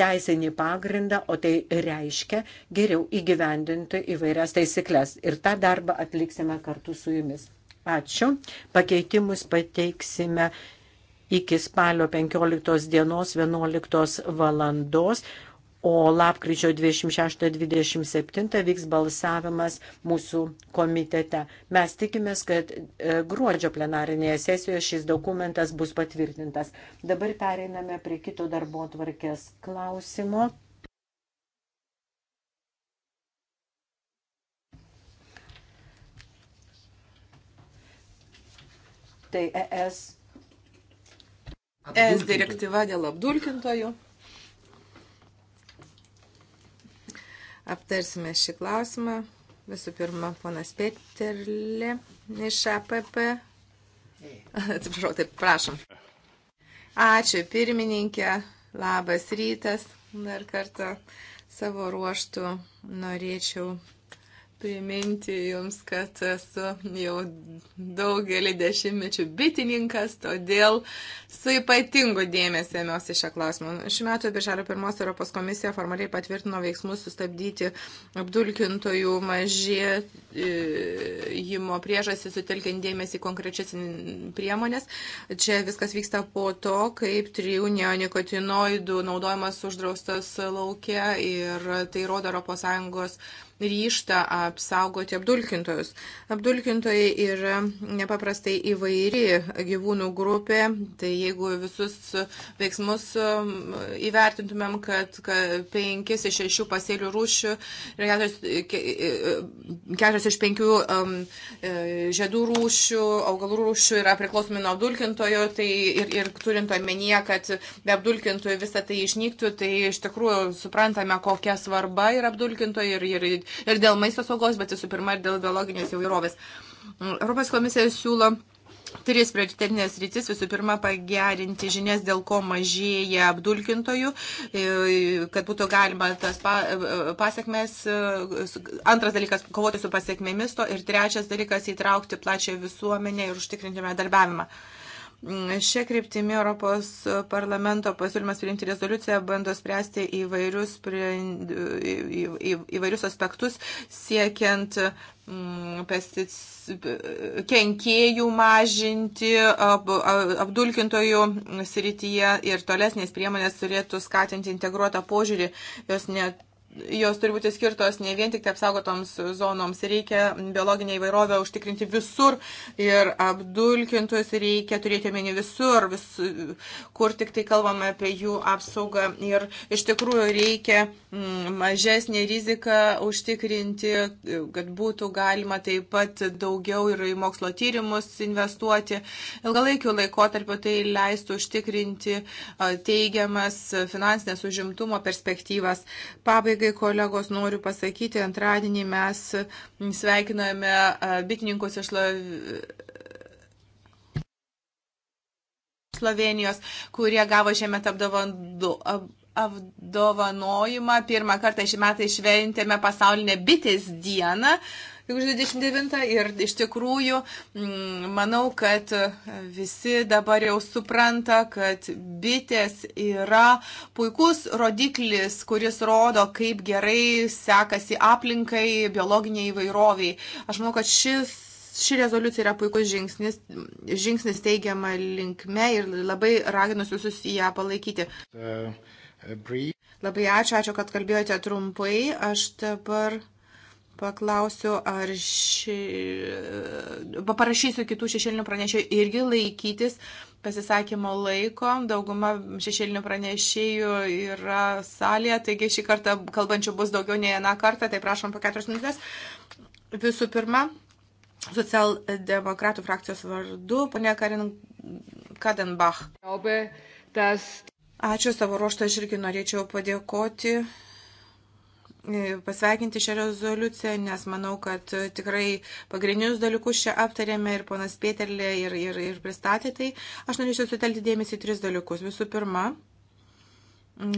teisinį pagrindą, o tai reiškia geriau įgyvendinti įvairias taisyklės. Ir tą darbą atliksime kartu su jumis. Ačiū. Pakeitimus pateiksime iki spalio 15 dienos 11 valandos, o lapkričio 26-27 vyks balsavimas mūsų komitete. Mes tikimės, kad e, gruodžio plenarinėje sesijoje šis dokumentas bus patvirtintas. Dabar pereiname prie kito darbo tvarkės klausimo. tai ES. ES direktyva dėl apdulkintojų. Aptarsime šį klausimą. Visų pirma, ponas Peterlė iš APP. E. [LAUGHS] Atsiprašau, taip prašom. Ačiū, pirmininkė. Labas rytas. Dar kartą savo ruoštų norėčiau priminti jums, kad esu jau daugelį dešimtmečių bitininkas, todėl su ypatingu dėmesį ėmiausi šią klausimą. Šiuo metu birželio pirmos Europos komisija formaliai patvirtino veiksmus sustabdyti apdulkintojų mažėjimo priežastį, sutelkiant dėmesį konkrečias priemonės. Čia viskas vyksta po to, kaip trijų neonikotinoidų naudojimas uždraustas laukia ir tai rodo Europos Sąjungos ryštą apsaugoti apdulkintojus. Apdulkintojai yra nepaprastai įvairi gyvūnų grupė, tai jeigu visus veiksmus um, įvertintumėm, kad 5 iš 6 pasėlių rūšių ir 4 e, iš 5 um, e, žiedų rūšių, augalų rūšių yra priklausomi nuo apdulkintojo, tai ir, ir turint omenyje, kad be apdulkintojų visą tai išnyktų, tai iš tikrųjų suprantame, kokia svarba yra apdulkintojai ir, ir ir dėl maisto saugos, bet visų pirma ir dėl biologinės įvairovės. Mm, Europos komisija siūlo Tris prioritetinės rytis. Visų pirma, pagerinti žinias, dėl ko mažėja apdulkintojų, e, kad būtų galima tas e, pasiekmes. E, antras dalykas - kovoti su pasiekmėmis to. Ir trečias dalykas - įtraukti plačią visuomenę ir užtikrinti medarbiavimą. Šia kryptimi Europos parlamento pasiūlymas priimti rezoliuciją bando spręsti įvairius, prie, į, į, įvairius aspektus, siekiant mm, pestic, kenkėjų mažinti ab, apdulkintojų srityje ir tolesnės priemonės turėtų skatinti integruotą požiūrį, jos net jos turi būti skirtos ne vien tik apsaugotoms zonoms, reikia biologinę įvairovę užtikrinti visur ir apdulkintus reikia turėti omeny visur, vis, kur tik tai kalbame apie jų apsaugą ir iš tikrųjų reikia mm, mažesnį riziką užtikrinti, kad būtų galima taip pat daugiau ir į mokslo tyrimus investuoti. Ilgalaikiu laikotarpiu tai leistų užtikrinti teigiamas finansinės užimtumo perspektyvas. Pabaigai pabaigai, kolegos, noriu pasakyti, antradienį mes sveikiname e, bitininkus iš Slovenijos, kurie gavo šiemet apdovandu. Ap, apdovanojimą. Pirmą kartą šį metą šventėme pasaulinę bitės dieną. Uh, už 29 ir iš tikrųjų mm, manau, kad e, visi dabar jau supranta, kad bitės yra puikus rodiklis, kuris rodo, kaip gerai sekasi aplinkai, biologiniai įvairoviai. Aš manau, kad šis ši rezoliucija yra puikus žingsnis, žingsnis teigiama linkme ir labai raginus visus ją palaikyti. Uh, labai ačiū, ačiū, kad kalbėjote trumpai. Aš dabar paklausiu, ar ši... paprašysiu kitų šešėlinių pranešėjų irgi laikytis pasisakymo laiko. Dauguma šešėlinių pranešėjų yra salėje, taigi šį kartą kalbančių bus daugiau nei vieną kartą, tai prašom po keturias minutės. Visų pirma, socialdemokratų frakcijos vardu, ponia Karin Kadenbach. Ačiū savo ruoštą, aš irgi norėčiau padėkoti E, pasveikinti šią rezoliuciją, nes manau, kad e, tikrai pagrindinius dalykus čia aptarėme ir ponas Pieterlė ir, ir, ir pristatė tai. Aš norėčiau sutelti dėmesį į tris dalykus. Visų pirma,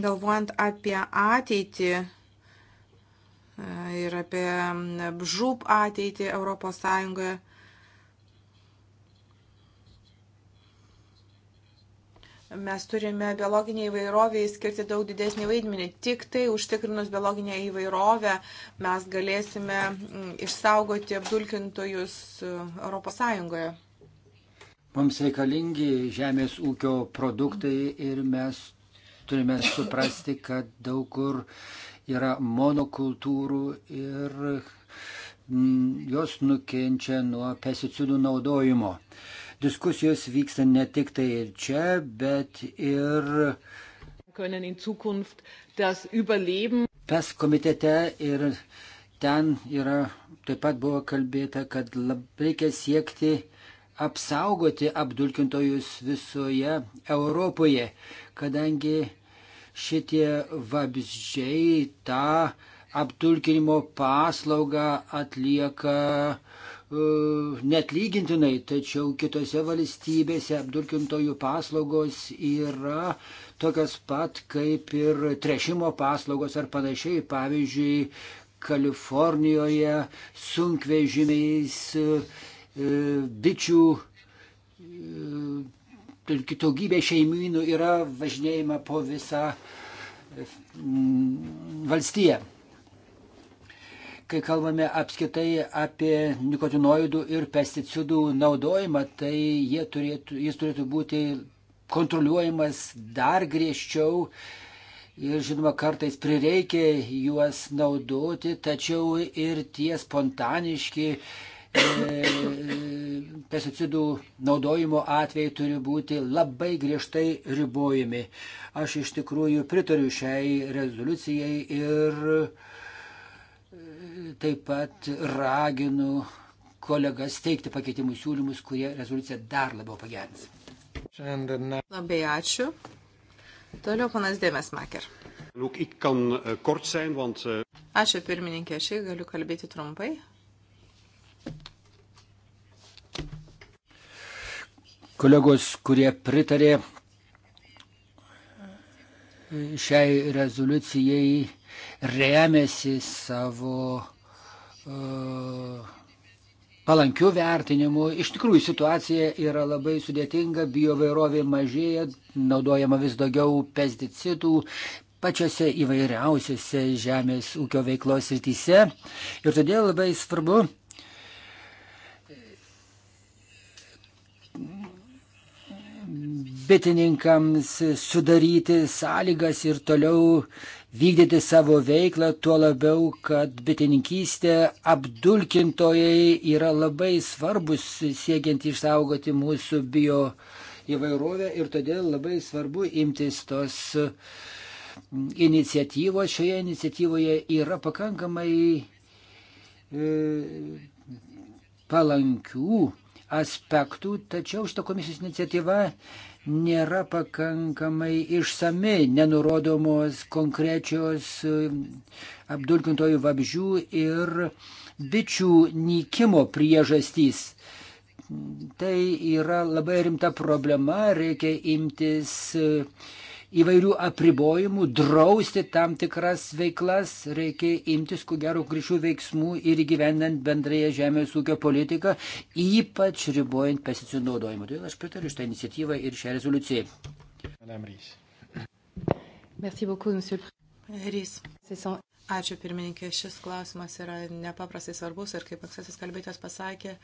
galvojant apie ateitį e, ir apie žūp ateitį Europos Sąjungoje mes turime biologinė įvairovė skirti daug didesnį vaidmenį. Tik tai užtikrinus biologinę įvairovę mes galėsime mm, išsaugoti apdulkintojus ES. Mums reikalingi žemės ūkio produktai ir mes turime suprasti, kad daug kur yra monokultūrų ir mm, jos nukenčia nuo pesticidų naudojimo. Uh, diskusijos vyksta ne tik tai ir čia, bet ir PES komitete ir ten yra, taip pat buvo kalbėta, kad lab, reikia siekti apsaugoti apdulkintojus visoje Europoje, kadangi šitie vabzdžiai tą apdulkinimo paslaugą atlieka Uh, netlygintinai, tačiau kitose valstybėse apdulkintojų paslaugos yra tokios pat kaip ir trešimo paslaugos ar panašiai. Pavyzdžiui, Kalifornijoje sunkvežimiais uh, bičių uh, ir kitogybė šeimynų yra važinėjama po visą valstiją kai kalbame apskaitai apie nikotinoidų ir pesticidų naudojimą, tai turėtų, jis turėtų būti kontroliuojamas dar griežčiau. Ir žinoma, kartais prireikia juos naudoti, tačiau ir tie spontaniški e, pesticidų naudojimo atvejai turi būti labai griežtai ribojami. Aš iš tikrųjų pritariu šiai rezoliucijai ir e, taip pat raginu kolegas teikti pakeitimų siūlymus, kurie rezoliuciją dar labiau pagerins. Labai ačiū. Toliau panas Dėmes Maker. Ačiū pirmininkė, aš galiu kalbėti trumpai. Kolegos, kurie pritarė šiai rezoliucijai, remiasi savo palankių vertinimų. Iš tikrųjų situacija yra labai sudėtinga, biovairovė mažėja, naudojama vis daugiau pesticidų pačiose įvairiausiose žemės ūkio veiklos rytise. Ir todėl labai svarbu bitininkams sudaryti sąlygas ir toliau vykdyti savo veiklą, tuo labiau, kad bitininkystė apdulkintojai yra labai svarbus siekiant išsaugoti mūsų bio įvairovę ir todėl labai svarbu imtis tos mm, iniciatyvos. Šioje iniciatyvoje yra pakankamai e, palankių aspektų, tačiau šita komisijos iniciatyva nėra pakankamai išsami, nenurodomos konkrečios e, apdulkintojų vabžių ir bičių nykimo priežastys. Tai yra labai rimta problema, reikia imtis e, įvairių apribojimų, drausti tam tikras veiklas, reikia imtis, ko gero, grįžų veiksmų ir gyvenant bendrąją žemės ūkio politiką, ypač ribojant pesticidų naudojimą. Todėl aš pritariu šitą iniciatyvą ir šią rezoliuciją. Madame Rys. Merci beaucoup, monsieur le Président. Ačiū pirmininkė, šis klausimas yra nepaprastai svarbus ir kaip ankstasis kalbėtės pasakė,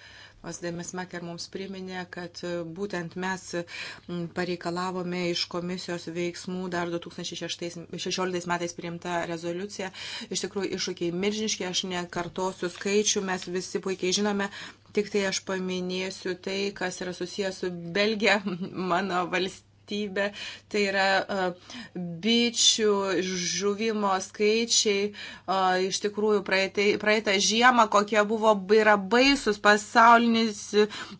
Osdėmis Meker mums priminė, kad e, būtent mes pareikalavome iš komisijos veiksmų dar 2016 metais priimta rezoliucija. Iš tikrųjų, iššūkiai milžiniški, aš nekartosiu skaičių, mes visi puikiai žinome, tik tai aš paminėsiu tai, kas yra susijęs su Belgija, [LAUGHS] mano valstybė tapatybę, tai yra bičių žuvimo skaičiai. Iš tikrųjų, praeitą žiemą kokie buvo, yra baisus pasaulinis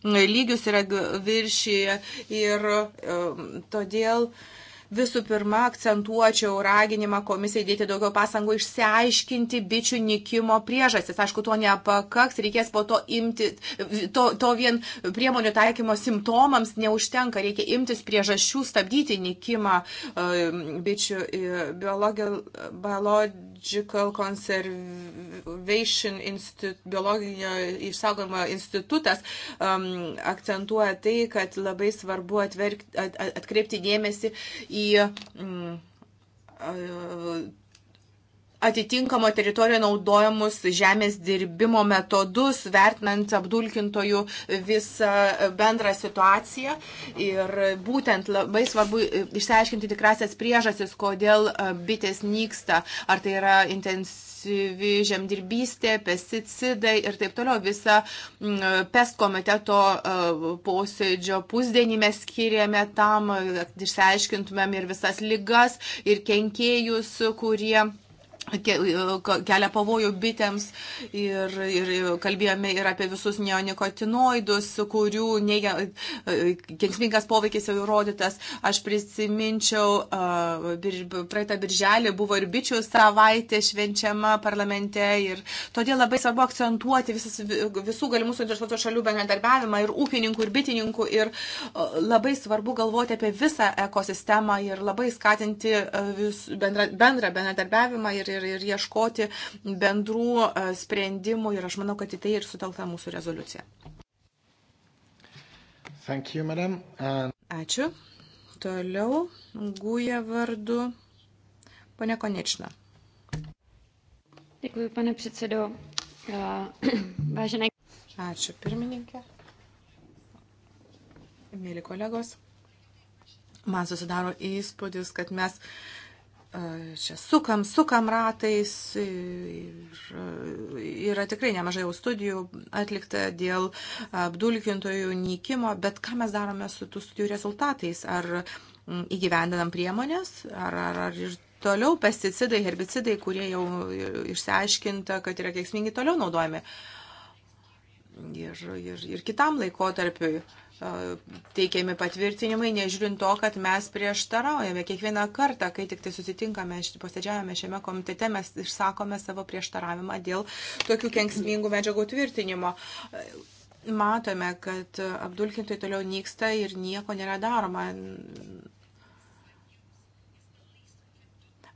lygius yra viršyje ir todėl uh, visų pirma akcentuočiau raginimą komisijai dėti daugiau pasangų išsiaiškinti bičių nikimo priežastis. Aišku, to nepakaks, reikės po to imti, to, to vien priemonių taikymo simptomams neužtenka, reikia imtis priežasčių stabdyti nikimą bičių e, biological conservation institu, biologinio išsaugojimo institutas um, akcentuoja tai, kad labai svarbu atverk, at, atkreipti dėmesį į į mm, atitinkamo teritorijoje naudojamus žemės dirbimo metodus, vertinant apdulkintojų visą bendrą situaciją. Ir būtent labai svarbu išsiaiškinti tikrasias priežasis, kodėl bitės nyksta. Ar tai yra intensyvi intensyvi žemdirbystė, pesticidai ir taip toliau. Visą mm, PES komiteto e, posėdžio pusdienį mes skiriame tam, kad išsiaiškintumėm ir visas lygas, ir kenkėjus, kurie kelia pavojų bitėms ir, ir kalbėjome ir apie visus neonikotinoidus, kurių neigia, kenksmingas poveikis jau įrodytas. Aš prisiminčiau, praeitą birželį buvo ir bičių savaitė švenčiama parlamente ir todėl labai svarbu akcentuoti visas, visų galimų suinteresuotų šalių bendradarbiavimą ir ūkininkų, ir bitininkų ir labai svarbu galvoti apie visą ekosistemą ir labai skatinti vis, bendra, bendrą bendradarbiavimą. Ir, ir ir, ir ieškoti bendrų e, sprendimų ir aš manau, kad į tai ir sutelkta mūsų rezoliucija. Thank you, madam. And... Ačiū. Toliau Guja vardu. Pane Konečna. Dėkui, pane předsedo. [CLEARS THROAT] Vážené. Ačiū, pirmininkė. Mėly kolegos, man susidaro įspūdis, kad mes uh, čia sukam, sukam ratais ir yra tikrai nemažai jau studijų atlikta dėl apdulkintojų nykimo, bet ką mes darome su tų studijų rezultatais? Ar mm, įgyvendinam priemonės, ar, ar, ar ir toliau pesticidai, herbicidai, kurie jau išsiaiškinta, kad yra kėksmingi, toliau naudojami ir, ir, ir kitam laikotarpiui? E, teikiami patvirtinimai, nežiūrint to, kad mes prieštaraujame. Kiekvieną kartą, kai tik tai susitinkame, posėdžiavame šiame komitete, mes išsakome savo prieštaravimą dėl tokių kenksmingų medžiagų tvirtinimo. E, matome, kad apdulkintai toliau nyksta ir nieko nėra daroma.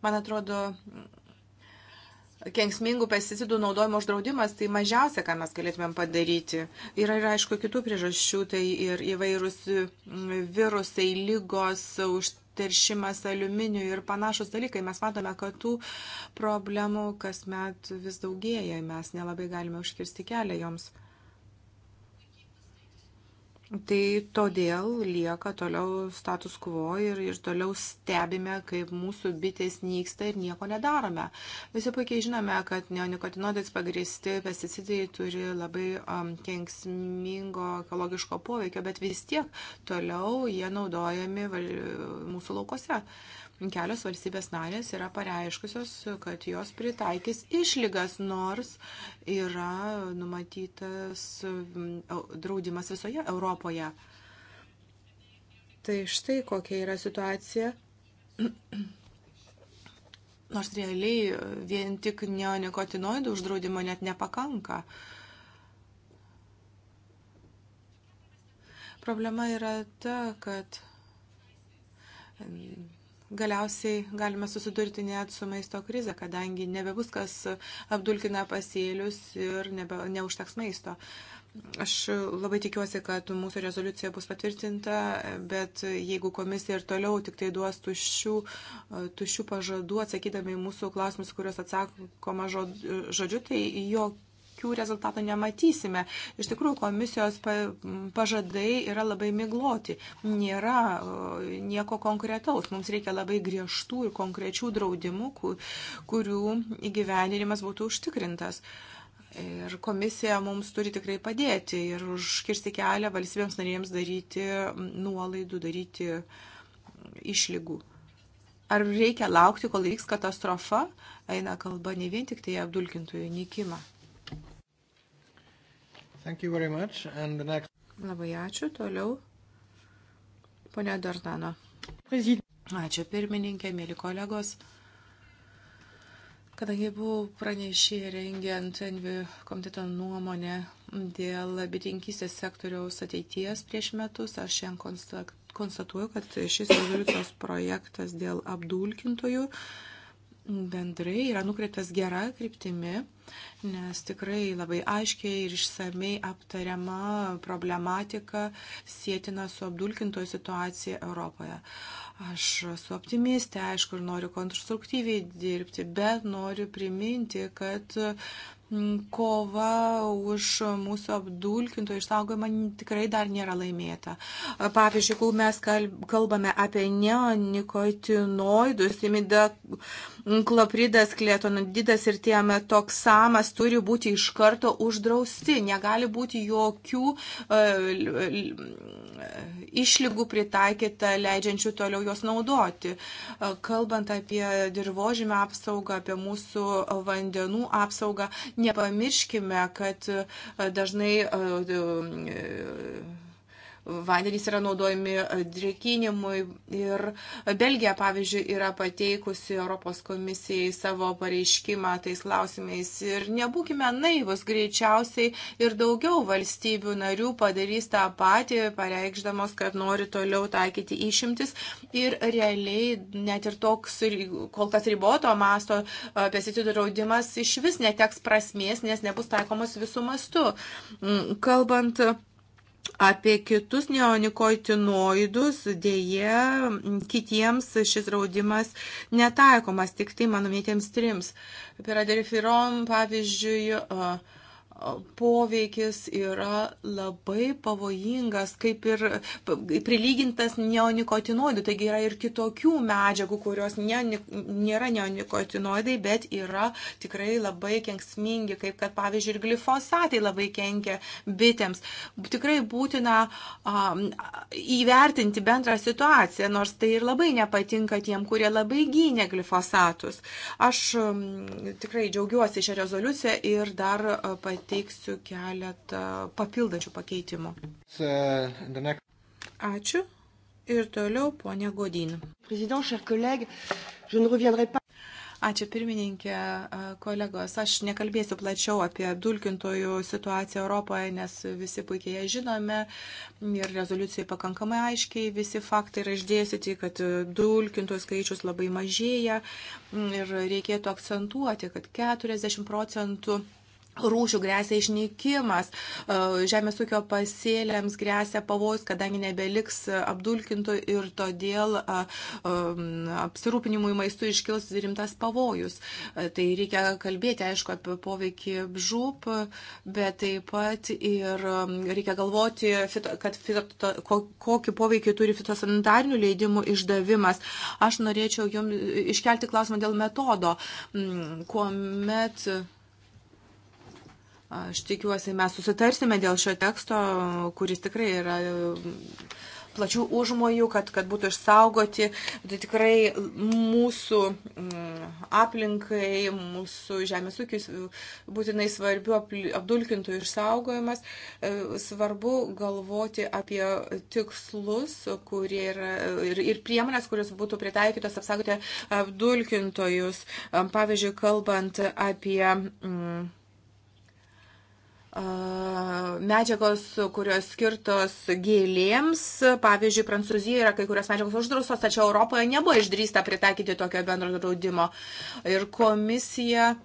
Man atrodo, kenksmingų pesticidų naudojimo uždraudimas, tai mažiausia, ką mes galėtumėm padaryti. Yra ir, aišku, kitų priežasčių, tai ir įvairūs mm, virusai, lygos, užteršimas aliuminiu ir panašus dalykai. Mes matome, kad tų problemų kasmet vis daugėja, mes nelabai galime užkirsti kelią joms. Tai todėl lieka toliau status quo ir, ir toliau stebime, kaip mūsų bitės nyksta ir nieko nedarome. Visi puikiai žinome, kad neonikotinoidais pagristi pesticidai turi labai um, kenksmingo ekologiško poveikio, bet vis tiek toliau jie naudojami val, mūsų laukose. Uh, Kelios valstybės narės yra pareiškusios, kad jos pritaikys išlygas, nors yra numatytas mm, draudimas visoje Europoje. Tai štai kokia yra situacija. [CLEARS THROAT] Nors realiai e, vien tik neonikotinoidų uždraudimo net nepakanka. Problema yra ta, kad galiausiai galime susidurti net su maisto krize, kadangi nebebus kas apdulkina pasėlius ir nebe, neužteks maisto. Aš labai tikiuosi, kad mūsų rezoliucija bus patvirtinta, bet jeigu komisija ir toliau tik tai duos tuščių, tuščių pažadų, atsakydami į mūsų klausimus, kuriuos atsakoma žodžiu, tai jok, jokių rezultatų nematysime. Iš tikrųjų, komisijos pažadai yra labai migloti. Nėra e, nieko konkretaus. Mums reikia labai griežtų ir konkrečių draudimų, kurių įgyveninimas būtų užtikrintas. Ir komisija mums turi tikrai padėti ir užkirsti kelią valstybėms narėms daryti nuolaidų, daryti išlygų. Ar reikia laukti, kol vyks katastrofa? Eina kalba ne vien tik tai apdulkintojų nykimą. Next... Labai ačiū. Toliau. Pone Dornano. Ačiū pirmininkė, mėly kolegos. Kadangi buvau pranešė rengiant Envi komiteto nuomonę dėl bitinkystės sektoriaus ateities prieš metus, aš šiandien konstatuoju, kad šis rezoliucijos projektas dėl apdulkintojų bendrai yra nukreiptas gera kryptimi nes tikrai labai aiškiai ir išsamei aptariama problematika sėtina su apdulkintojo situacija Europoje. Aš esu optimistė, aišku, ir noriu konstruktyviai dirbti, bet noriu priminti, kad Mm, kova už mūsų apdulkintojų išsaugojimą tikrai dar nėra laimėta. Pavyzdžiui, kol mes kalbame apie neonikotinoidus, imida mm, klapridas, klietonadidas ir tiemetoksamas turi būti iš karto uždrausti. Negali būti jokių e, išlygų pritaikyta, leidžiančių toliau juos naudoti. Kalbant apie dirbožymę apsaugą, apie mūsų vandenų apsaugą, Nepamirškime, kad e, dažnai e, vandenys yra naudojami e, drėkinimui. Ir Belgija, pavyzdžiui, yra pateikusi Europos komisijai savo pareiškimą tais klausimais. Ir nebūkime naivus, greičiausiai ir daugiau valstybių narių padarys tą patį, pareikšdamos, kad nori toliau taikyti išimtis. Ir realiai net ir toks kol kas riboto masto e, pesticidų draudimas iš vis neteks prasmės, nes nebus taikomas visų mastu. Mm, kalbant Apie kitus neonikotinoidus dėje kitiems šis draudimas netaikomas, tik tai mano mėtėms trims. Piraderifirom, pavyzdžiui, poveikis yra labai pavojingas, kaip ir prilygintas neonikotinoidų. Taigi yra ir kitokių medžiagų, kurios ne, nėra neonikotinoidai, bet yra tikrai labai kenksmingi, kaip kad pavyzdžiui ir glifosatai labai kenkia bitėms. Tikrai būtina um, įvertinti bendrą situaciją, nors tai ir labai nepatinka tiem, kurie labai gynė glifosatus. Aš um, tikrai džiaugiuosi šią rezoliuciją ir dar uh, pat pateiksiu keletą papildančių pakeitimų. Ačiū. Ir toliau ponia Godin. Ačiū pirmininkė, kolegos. Aš nekalbėsiu plačiau apie apdulkintojų situaciją Europoje, nes visi puikiai ją žinome ir rezoliucijai pakankamai aiškiai visi faktai yra išdėstyti, tai kad dulkintojų skaičius labai mažėja ir reikėtų akcentuoti, kad 40 procentų Rūšių grėsia išnykimas, e, žemės ūkio pasėlėms grėsia pavojus, kadangi nebeliks apdulkintų ir todėl e, e, apsirūpinimui maistu iškils rimtas pavojus. Tai reikia kalbėti, aišku, apie poveikį žūp, bet taip pat ir reikia galvoti, kad fito, kokį poveikį turi fitosanitarinių leidimų išdavimas. Aš norėčiau jums iškelti klausimą dėl metodo, mm, kuomet Aš tikiuosi, mes susitarsime dėl šio teksto, kuris tikrai yra e, plačių užmojų, kad, kad būtų išsaugoti tai tikrai mūsų mm, aplinkai, mūsų žemės ūkis būtinai svarbių apdulkintų išsaugojimas. E, svarbu galvoti apie tikslus yra, ir, ir priemonės, kurios būtų pritaikytos apsaugoti apdulkintojus. Pavyzdžiui, kalbant apie. Mm, medžiagos, kurios skirtos gėlėms. Pavyzdžiui, Prancūzijoje yra kai kurios medžiagos uždraustos, tačiau Europoje nebuvo išdrįsta pritaikyti tokio bendro draudimo. Ir komisija uh,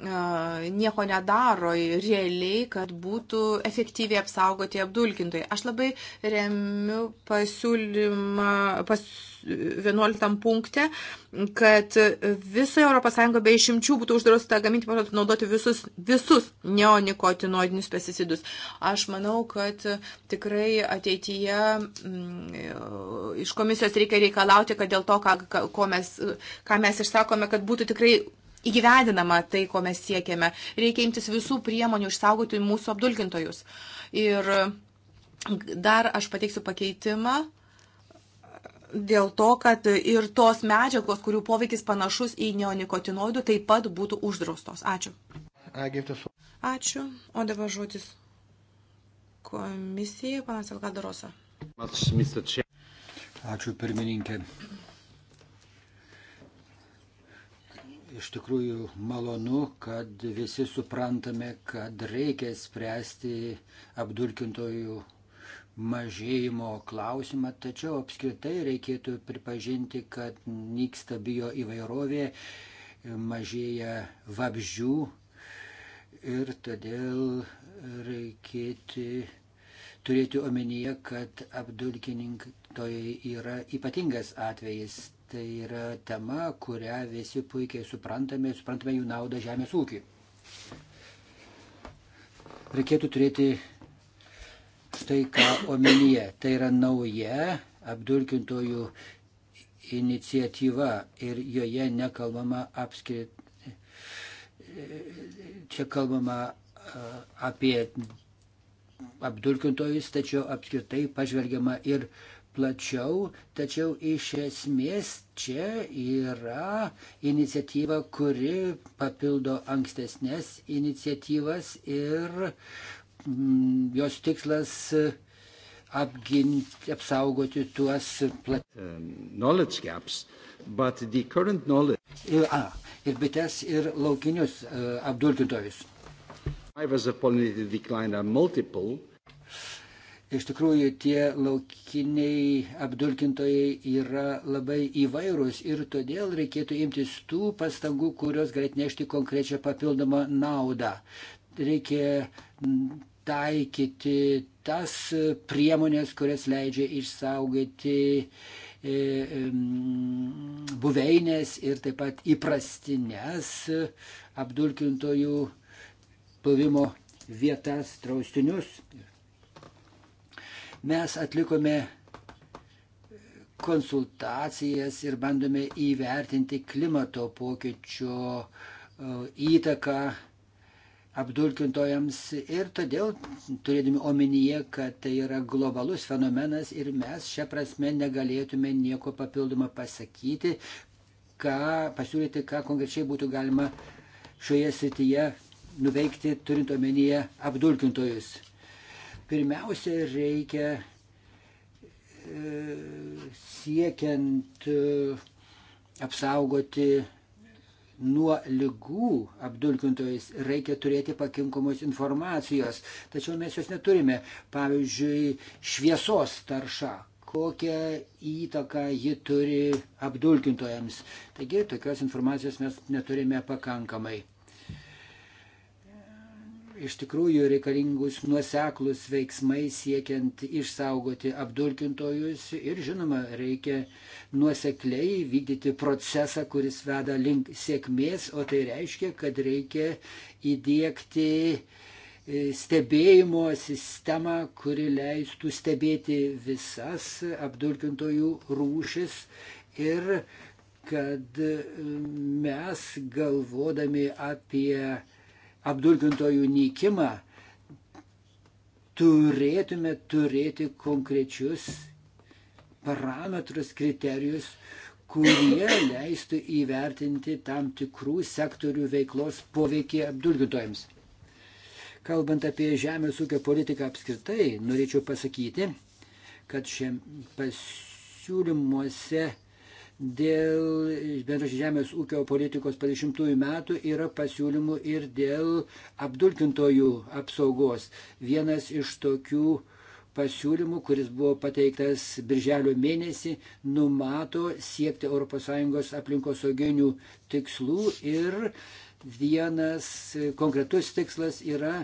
nieko nedaro realiai, kad būtų efektyviai apsaugoti apdulkintojai. Aš labai remiu pasiūlymą pas 11 punkte, kad visoje ES be išimčių būtų uždrausta gaminti, naudoti visus, visus neonikotinoidinius pesticidus. Aš manau, kad tikrai ateityje m, mm, iš komisijos reikia reikalauti, kad dėl to, ką, ką, mes, ką mes išsakome, kad būtų tikrai įgyvendinama tai, ko mes siekiame. Reikia imtis visų priemonių išsaugoti mūsų apdulkintojus. Ir dar aš pateiksiu pakeitimą dėl to, kad ir tos medžiagos, kurių poveikis panašus į neonikotinoidų, taip pat būtų uždraustos. Ačiū. Ačiū. O dabar žodis komisijai, panas Elgadarosa. Ačiū pirmininkė. iš tikrųjų malonu, kad visi suprantame, kad reikia spręsti apdulkintojų mažėjimo klausimą, tačiau apskritai reikėtų pripažinti, kad nyksta bio įvairovė, mažėja vabžių ir todėl reikėtų turėti omenyje, kad apdulkininkai tai yra ypatingas atvejis Tai yra tema, kurią visi puikiai suprantame, suprantame jų naudą žemės ūkiui. Reikėtų turėti štai ką omenyje. Tai yra nauja apdulkintojų iniciatyva ir joje nekalbama apskrit. Čia kalbama apie apdulkintojus, tačiau apskritai pažvelgiama ir uh, plačiau, tačiau iš esmės čia yra iniciatyva, kuri papildo ankstesnės iniciatyvas ir mm, jos tikslas apginti, apsaugoti tuos plat... Uh, knowledge gaps, but the current knowledge. Ir, a, ir bites, ir laukinius uh, apdulkintojus. As a pollinated decline are multiple, Iš tikrųjų, tie laukiniai apdulkintojai yra labai įvairūs ir todėl reikėtų imtis tų pastangų, kurios galėtų nešti konkrečią papildomą naudą. Reikia taikyti tas priemonės, kurias leidžia išsaugoti e, e, buveinės ir taip pat įprastinės apdulkintojų buvimo vietas, draustinius Mes atlikome konsultacijas ir bandome įvertinti klimato pokyčio e, įtaką apdulkintojams ir todėl turėdami omenyje, kad tai yra globalus fenomenas ir mes šią prasme negalėtume nieko papildomą pasakyti, ką pasiūlyti, ką konkrečiai būtų galima šioje srityje nuveikti, turint omenyje apdulkintojus. Pirmiausia, reikia e, siekiant e, apsaugoti nuo lygų apdulkintojais reikia turėti pakinkamos informacijos, tačiau mes jos neturime. Pavyzdžiui, šviesos tarša, kokią įtaką ji turi apdulkintojams. Taigi, tokios informacijos mes neturime pakankamai iš tikrųjų reikalingus nuoseklus veiksmai siekiant išsaugoti apdulkintojus ir žinoma reikia nuosekliai vykdyti procesą, kuris veda link sėkmės, o tai reiškia, kad reikia įdėkti e, stebėjimo sistemą, kuri leistų stebėti visas apdulkintojų rūšis ir kad e, mes galvodami apie apdulkintojų nykimą, turėtume turėti konkrečius parametrus, kriterijus, kurie leistų įvertinti tam tikrų sektorių veiklos poveikį apdulkintojams. Kalbant apie žemės ūkio politiką apskritai, norėčiau pasakyti, kad šiam pasiūlymuose dėl bendros žemės ūkio politikos 50 metų yra pasiūlymų ir dėl apdulkintojų apsaugos. Vienas iš tokių pasiūlymų, kuris buvo pateiktas birželio mėnesį, numato siekti ES aplinkosauginių tikslų ir vienas konkretus tikslas yra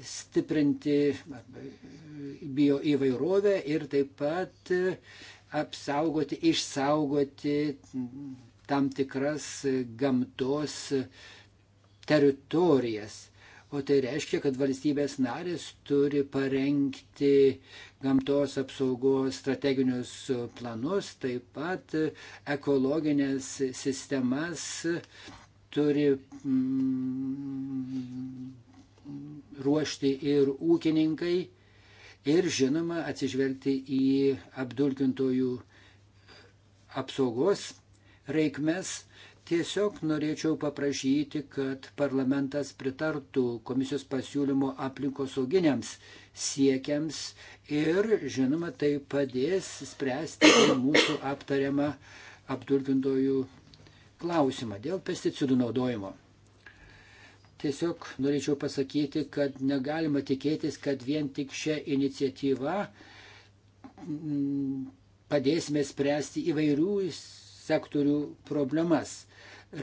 stiprinti bio įvairovę ir taip pat apsaugoti, išsaugoti tam tikras gamtos teritorijas. O tai reiškia, kad valstybės narės turi parengti gamtos apsaugos strateginius planus, taip pat ekologinės sistemas turi mm, ruošti ir ūkininkai ir žinoma atsižvelgti į apdulkintojų apsaugos reikmes. Tiesiog norėčiau paprašyti, kad parlamentas pritartų komisijos pasiūlymo aplinkosauginiams siekiams ir, žinoma, tai padės spręsti mūsų aptariamą apdulkintojų klausimą dėl pesticidų naudojimo. Tiesiog norėčiau pasakyti, kad negalima tikėtis, kad vien tik šią iniciatyvą mm, padėsime spręsti įvairių sektorių problemas.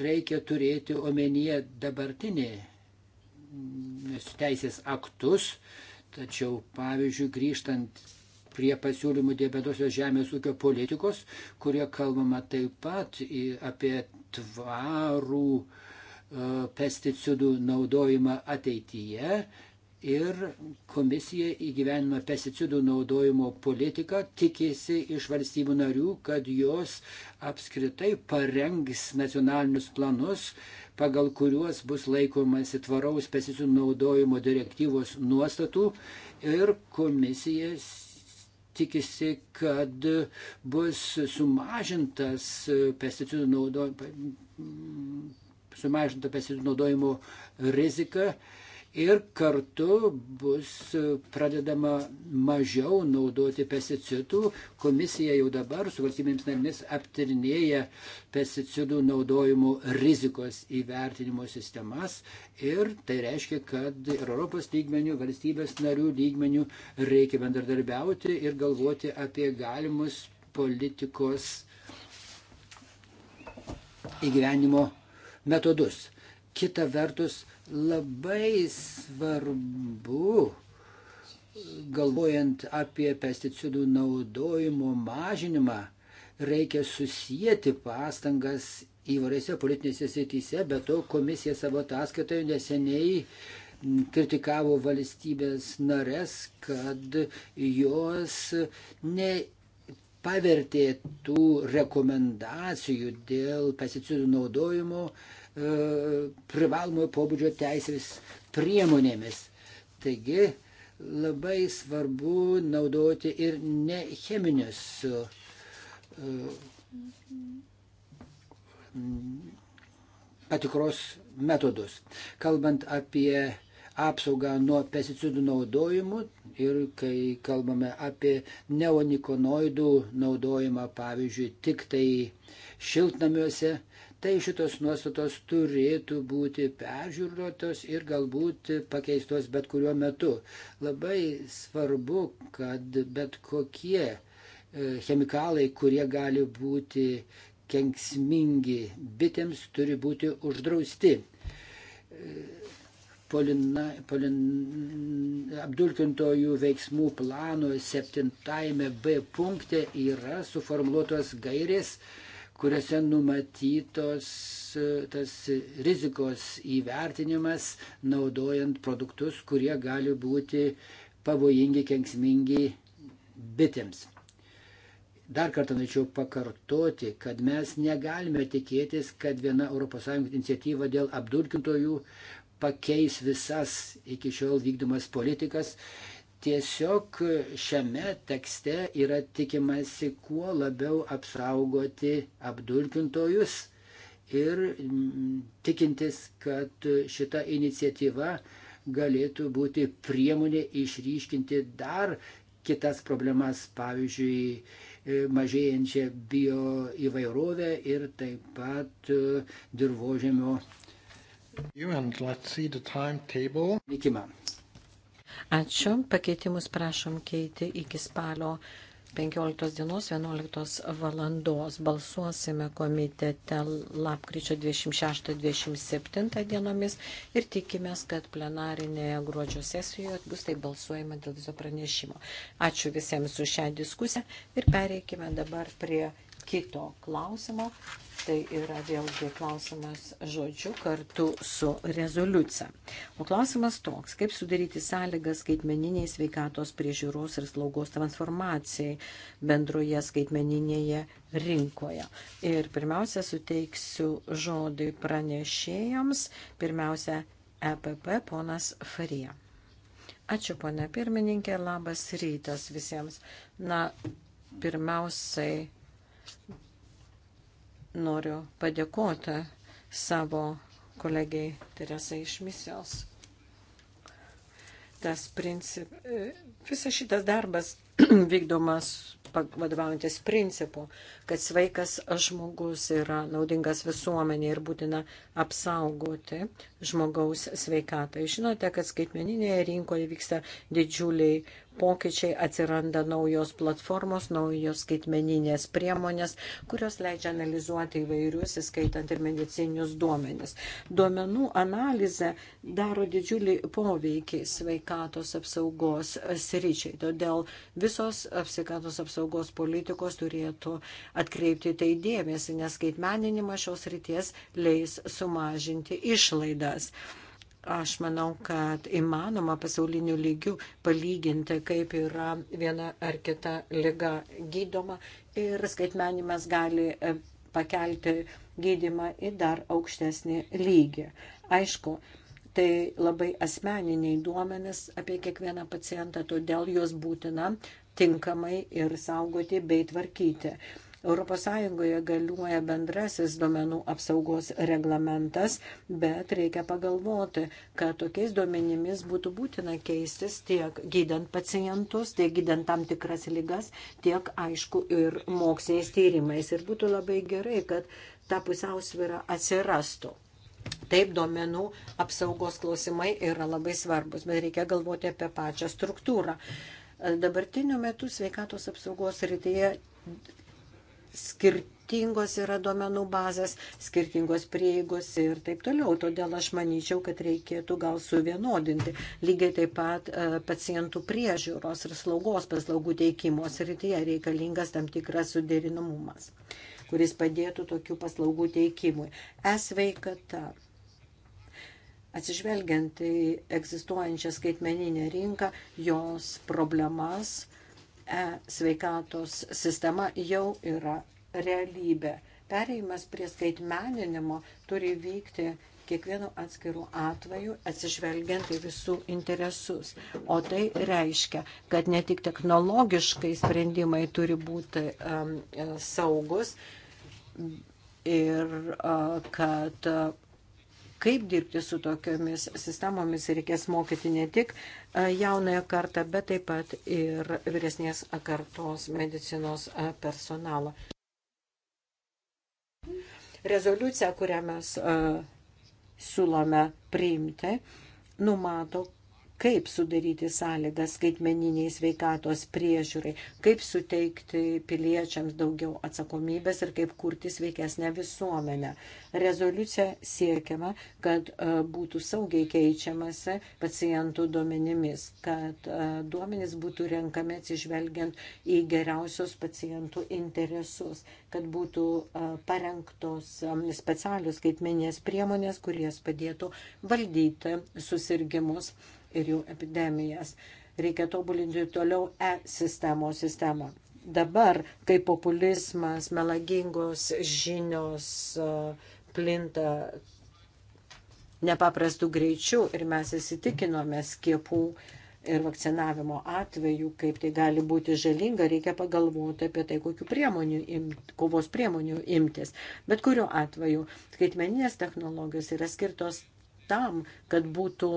Reikia turėti omenyje dabartinį mm, teisės aktus, tačiau pavyzdžiui grįžtant prie pasiūlymų dėbėtosios žemės ūkio politikos, kurie kalbama taip pat apie tvarų uh, E, pesticidų naudojimą ateityje ir komisija įgyvenima pesticidų naudojimo politiką tikėsi iš valstybių narių, kad jos apskritai parengs nacionalinius planus, pagal kuriuos bus laikomasi tvaraus pesticidų naudojimo direktyvos nuostatų ir komisija tikisi, kad bus sumažintas pesticidų naudojimo sumažinta pesticidų naudojimo rizika ir kartu bus pradedama mažiau naudoti pesticidų. Komisija jau dabar su valstybėmis narėmis aptarinėja pesticidų naudojimo rizikos įvertinimo sistemas ir tai reiškia, kad ir Europos lygmenių, valstybės narių lygmenių reikia bendradarbiauti ir galvoti apie galimus politikos įgyvenimo metodus. Kita vertus, labai svarbu, galvojant apie pesticidų naudojimo mažinimą, reikia susijęti pastangas įvairiose politinėse srityse, bet to komisija savo ataskaitoje neseniai kritikavo valstybės narės, kad jos nepavertė tų rekomendacijų dėl pesticidų naudojimo E, privalomojo pobūdžio teisės priemonėmis. Taigi labai svarbu naudoti ir necheminius e, patikros metodus. Kalbant apie apsaugą nuo pesticidų naudojimų ir kai kalbame apie neonikonoidų naudojimą, pavyzdžiui, tik tai šiltnamiuose, tai šitos nuostatos turėtų būti peržiūrėtos ir galbūt pakeistos bet kuriuo metu. Labai svarbu, kad bet kokie e, chemikalai, kurie gali būti kenksmingi bitėms, turi būti uždrausti. E, Polina, polin, apdulkintojų veiksmų plano septintajame B punkte yra suformuoluotos gairės, kuriuose numatytos e, tas rizikos įvertinimas, naudojant produktus, kurie gali būti pavojingi, kenksmingi bitėms. Dar kartą norėčiau pakartoti, kad mes negalime tikėtis, kad viena ES iniciatyva dėl apdulkintojų pakeis visas iki šiol vykdomas politikas Tiesiog šiame tekste yra tikimasi kuo labiau apsaugoti apdulkintojus ir mm, tikintis, kad šita iniciatyva galėtų būti priemonė išryškinti dar kitas problemas, pavyzdžiui, e, mažėjančią bio įvairovę ir taip pat e, dirbožėmio likimą. Ačiū. Pakeitimus prašom keiti iki spalio 15 dienos 11 valandos. Balsuosime komitete lapkričio 26-27 dienomis ir tikimės, kad plenarinėje gruodžio sesijoje bus tai balsuojama dėl viso pranešimo. Ačiū visiems už šią diskusiją ir pereikime dabar prie kito klausimo. Tai yra vėlgi klausimas žodžiu kartu su rezoliucija. O klausimas toks, kaip sudaryti sąlygas skaitmeniniai sveikatos priežiūros ir slaugos transformacijai bendroje skaitmeninėje rinkoje. Ir pirmiausia, suteiksiu žodį pranešėjams. Pirmiausia, EPP ponas Farija. Ačiū, ponė pirmininkė, labas rytas visiems. Na, pirmiausiai Noriu padėkoti savo kolegiai Teresai iš misijos. Tas princip, visas šitas darbas [CLEARS THROAT] vykdomas vadovaujantis principu, kad sveikas žmogus yra naudingas visuomenė ir būtina apsaugoti žmogaus sveikatą. Žinote, kad skaitmeninėje rinkoje vyksta didžiuliai pokyčiai, atsiranda naujos platformos, naujos skaitmeninės priemonės, kurios leidžia analizuoti įvairius, įskaitant ir medicinius duomenis. Duomenų analizė daro didžiulį poveikį sveikatos apsaugos sričiai, todėl visos sveikatos apsaugos politikos turėtų atkreipti tai dėmesį, nes skaitmeninimas šios ryties leis sumažinti išlaidas. Aš manau, kad įmanoma pasauliniu lygiu palyginti, kaip yra viena ar kita lyga gydoma ir skaitmenimas gali e, pakelti gydimą į dar aukštesnį lygį. Aišku, tai labai asmeniniai duomenis apie kiekvieną pacientą, todėl juos būtina tinkamai ir saugoti bei tvarkyti. ES galiuoja bendrasis duomenų apsaugos reglamentas, bet reikia pagalvoti, kad tokiais duomenimis būtų būtina keistis tiek gydant pacientus, tiek gydant tam tikras lygas, tiek aišku ir moksliais tyrimais. Ir būtų labai gerai, kad ta pusiausvyrą atsirastų. Taip, duomenų apsaugos klausimai yra labai svarbus, bet reikia galvoti apie pačią struktūrą. Dabartiniu metu sveikatos apsaugos rytyje skirtingos yra duomenų bazės, skirtingos prieigos ir taip toliau. Todėl aš manyčiau, kad reikėtų gal suvienodinti lygiai taip pat e, pacientų priežiūros ir slaugos paslaugų teikimo srityje reikalingas tam tikras suderinamumas, kuris padėtų tokių paslaugų teikimui. Esveikata atsižvelgiant į egzistuojančią skaitmeninę rinką, jos problemas, e sveikatos sistema jau yra realybė. Pereimas prie skaitmeninimo turi vykti kiekvienu atskiru atveju atsižvelgiant į visų interesus. O tai reiškia, kad ne tik technologiškai sprendimai turi būti um, saugus ir uh, kad uh, kaip dirbti su tokiomis sistemomis reikės mokyti ne tik e, jaunąją kartą, bet taip pat ir vyresnės kartos medicinos e, personalą. Rezoliucija, kurią mes e, siūlome priimti, numato, kaip sudaryti sąlygas skaitmeniniai sveikatos priežiūrai, kaip suteikti piliečiams daugiau atsakomybės ir kaip kurti sveikesnę visuomenę. Rezoliucija siekiama, kad e, būtų saugiai keičiamasi pacientų duomenimis, kad e, duomenys būtų renkami atsižvelgiant į geriausios pacientų interesus, kad būtų e, parengtos specialius skaitmeninės priemonės, kuries padėtų valdyti susirgymus ir jų epidemijas. Reikia tobulinti toliau e-sistemo sistemą. Dabar, kai populizmas, melagingos žinios plinta nepaprastų greičių ir mes įsitikinome skiepų ir vakcinavimo atveju, kaip tai gali būti žalinga, reikia pagalvoti apie tai, kokiu priemonių imt, kovos priemonių imtis. Bet kuriuo atveju skaitmeninės technologijos yra skirtos tam, kad būtų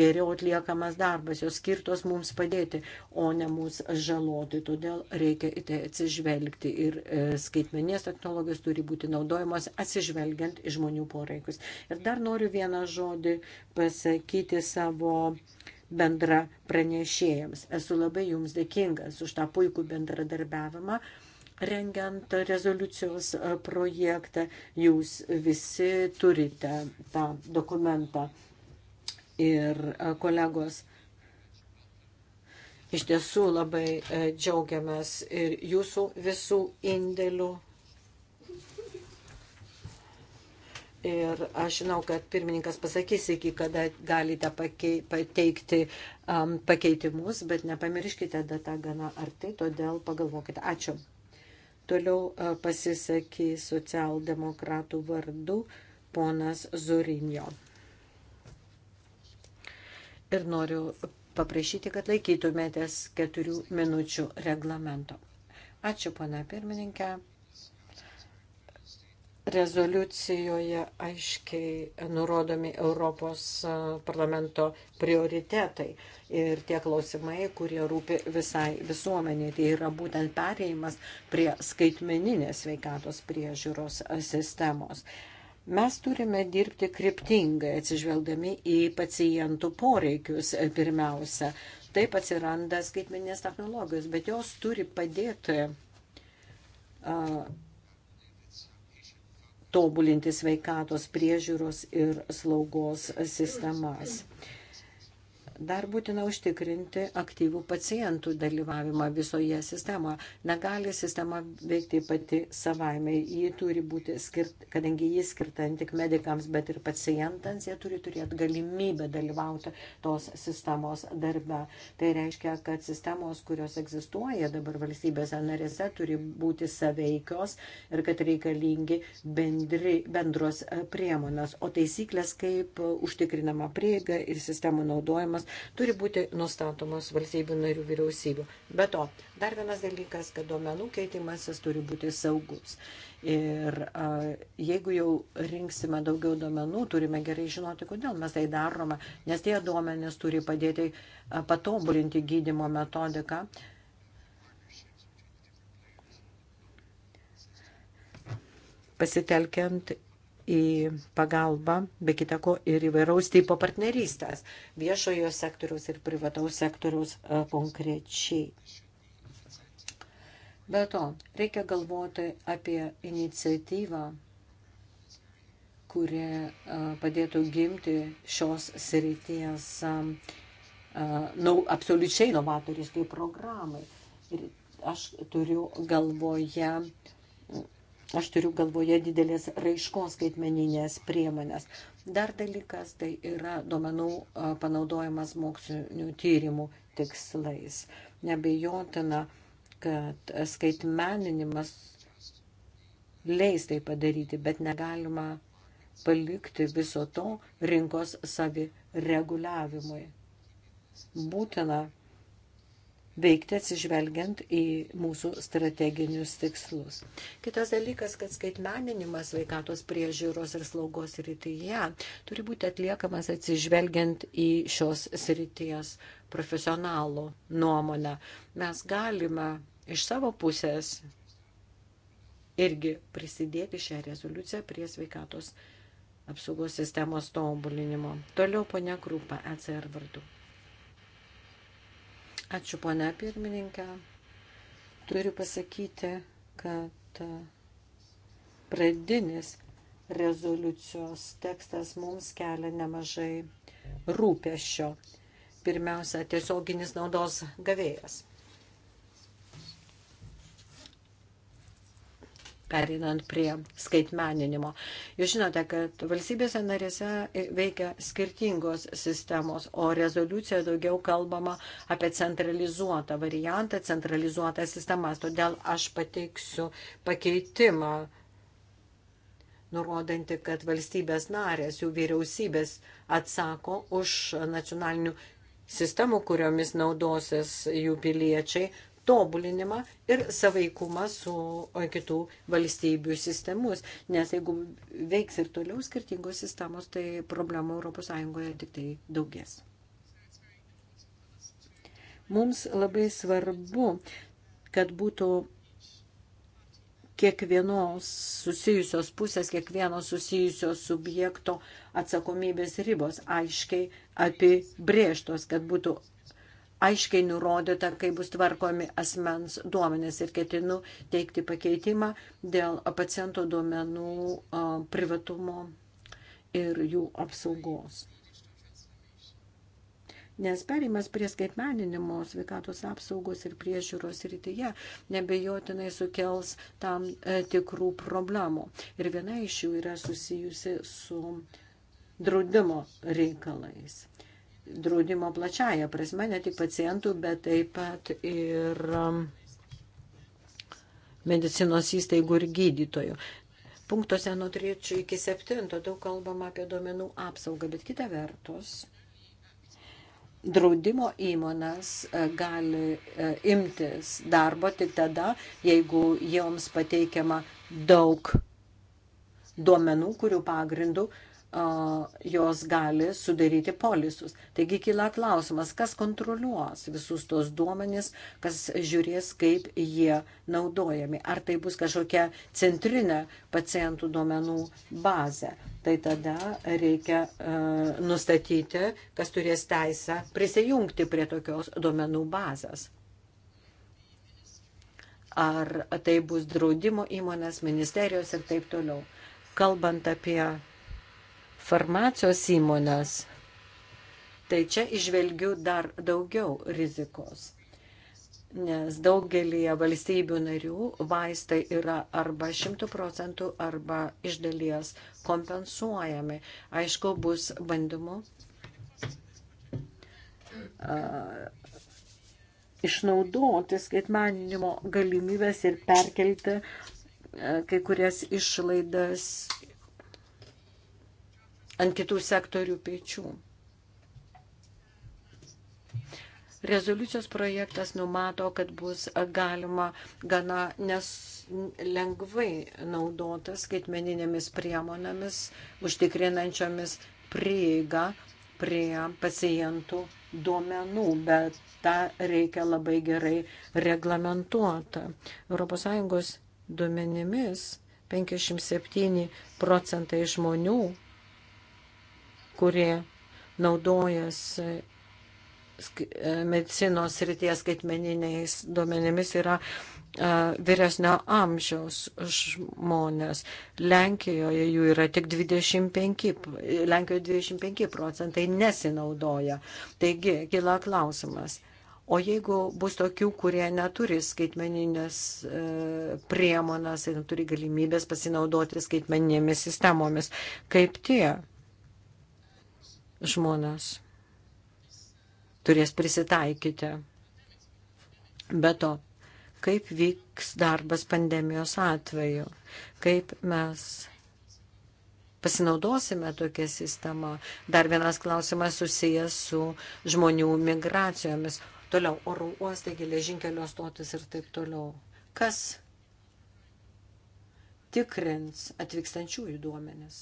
geriau atliekamas darbas, jos skirtos mums padėti, o ne mus žaloti. Todėl reikia į tai atsižvelgti ir e, skaitmenės technologijos turi būti naudojamos atsižvelgiant į žmonių poreikius. Ir dar noriu vieną žodį pasakyti savo bendra pranešėjams. Esu labai jums dėkingas už tą puikų bendradarbiavimą rengiant rezoliucijos e, projektą. Jūs visi turite tą dokumentą. Ir e, kolegos, iš tiesų labai e, džiaugiamės ir jūsų visų indėlių Ir aš žinau, kad pirmininkas pasakys, iki kada galite pakei, pateikti um, pakeitimus, bet nepamirškite datą gana arti, todėl pagalvokite. Ačiū. Toliau e, pasisakys socialdemokratų vardu ponas Zurinjo. Ir noriu paprašyti, kad laikytumėtės keturių minučių reglamento. Ačiū, pana pirmininkė rezoliucijoje aiškiai nurodomi Europos parlamento prioritetai ir tie klausimai, kurie rūpi visai visuomenė. Tai yra būtent pereimas prie skaitmeninės veikatos priežiūros sistemos. Mes turime dirbti kryptingai, atsižvelgdami į pacientų poreikius e, pirmiausia. Taip atsiranda skaitmeninės technologijos, bet jos turi padėti uh, tobulinti sveikatos priežiūros ir slaugos sistemas. Dar būtina užtikrinti aktyvų pacientų dalyvavimą visoje sistemoje. Negali sistema veikti pati savaime. Ji turi būti skirta, kadangi ji skirta ne tik medikams, bet ir pacientams, jie turi turėti galimybę dalyvauti tos sistemos darbe. Tai reiškia, kad sistemos, kurios egzistuoja dabar valstybėse narėse, turi būti saveikios ir kad reikalingi bendri, bendros priemonės. O taisyklės, kaip užtikrinama prieiga ir sistemų naudojimas, programos turi būti nustatomos valstybių narių vyriausybių. Be to, dar vienas dalykas, kad duomenų keitimasis turi būti saugus. Ir a, jeigu jau rinksime daugiau duomenų, turime gerai žinoti, kodėl mes tai darome, nes tie duomenys turi padėti a, patobulinti gydimo metodiką. Pasitelkiant į pagalbą, be kitako ir įvairaus tipo partnerystės, viešojo sektoriaus ir privataus sektoriaus e, konkrečiai. Be to, reikia galvoti apie iniciatyvą, kuri e, padėtų gimti šios srities e, nau, absoliučiai novatoriškai programai. Ir aš turiu galvoje Aš turiu galvoje didelės raiškos skaitmeninės priemonės. Dar dalykas tai yra duomenų panaudojimas mokslinių tyrimų tikslais. Nebejotina, kad skaitmeninimas leis tai padaryti, bet negalima palikti viso to rinkos savireguliavimui. Būtina veikti atsižvelgiant į mūsų strateginius tikslus. Kitas dalykas, kad skaitmeninimas veikatos priežiūros ir slaugos rytyje turi būti atliekamas atsižvelgiant į šios srities profesionalų nuomonę. Mes galime iš savo pusės irgi prisidėti šią rezoliuciją prie sveikatos apsaugos sistemos tobulinimo. Toliau ponia Krūpa, ECR vardu. Ačiū, ponia pirmininkė. Turiu pasakyti, kad e, pradinis rezoliucijos tekstas mums kelia nemažai rūpešio. Pirmiausia, tiesioginis naudos gavėjas. perinant prie skaitmeninimo. Jūs žinote, kad valstybėse narėse veikia skirtingos sistemos, o rezoliucijoje daugiau kalbama apie centralizuotą variantą, centralizuotą sistemas. Todėl aš pateiksiu pakeitimą nurodanti, kad valstybės narės, jų vyriausybės atsako už nacionalinių sistemų, kuriomis naudosis jų piliečiai tobulinimą ir savaikumą su kitų valstybių sistemus. Nes jeigu veiks ir toliau skirtingos sistemos, tai problemų ES tik tai daugės. Mums labai svarbu, kad būtų kiekvienos susijusios pusės, kiekvieno susijusios subjekto atsakomybės ribos aiškiai apibrėžtos, kad būtų aiškiai nurodyta, kaip bus tvarkomi asmens duomenės ir ketinu teikti pakeitimą dėl paciento duomenų privatumo ir jų apsaugos. Nes perimas prie skaitmeninimo sveikatos apsaugos ir priežiūros rytyje nebejotinai sukels tam e, tikrų problemų. Ir viena iš jų yra susijusi su draudimo reikalais draudimo plačiaja prasme, ne tik pacientų, bet taip pat ir um, medicinos įstaigų ir gydytojų. Punktuose nuo 3 iki 7 daug kalbama apie duomenų apsaugą, bet kita vertus, draudimo įmonas e, gali e, imtis darbo tik tada, jeigu joms pateikiama daug duomenų, kurių pagrindų jos gali sudaryti polisus. Taigi kyla klausimas, kas kontroliuos visus tos duomenys, kas žiūrės, kaip jie naudojami. Ar tai bus kažkokia centrinė pacientų duomenų bazė. Tai tada reikia uh, nustatyti, kas turės teisę prisijungti prie tokios duomenų bazės. Ar tai bus draudimo įmonės, ministerijos ir taip toliau. Kalbant apie farmacijos įmonės, tai čia išvelgiu dar daugiau rizikos. Nes daugelįje valstybių narių vaistai yra arba 100 procentų, arba iš dalies kompensuojami. Aišku, bus bandymų išnaudoti skaitmaninimo galimybės ir perkelti kai kurias išlaidas ant kitų sektorių pečių. Rezoliucijos projektas numato, kad bus galima gana nes, lengvai naudotas skaitmeninėmis priemonėmis, užtikrinančiomis prieigą prie pacientų duomenų, bet tą reikia labai gerai reglamentuota. ES duomenimis 57 procentai žmonių kurie naudojasi e, e, medicinos ryties skaitmeniniais duomenimis yra e, vyresnio amžiaus žmonės. Lenkijoje jų yra tik 25, Lenkijoje 25 procentai nesinaudoja. Taigi, gila klausimas. O jeigu bus tokių, kurie neturi skaitmeninės e, priemonas ir neturi galimybės pasinaudoti skaitmeninėmis sistemomis, kaip tie žmonės turės prisitaikyti. Be to, kaip vyks darbas pandemijos atveju, kaip mes pasinaudosime tokią sistemą. Dar vienas klausimas susijęs su žmonių migracijomis. Toliau oro uostai, geležinkelio stotis ir taip toliau. Kas tikrins atvykstančiųjų duomenis?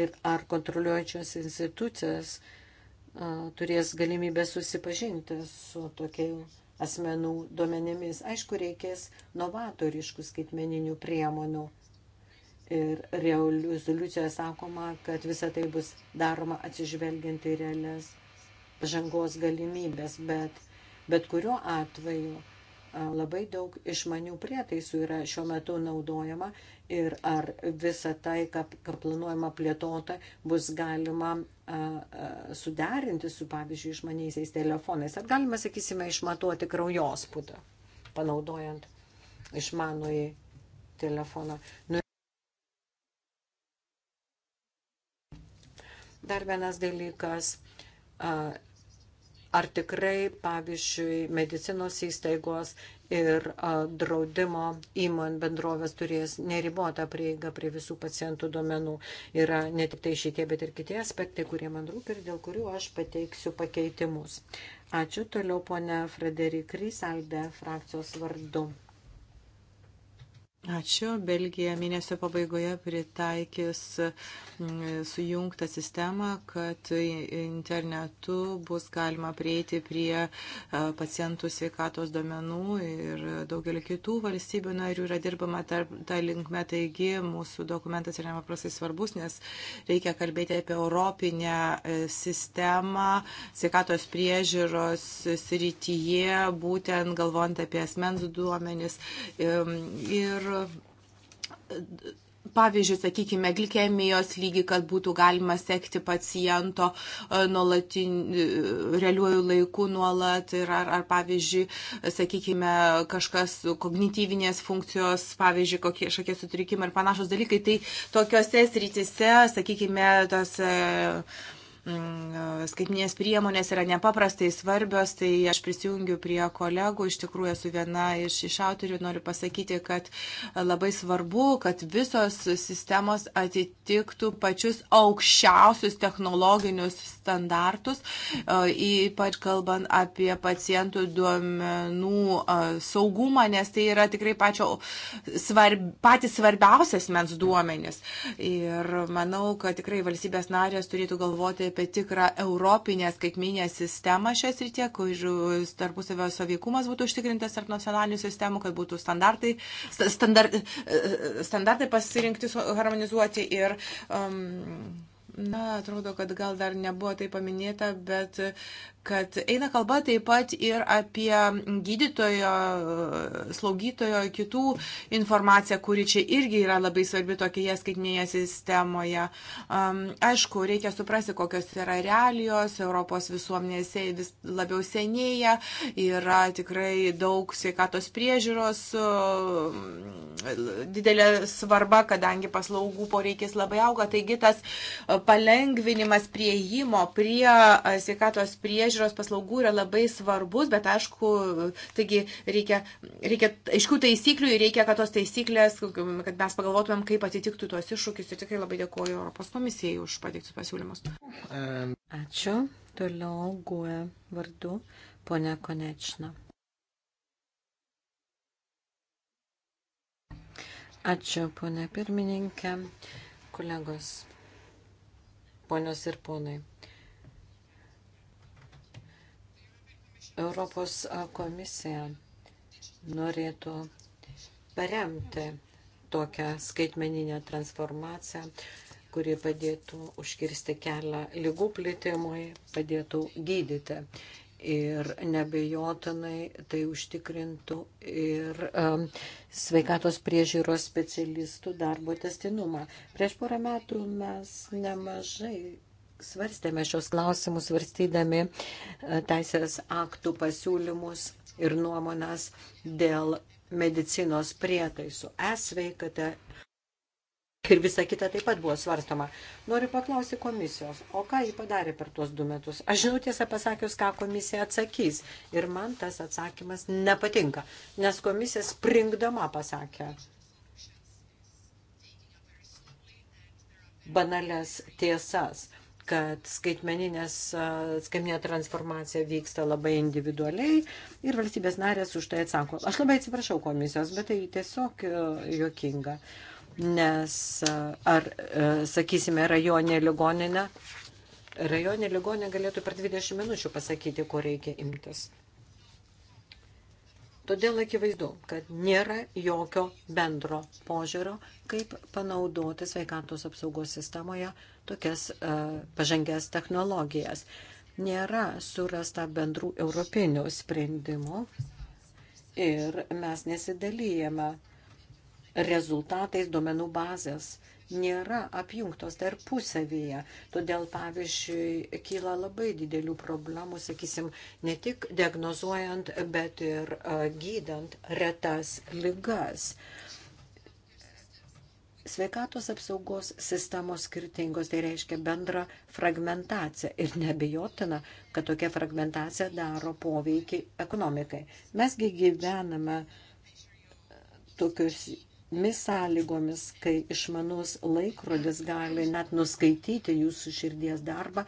ir ar kontroliuojančios institucijos a, turės galimybę susipažinti su tokiu asmenų duomenimis. Aišku, reikės novatoriškų skaitmeninių priemonų. Ir rezoliucijoje sakoma, kad visa tai bus daroma atsižvelgiant į realias pažangos galimybės, bet bet kuriuo atveju labai daug išmanių prietaisų yra šiuo metu naudojama ir ar visą tai, ką, ką planuojama plėtota, bus galima a, a, suderinti su, pavyzdžiui, išmaniaisiais telefonais. Ar galima, sakysime, išmatuoti kraujospūdą, panaudojant išmanųjį telefoną. Nu, Dar vienas dalykas ar tikrai, pavyzdžiui, medicinos įstaigos ir draudimo įmon bendrovės turės neribotą prieigą prie visų pacientų duomenų. Yra ne tik tai šitie, bet ir kiti aspektai, kurie man rūpi ir dėl kurių aš pateiksiu pakeitimus. Ačiū toliau, ponia Frederik Rysalde, frakcijos vardu. Ačiū. Belgija mėnesio pabaigoje pritaikys mm, sujungtą sistemą, kad internetu bus galima prieiti prie e, pacientų sveikatos domenų ir daugelį kitų valstybių narių yra dirbama tarp, tą linkmę. Taigi mūsų dokumentas yra nepaprastai svarbus, nes reikia kalbėti apie europinę e, sistemą sveikatos priežiūros srityje, būtent galvojant apie asmens duomenis. Ir pavyzdžiui, sakykime, glikemijos lygį, kad būtų galima sekti paciento e, nuolatin, e, realiuoju laiku nuolat ir ar, ar, pavyzdžiui, sakykime, kažkas kognityvinės funkcijos, pavyzdžiui, kokie šakie sutrikimai ir panašus dalykai, tai tokiuose srityse, sakykime, tas e, Mm, e, skaitinės priemonės yra nepaprastai svarbios, tai aš prisijungiu prie kolegų, iš tikrųjų esu viena iš, iš autorių, noriu pasakyti, kad e, labai svarbu, kad visos sistemos atitiktų pačius aukščiausius technologinius standartus, e, ypač kalbant apie pacientų duomenų saugumą, nes tai yra tikrai pačio svarb, patys svarbiausias mens duomenis. Ir manau, kad tikrai valstybės narės turėtų galvoti apie tikrą europinę skaitminę sistemą šią srityje, kur tarpusavio savykumas būtų užtikrintas tarp nacionalinių sistemų, kad būtų standartai, standart, e, standartai pasirinkti, harmonizuoti ir. Um, Na, atrodo, kad gal dar nebuvo tai paminėta, bet kad eina kalba taip pat ir apie gydytojo, slaugytojo, kitų informaciją, kuri čia irgi yra labai svarbi tokioje skaitmėje sistemoje. Um, aišku, reikia suprasti, kokios yra realijos, Europos visuomenėse vis labiau senėja, yra tikrai daug sveikatos priežiūros, um, didelė svarba, kadangi paslaugų poreikis labai auga, taigi tas palengvinimas prieimo prie uh, sveikatos priežiūros, priežiūros paslaugų yra labai svarbus, bet aišku, taigi reikia, reikia aiškių taisyklių ir reikia, kad tos taisyklės, kad mes pagalvotumėm, kaip atitiktų tuos iššūkius. Ir tikrai labai dėkuoju Europos komisijai už pateiktus pasiūlymus. Ačiū. Toliau guoja vardu ponia Konečna. Ačiū, ponia pirmininkė, kolegos, ponios ir ponai. Europos komisija norėtų paremti tokią skaitmeninę transformaciją, kuri padėtų užkirsti kelią lygų plėtimui, padėtų gydyti. Ir nebejotinai tai užtikrintų ir um, sveikatos priežiūros specialistų darbo testinumą. Prieš porą metų mes nemažai svarstėme šios klausimus, svarstydami e, teisės aktų pasiūlymus ir nuomonas dėl medicinos prietaisų. Esveikata ir visa kita taip pat buvo svarstoma. Noriu paklausyti komisijos, o ką jį padarė per tuos du metus? Aš žinau tiesą pasakius, ką komisija atsakys. Ir man tas atsakymas nepatinka, nes komisija springdama pasakė banales tiesas kad skaitmeninės, skaitmeninė transformacija vyksta labai individualiai ir valstybės narės už tai atsako. Aš labai atsiprašau komisijos, bet tai tiesiog e, juokinga, nes ar, e, sakysime, rajonė ligoninė, rajonė ligoninė galėtų per 20 minučių pasakyti, ko reikia imtis. Todėl akivaizdu, kad nėra jokio bendro požiūrio, kaip panaudoti sveikatos apsaugos sistemoje tokias e, pažangias technologijas. Nėra surasta bendrų europinių sprendimų ir mes nesidalyjame rezultatais duomenų bazės nėra apjungtos tarpusavyje. Todėl, pavyzdžiui, kyla labai didelių problemų, sakysim, ne tik diagnozuojant, bet ir e, gydant retas lygas sveikatos apsaugos sistemos skirtingos, tai reiškia bendrą fragmentaciją ir nebejotina, kad tokia fragmentacija daro poveikį ekonomikai. Mesgi gyvename tokiosmis sąlygomis, kai išmanus laikrodis gali net nuskaityti jūsų širdies darbą,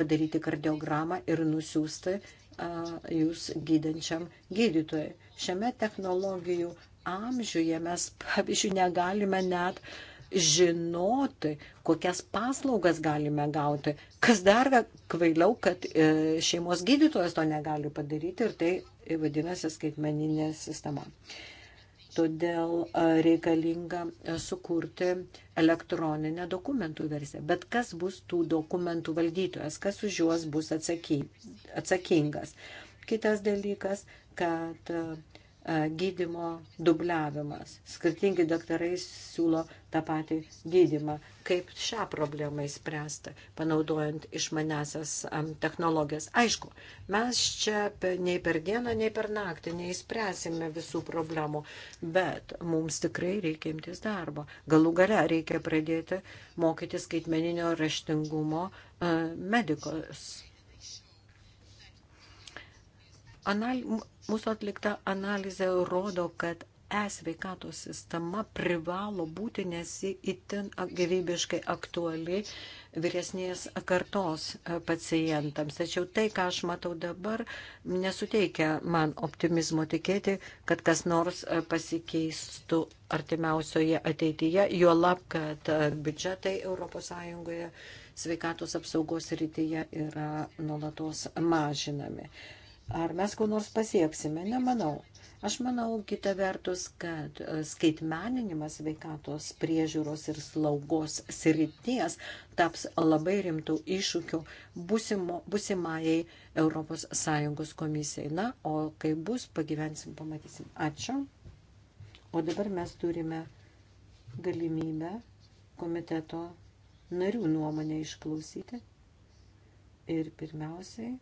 padaryti kardiogramą ir nusiųsti a, jūs gydančiam gydytojui. Šiame technologijų amžiuje mes, pavyzdžiui, negalime net žinoti, kokias paslaugas galime gauti. Kas dar kvailiau, kad e, šeimos gydytojas to negali padaryti ir tai vadinasi skaitmeninė sistema. Todėl e, reikalinga e, sukurti elektroninę dokumentų versiją. Bet kas bus tų dokumentų valdytojas, kas už juos bus atsaky, atsakingas. Kitas dalykas, kad uh, E, gydimo dubliavimas. Skirtingi daktarai siūlo tą patį gydimą. Kaip šią problemą įspręsti, panaudojant išmanesias technologijas. Aišku, mes čia nei per dieną, nei per naktį neįspręsime visų problemų, bet mums tikrai reikia imtis darbo. Galų gale reikia pradėti mokyti skaitmeninio raštingumo e, medikos anal, Mūsų atlikta analizė rodo, kad e-sveikatos sistema privalo būti, nes ji itin gyvybiškai aktuali vyresnės kartos e, pacientams. Tačiau tai, ką aš matau dabar, nesuteikia man optimizmo tikėti, kad kas nors e, pasikeistų artimiausioje ateityje, juolab, kad e, biudžetai ES sveikatos apsaugos rytyje yra nuolatos mažinami. Ar mes ko nors pasieksime? Nemanau. Aš manau, kita vertus, kad e, skaitmeninimas veikatos priežiūros ir slaugos srities taps labai rimtų iššūkių busimo, busimajai ES komisijai. Na, o kai bus, pagyvensim, pamatysim. Ačiū. O dabar mes turime galimybę komiteto narių nuomonę išklausyti. Ir pirmiausiai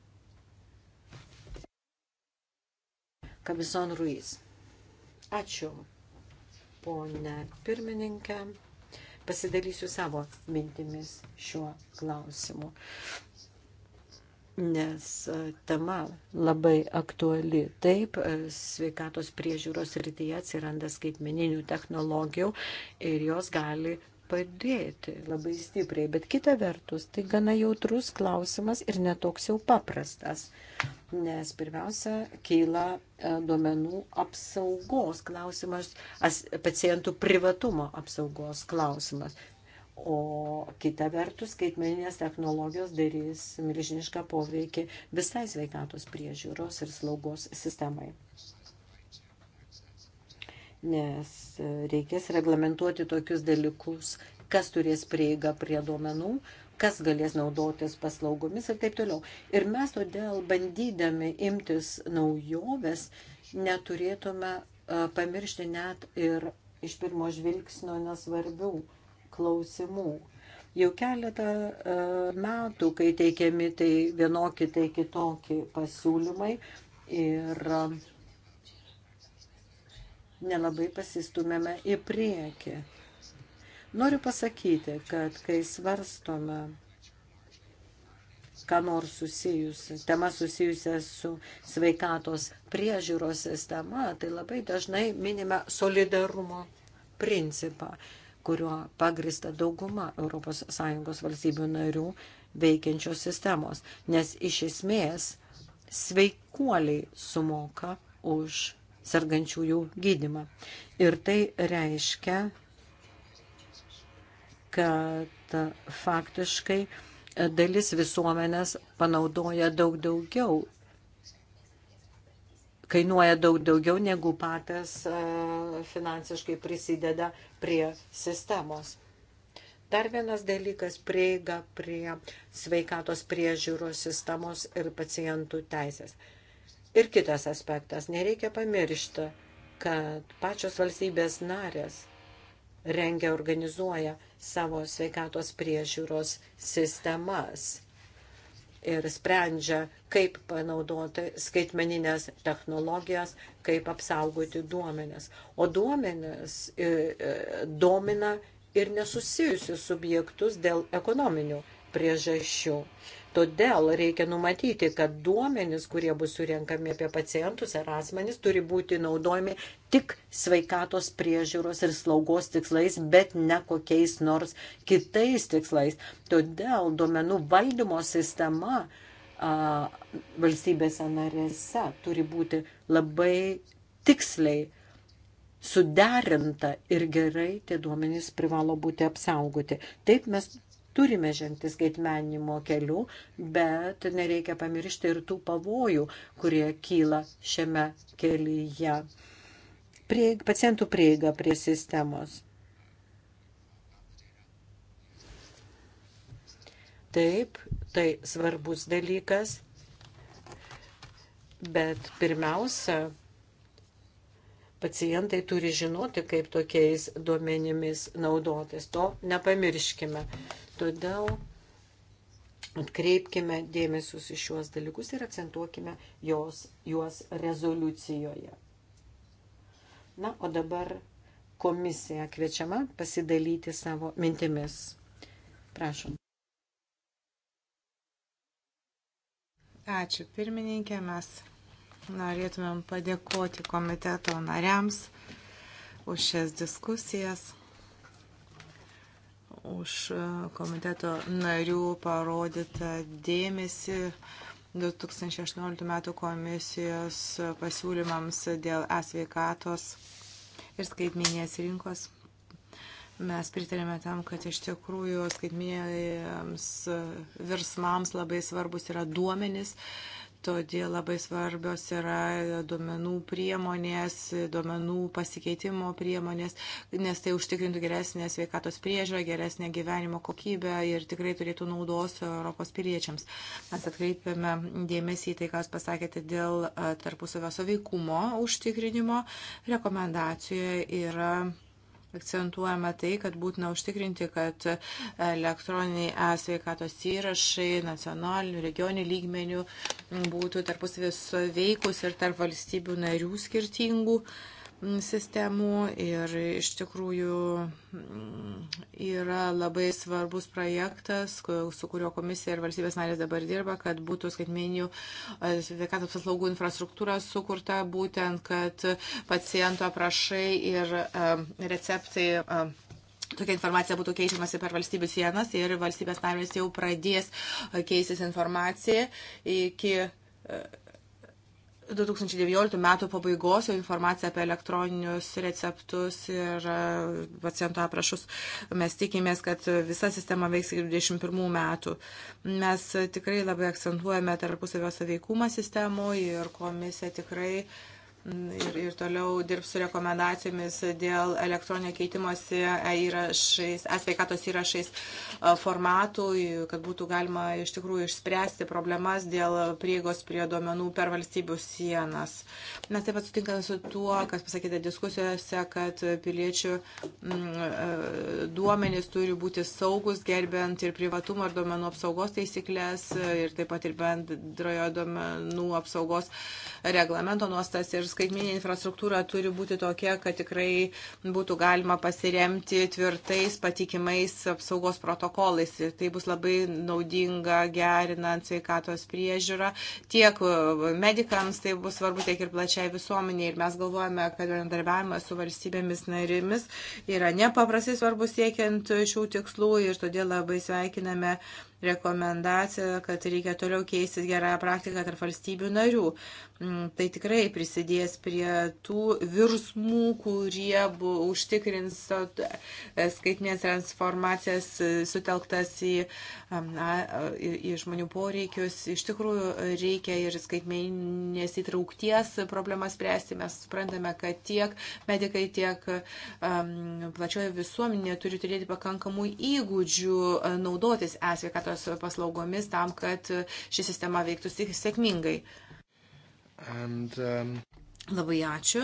Kabizon Ruiz. Ačiū, ponė pirmininkė. Pasidalysiu savo mintimis šiuo klausimu, nes tema labai aktuali. Taip, sveikatos priežiūros rytyje atsiranda skaitmeninių technologijų ir jos gali padėti labai stipriai, bet kita vertus, tai gana jautrus klausimas ir netoks jau paprastas, nes pirmiausia, keila e, duomenų apsaugos klausimas, as, pacientų privatumo apsaugos klausimas. O kita vertus, skaitmeninės technologijos darys milžinišką poveikį visai sveikatos priežiūros ir slaugos sistemai nes e, reikės reglamentuoti tokius dalykus, kas turės prieigą prie duomenų, kas galės naudotis paslaugomis ir taip toliau. Ir mes todėl bandydami imtis naujoves neturėtume e, pamiršti net ir iš pirmo žvilgsnio nesvarbių klausimų. Jau keletą e, metų, kai teikiami tai vienokie, tai kitokie pasiūlymai ir nelabai pasistumėme į priekį. Noriu pasakyti, kad kai svarstome ką nors susijusi, tema susijusia su sveikatos priežiūros sistema, tai labai dažnai minime solidarumo principą, kuriuo pagrista dauguma ES valstybių narių veikiančios sistemos, nes iš esmės sveikuoliai sumoka už sergančiųjų gydimą. Ir tai reiškia, kad faktiškai dalis visuomenės panaudoja daug daugiau, kainuoja daug daugiau, negu patys e, finansiškai prisideda prie sistemos. Dar vienas dalykas - prieiga prie sveikatos priežiūros sistemos ir pacientų teisės. Ir kitas aspektas, nereikia pamiršti, kad pačios valstybės narės rengia, organizuoja savo sveikatos priežiūros sistemas ir sprendžia, kaip panaudoti skaitmeninės technologijas, kaip apsaugoti duomenės. O duomenės e, e, domina ir nesusijusius subjektus dėl ekonominių priežasčių. Todėl reikia numatyti, kad duomenys, kurie bus surenkami apie pacientus ar asmenys, turi būti naudojami tik sveikatos priežiūros ir slaugos tikslais, bet ne kokiais nors kitais tikslais. Todėl duomenų valdymo sistema a, valstybėse narėse turi būti labai tiksliai suderinta ir gerai tie duomenys privalo būti apsaugoti. Taip mes Turime žengti skaitmenimo keliu, bet nereikia pamiršti ir tų pavojų, kurie kyla šiame kelyje. Prie, pacientų prieiga prie sistemos. Taip, tai svarbus dalykas, bet pirmiausia, pacientai turi žinoti, kaip tokiais duomenimis naudotis. To nepamirškime. Todėl atkreipkime dėmesius į šiuos dalykus ir akcentuokime jos, juos rezoliucijoje. Na, o dabar komisija kviečiama pasidalyti savo mintimis. Prašom. Ačiū pirmininkė, mes norėtumėm padėkoti komiteto nariams už šias diskusijas už e, komiteto narių parodytą dėmesį 2018 m. komisijos pasiūlymams dėl esveikatos ir skaitminės rinkos. Mes pritarėme tam, kad iš tikrųjų skaitminėms virsmams labai svarbus yra duomenis. Uh, Todėl labai svarbios yra duomenų priemonės, duomenų pasikeitimo priemonės, nes tai užtikrintų geresnę sveikatos priežiūrą, geresnę gyvenimo kokybę ir tikrai turėtų naudos Europos piliečiams. Mes atkreipiame dėmesį į tai, ką jūs pasakėte dėl e, tarpusavio saveikumo užtikrinimo. Rekomendacijoje yra akcentuojame tai, kad būtina užtikrinti, kad elektroniniai e-sveikatos įrašai nacionalinių, regionių lygmenių būtų tarpusavės veikus ir tarp valstybių narių skirtingų. Uh, Mm, sistemų ir iš tikrųjų mm, yra labai svarbus projektas, su kurio komisija ir valstybės narės dabar dirba, kad būtų skaitmeninių e, sveikatos paslaugų infrastruktūra sukurta būtent, kad paciento aprašai ir e, receptai e, tokia informacija būtų keičiamasi per valstybių sienas ir valstybės narės jau pradės keistis informaciją iki 2019 metų pabaigos jau informacija apie elektroninius receptus ir e, paciento aprašus. Mes tikimės, kad visa sistema veiks iki 2021 metų. Mes tikrai labai akcentuojame tarpusavio saveikumą sistemų ir komisija tikrai uh, ir, ir toliau dirbs su rekomendacijomis dėl elektroninio keitimosi įrašais, e, sveikatos įrašais e, formatų, kad būtų galima iš tikrųjų išspręsti problemas dėl prieigos prie duomenų per valstybių sienas. Mes taip pat sutinkame su tuo, kas pasakyta diskusijose, kad piliečių e, duomenys turi būti saugus, gerbent ir privatumo ir duomenų apsaugos taisyklės ir taip pat ir bendrojo duomenų apsaugos reglamento nuostas ir skaitminė infrastruktūra turi būti tokia, kad tikrai būtų galima pasiremti tvirtais, patikimais apsaugos protokolais. Ir tai bus labai naudinga gerinant sveikatos priežiūrą. Tiek medikams tai bus svarbu, tiek ir plačiai visuomeniai. Ir mes galvojame, kad bendarbiavimas su valstybėmis narimis yra nepaprastai svarbus siekiant šių tikslų ir todėl labai sveikiname rekomendacija, kad reikia toliau keistis gerą praktiką tarp valstybių narių. Mm, tai tikrai prisidės prie tų virsmų, kurie bu, užtikrins e, skaitinės transformacijas e, sutelktas į, na, į, į žmonių poreikius. Iš tikrųjų, reikia ir skaitmeninės įtraukties problemas spręsti. Mes suprantame, kad tiek medikai, tiek um, plačioji visuomenė turi turėti pakankamų įgūdžių e, naudotis esveikatos ekonomikas paslaugomis tam, kad ši sistema veiktų sėkmingai. And, um... Labai ačiū.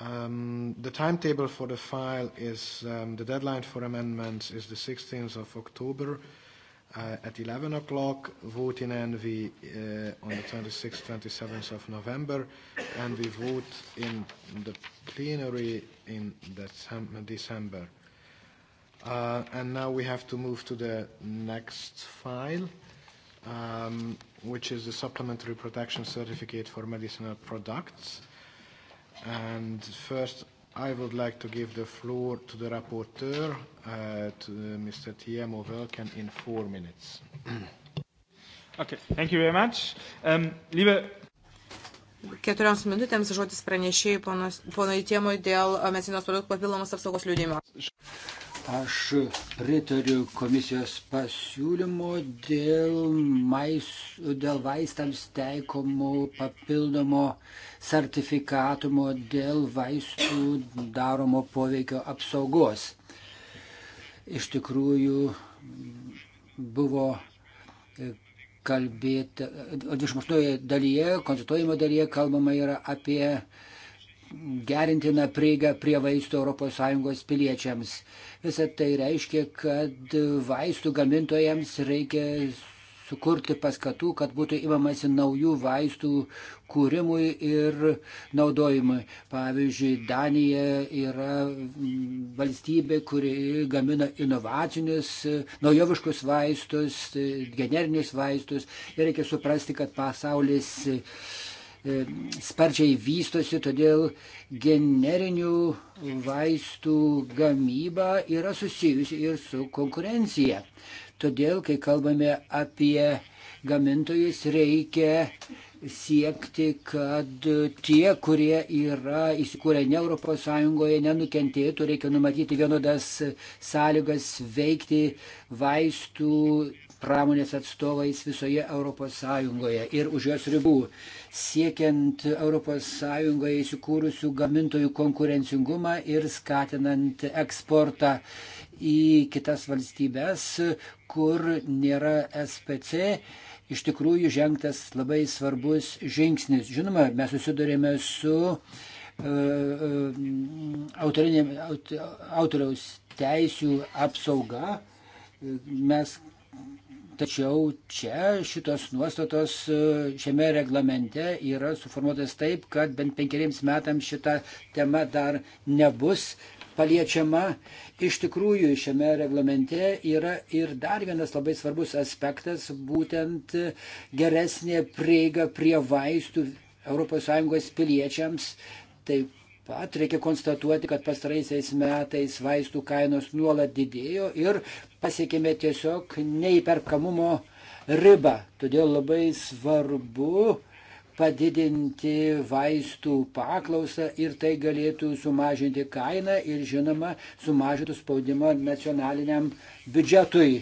Um, the timetable for the file is um, the deadline for amendments is the 16th of October uh, at 11 o'clock, vote in NV uh, on the 26th, 27th of November, and we vote in the plenary in December. Uh, and now we have to move to the next file, um, which is the Supplementary Protection Certificate for Medicinal Products. And first, I would like to give the floor to the rapporteur, uh, to uh, Mr. Tiemo Welken, in four minutes. [CLEARS THROAT] okay, thank you very much. Um, liebe Keturioms minutėms žodis pranešėjai ponui Tiemui dėl uh, medicinos produktų papildomos apsaugos liūdėjimo. Aš pritariu komisijos pasiūlymo dėl, mais, dėl vaistams teikomų papildomo sertifikatumo dėl vaistų daromo poveikio apsaugos. Iš tikrųjų buvo kalbėta, 28 dalyje, konstituojimo dalyje kalbama yra apie gerintina prieiga prie vaistų ES piliečiams. Visą tai reiškia, kad vaistų gamintojams reikia sukurti paskatų, kad būtų imamasi naujų vaistų kūrimui ir naudojimui. Pavyzdžiui, Danija yra valstybė, kuri gamina inovacinius, naujoviškus vaistus, generinius vaistus. Ir reikia suprasti, kad pasaulis E, sparčiai vystosi, todėl generinių vaistų gamyba yra susijusi ir su konkurencija. Todėl, kai kalbame apie gamintojus, reikia siekti, kad tie, kurie yra įsikūrę ne ES, nenukentėtų, reikia numatyti vienodas sąlygas veikti vaistų pramonės atstovais visoje ES ir už jos ribų, siekiant ES įsikūrusių gamintojų konkurencingumą ir skatinant eksportą į kitas valstybes, kur nėra SPC. Iš tikrųjų žengtas labai svarbus žingsnis. Žinoma, mes susidurėme su e, e, autorinė, autoriaus teisių apsauga. Mes Tačiau čia šitos nuostatos e, šiame reglamente yra suformuotas taip, kad bent penkeriems metams šita tema dar nebus paliečiama. Iš tikrųjų, šiame reglamente yra ir dar vienas labai svarbus aspektas, būtent geresnė prieiga prie vaistų ES piliečiams. Taip pat reikia konstatuoti, kad pastaraisiais metais vaistų kainos nuolat didėjo ir pasiekėme tiesiog neįperkamumo ribą. Todėl labai svarbu padidinti vaistų paklausą ir tai galėtų sumažinti kainą ir žinoma sumažintų spaudimą nacionaliniam biudžetui.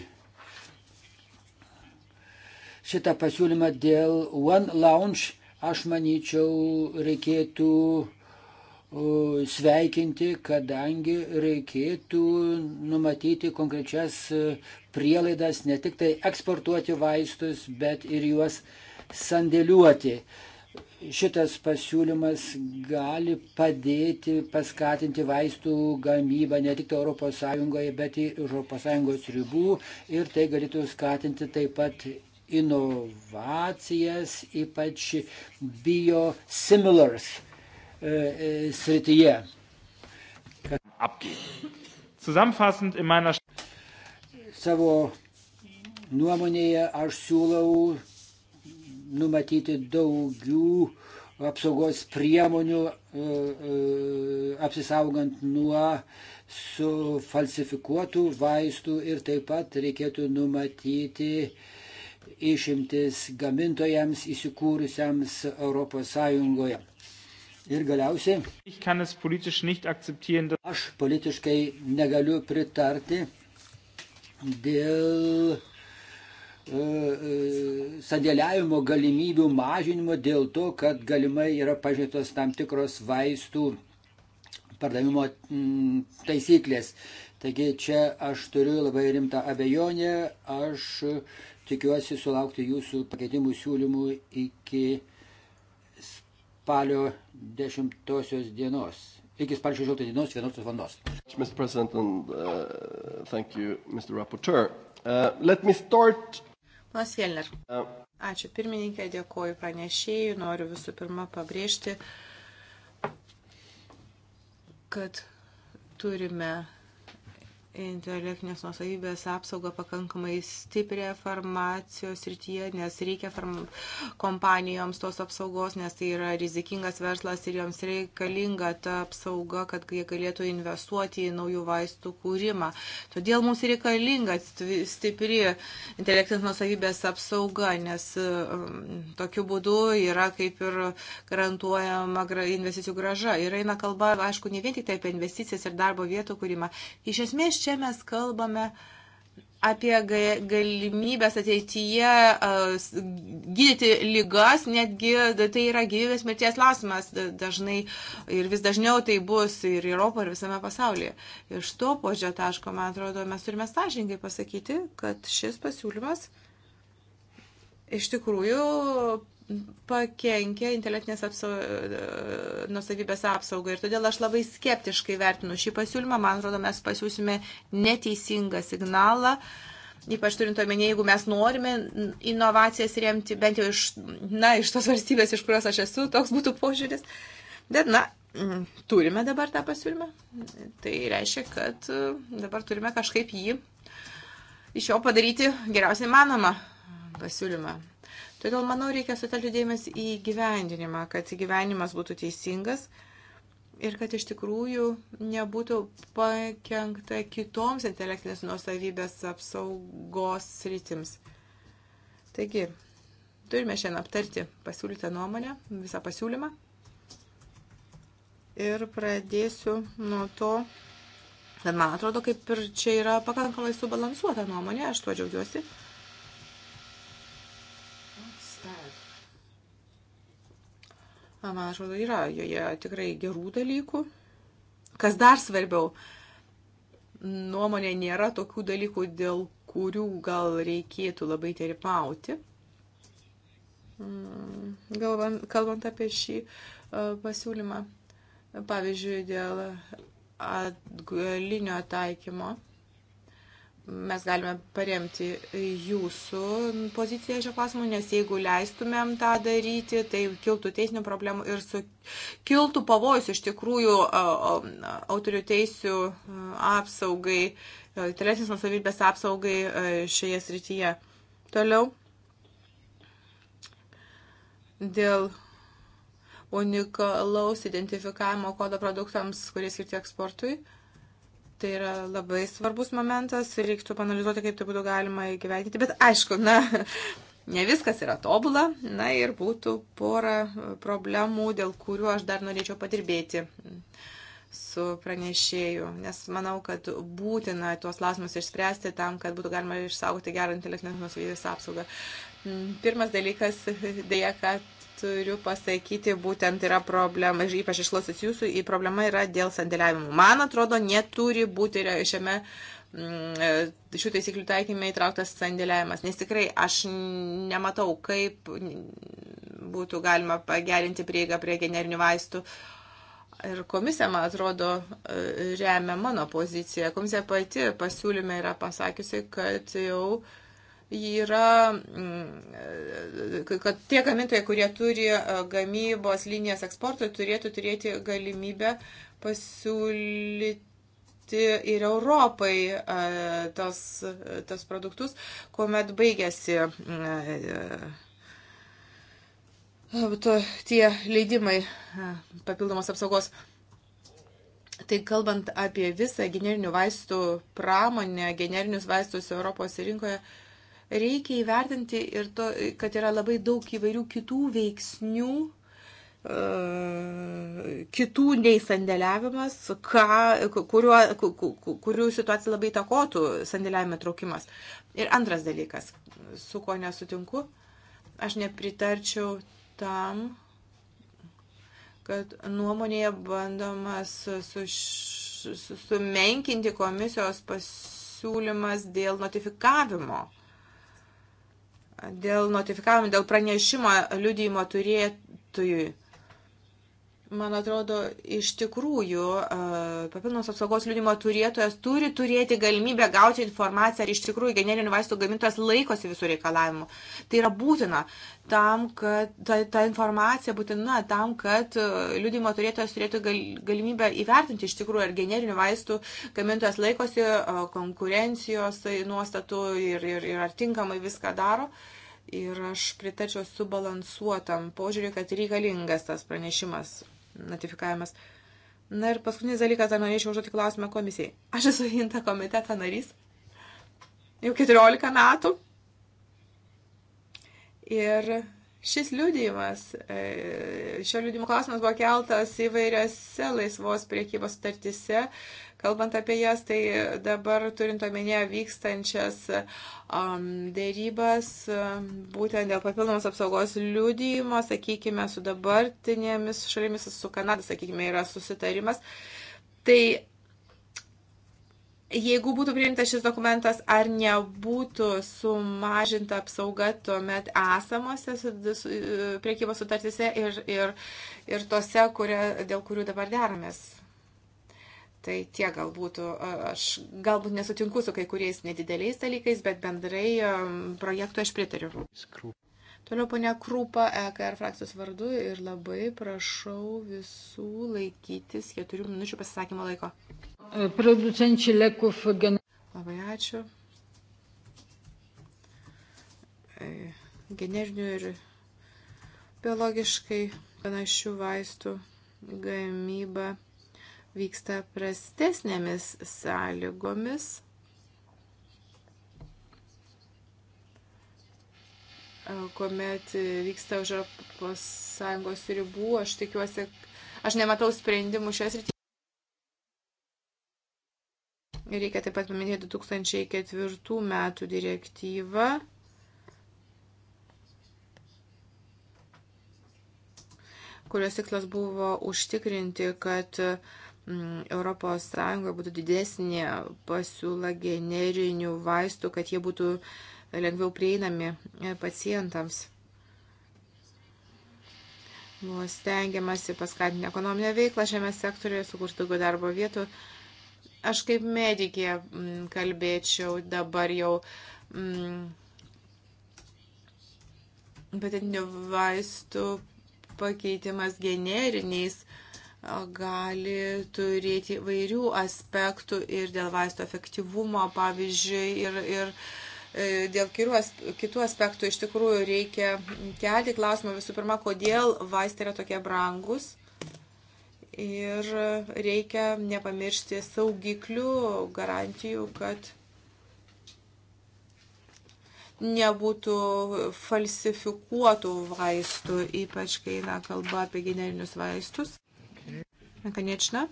Šitą pasiūlymą dėl One Launch aš manyčiau reikėtų sveikinti, kadangi reikėtų numatyti konkrečias e, prielaidas ne tik tai eksportuoti vaistus, bet ir juos sandėliuoti. Šitas pasiūlymas gali padėti paskatinti vaistų gamybą ne tik tai ES, bet ir ES ribų ir tai galėtų skatinti taip pat inovacijas, ypač biosimilars E, e, srityje. Savo nuomonėje aš siūlau numatyti daugiau apsaugos priemonių e, apsisaugant nuo sufalsifikuotų vaistų ir taip pat reikėtų numatyti išimtis gamintojams įsikūrusiams ES. Ir galiausiai, aš politiškai negaliu pritarti dėl e, e sadėliavimo galimybių mažinimo, dėl to, kad galimai yra pažytos tam tikros vaistų pardavimo mm, taisyklės. Taigi čia aš turiu labai rimtą abejonę, aš tikiuosi sulaukti jūsų pakeitimų siūlymų iki spalio 10 dienos. Iki spalio 16 dienos 11 valandos. Mr. President, and, uh, thank you, Mr. Rapporteur. Uh, let me start. Plas Jelner. Uh. Ačiū pirmininkė, dėkoju pranešėjui. Noriu visų pirma pabrėžti, kad turime intelektinės nusavybės apsaugą pakankamai stiprią farmacijos rytyje, nes reikia farm... kompanijoms tos apsaugos, nes tai yra rizikingas verslas ir joms reikalinga ta apsauga, kad jie galėtų investuoti į naujų vaistų kūrimą. Todėl mums reikalinga stipri intelektinės nusavybės apsauga, nes um, tokiu būdu yra kaip ir garantuojama investicijų graža. Ir eina kalba, aišku, ne vien tik tai apie investicijas ir darbo vietų kūrimą. Iš esmės čia čia mes kalbame apie galimybės ateityje uh, gydyti lygas, netgi tai yra gyvybės mirties klausimas dažnai ir vis dažniau tai bus ir Europoje, ir visame pasaulyje. Iš to požiūrio taško, man atrodo, mes turime sąžininkai pasakyti, kad šis pasiūlymas iš tikrųjų pakenkia intelektinės apsau... E, nusavybės apsaugai. Ir todėl aš labai skeptiškai vertinu šį pasiūlymą. Man atrodo, mes pasiūsime neteisingą signalą. Ypač turint omenyje, jeigu mes norime inovacijas remti, bent jau iš, na, iš tos valstybės, iš kurios aš esu, toks būtų požiūris. Bet, na, mm, turime dabar tą pasiūlymą. Tai reiškia, kad e, dabar turime kažkaip jį iš jo padaryti geriausiai manoma pasiūlymą. Todėl, manau, reikia sutelkti dėmesį į gyvendinimą, kad gyvenimas būtų teisingas ir kad iš tikrųjų nebūtų pakengta kitoms intelektinės nuosavybės apsaugos sritims. Taigi, turime šiandien aptarti pasiūlytą nuomonę, visą pasiūlymą. Ir pradėsiu nuo to, kad man atrodo, kaip ir čia yra pakankamai subalansuota nuomonė, aš tuo džiaugiuosi. man atrodo, yra joje tikrai gerų dalykų. Kas dar svarbiau, nuomonė nėra tokių dalykų, dėl kurių gal reikėtų labai teripauti. Mm, Galvant, kalbant apie šį e, pasiūlymą, pavyzdžiui, dėl atgalinio taikymo mes galime paremti jūsų poziciją šio klausimu, nes jeigu leistumėm tą daryti, tai kiltų teisinių problemų ir su, kiltų pavojus iš tikrųjų autorių teisių apsaugai, teisės nusavybės apsaugai šioje srityje. Toliau. Dėl unikalaus identifikavimo kodo produktams, kurie skirti eksportui. Uh, Tai yra labai svarbus momentas, reiktų panalizuoti, kaip tai būtų galima įgyventi. Bet aišku, na, [LAUGHS] ne viskas yra tobula, na ir būtų pora problemų, dėl kurių aš dar norėčiau padirbėti su pranešėju, nes manau, kad būtina tuos klausimus išspręsti tam, kad būtų galima išsaugoti gerą intelektinės nusvydės apsaugą. Mm, pirmas dalykas, [LAUGHS] dėja, kad turiu pasakyti, būtent yra problema, ypač išklausęs jūsų, problema yra dėl sandėliavimų. Man atrodo, neturi būti šiame mm, šių taisyklių taikymė įtrauktas sandėliavimas, nes tikrai aš nematau, kaip būtų galima pagerinti prieigą prie generinių vaistų. Ir komisija, man atrodo, remia mano poziciją. Komisija pati pasiūlyme yra pasakiusi, kad jau uh, yra, mm, kad tie gamintojai, kurie turi e, gamybos linijas eksportui, turėtų turėti galimybę pasiūlyti pirkti ir Europai e, tas, tas produktus, kuomet baigėsi mm, e, tie leidimai papildomos apsaugos. Tai kalbant apie visą generinių vaistų pramonę, generinius vaistus Europos rinkoje, uh, reikia įvertinti ir to, kad yra labai daug įvairių kitų veiksnių, e, kitų nei sandėliavimas, ką, kuriuo, kurių situacija labai takotų sandėliavimo traukimas. Ir antras dalykas, su kuo nesutinku, aš nepritarčiau tam, kad nuomonėje bandomas sumenkinti su, su, su komisijos pasiūlymas dėl notifikavimo dėl notifikavimo, dėl pranešimo liudijimo turėtųjui. Man atrodo, iš tikrųjų, papildomos apsaugos liūdimo turėtojas turi turėti galimybę gauti informaciją, ar iš tikrųjų generinių vaistų gamintojas laikosi visų reikalavimų. Tai yra būtina tam, kad ta, ta informacija būtina tam, kad liūdimo turėtojas turėtų gal, galimybę įvertinti iš tikrųjų, ar generinių vaistų gamintojas laikosi konkurencijos nuostatų ir, ir, ir ar tinkamai viską daro ir aš pritačiau subalansuotam požiūriui, kad reikalingas tas pranešimas notifikavimas. Na ir paskutinis dalykas, dar norėčiau užduoti klausimą komisijai. Aš esu Inta komiteto narys jau 14 metų. Ir Šis liūdėjimas, e, šio liūdėjimo klausimas buvo keltas įvairiose laisvos priekybos sutartise. Kalbant apie jas, tai dabar turint omenyje vykstančias um, dėrybas, būtent dėl papildomos apsaugos liūdėjimo, sakykime, su dabartinėmis šalimis, su Kanada, sakykime, yra susitarimas. Tai Jeigu būtų priimtas šis dokumentas, ar nebūtų sumažinta apsauga tuomet esamose e, priekybos sutartise ir, ir, ir tose, kurie, dėl kurių dabar deramės? Tai tie galbūt, e, aš galbūt nesutinku su kai kuriais nedideliais dalykais, bet bendrai projektui aš pritariu. Toliau ponia Krūpa, EKR frakcijos vardu ir labai prašau visų laikytis keturių minučių pasisakymo laiko producenci leków Labai ačiū. E, Generinių ir biologiškai panašių vaistų gamyba vyksta prastesnėmis sąlygomis. E, kuomet vyksta už Europos Sąjungos ribų, aš tikiuosi, aš nematau sprendimų šios rytyje. Reikia taip pat paminėti 2004 metų direktyvą. kurios tiklas buvo užtikrinti, kad mm, Europos Sąjungoje būtų didesnė pasiūla generinių vaistų, kad jie būtų lengviau prieinami e, pacientams. Buvo stengiamasi paskatinti ekonominę veiklą šiame sektoriuje, sukurti daugiau darbo vietų. Aš kaip medikė mm, kalbėčiau dabar jau. Mm, Patentinių vaistų pakeitimas generiniais gali turėti vairių aspektų ir dėl vaisto efektyvumo, pavyzdžiui, ir, ir e, dėl kitų aspektų iš tikrųjų reikia kelti klausimą visų pirma, kodėl vaistai yra tokie brangus. Ir reikia nepamiršti saugiklių, garantijų, kad nebūtų falsifikuotų vaistų, ypač kai eina kalba apie generinius vaistus. Nekonečna?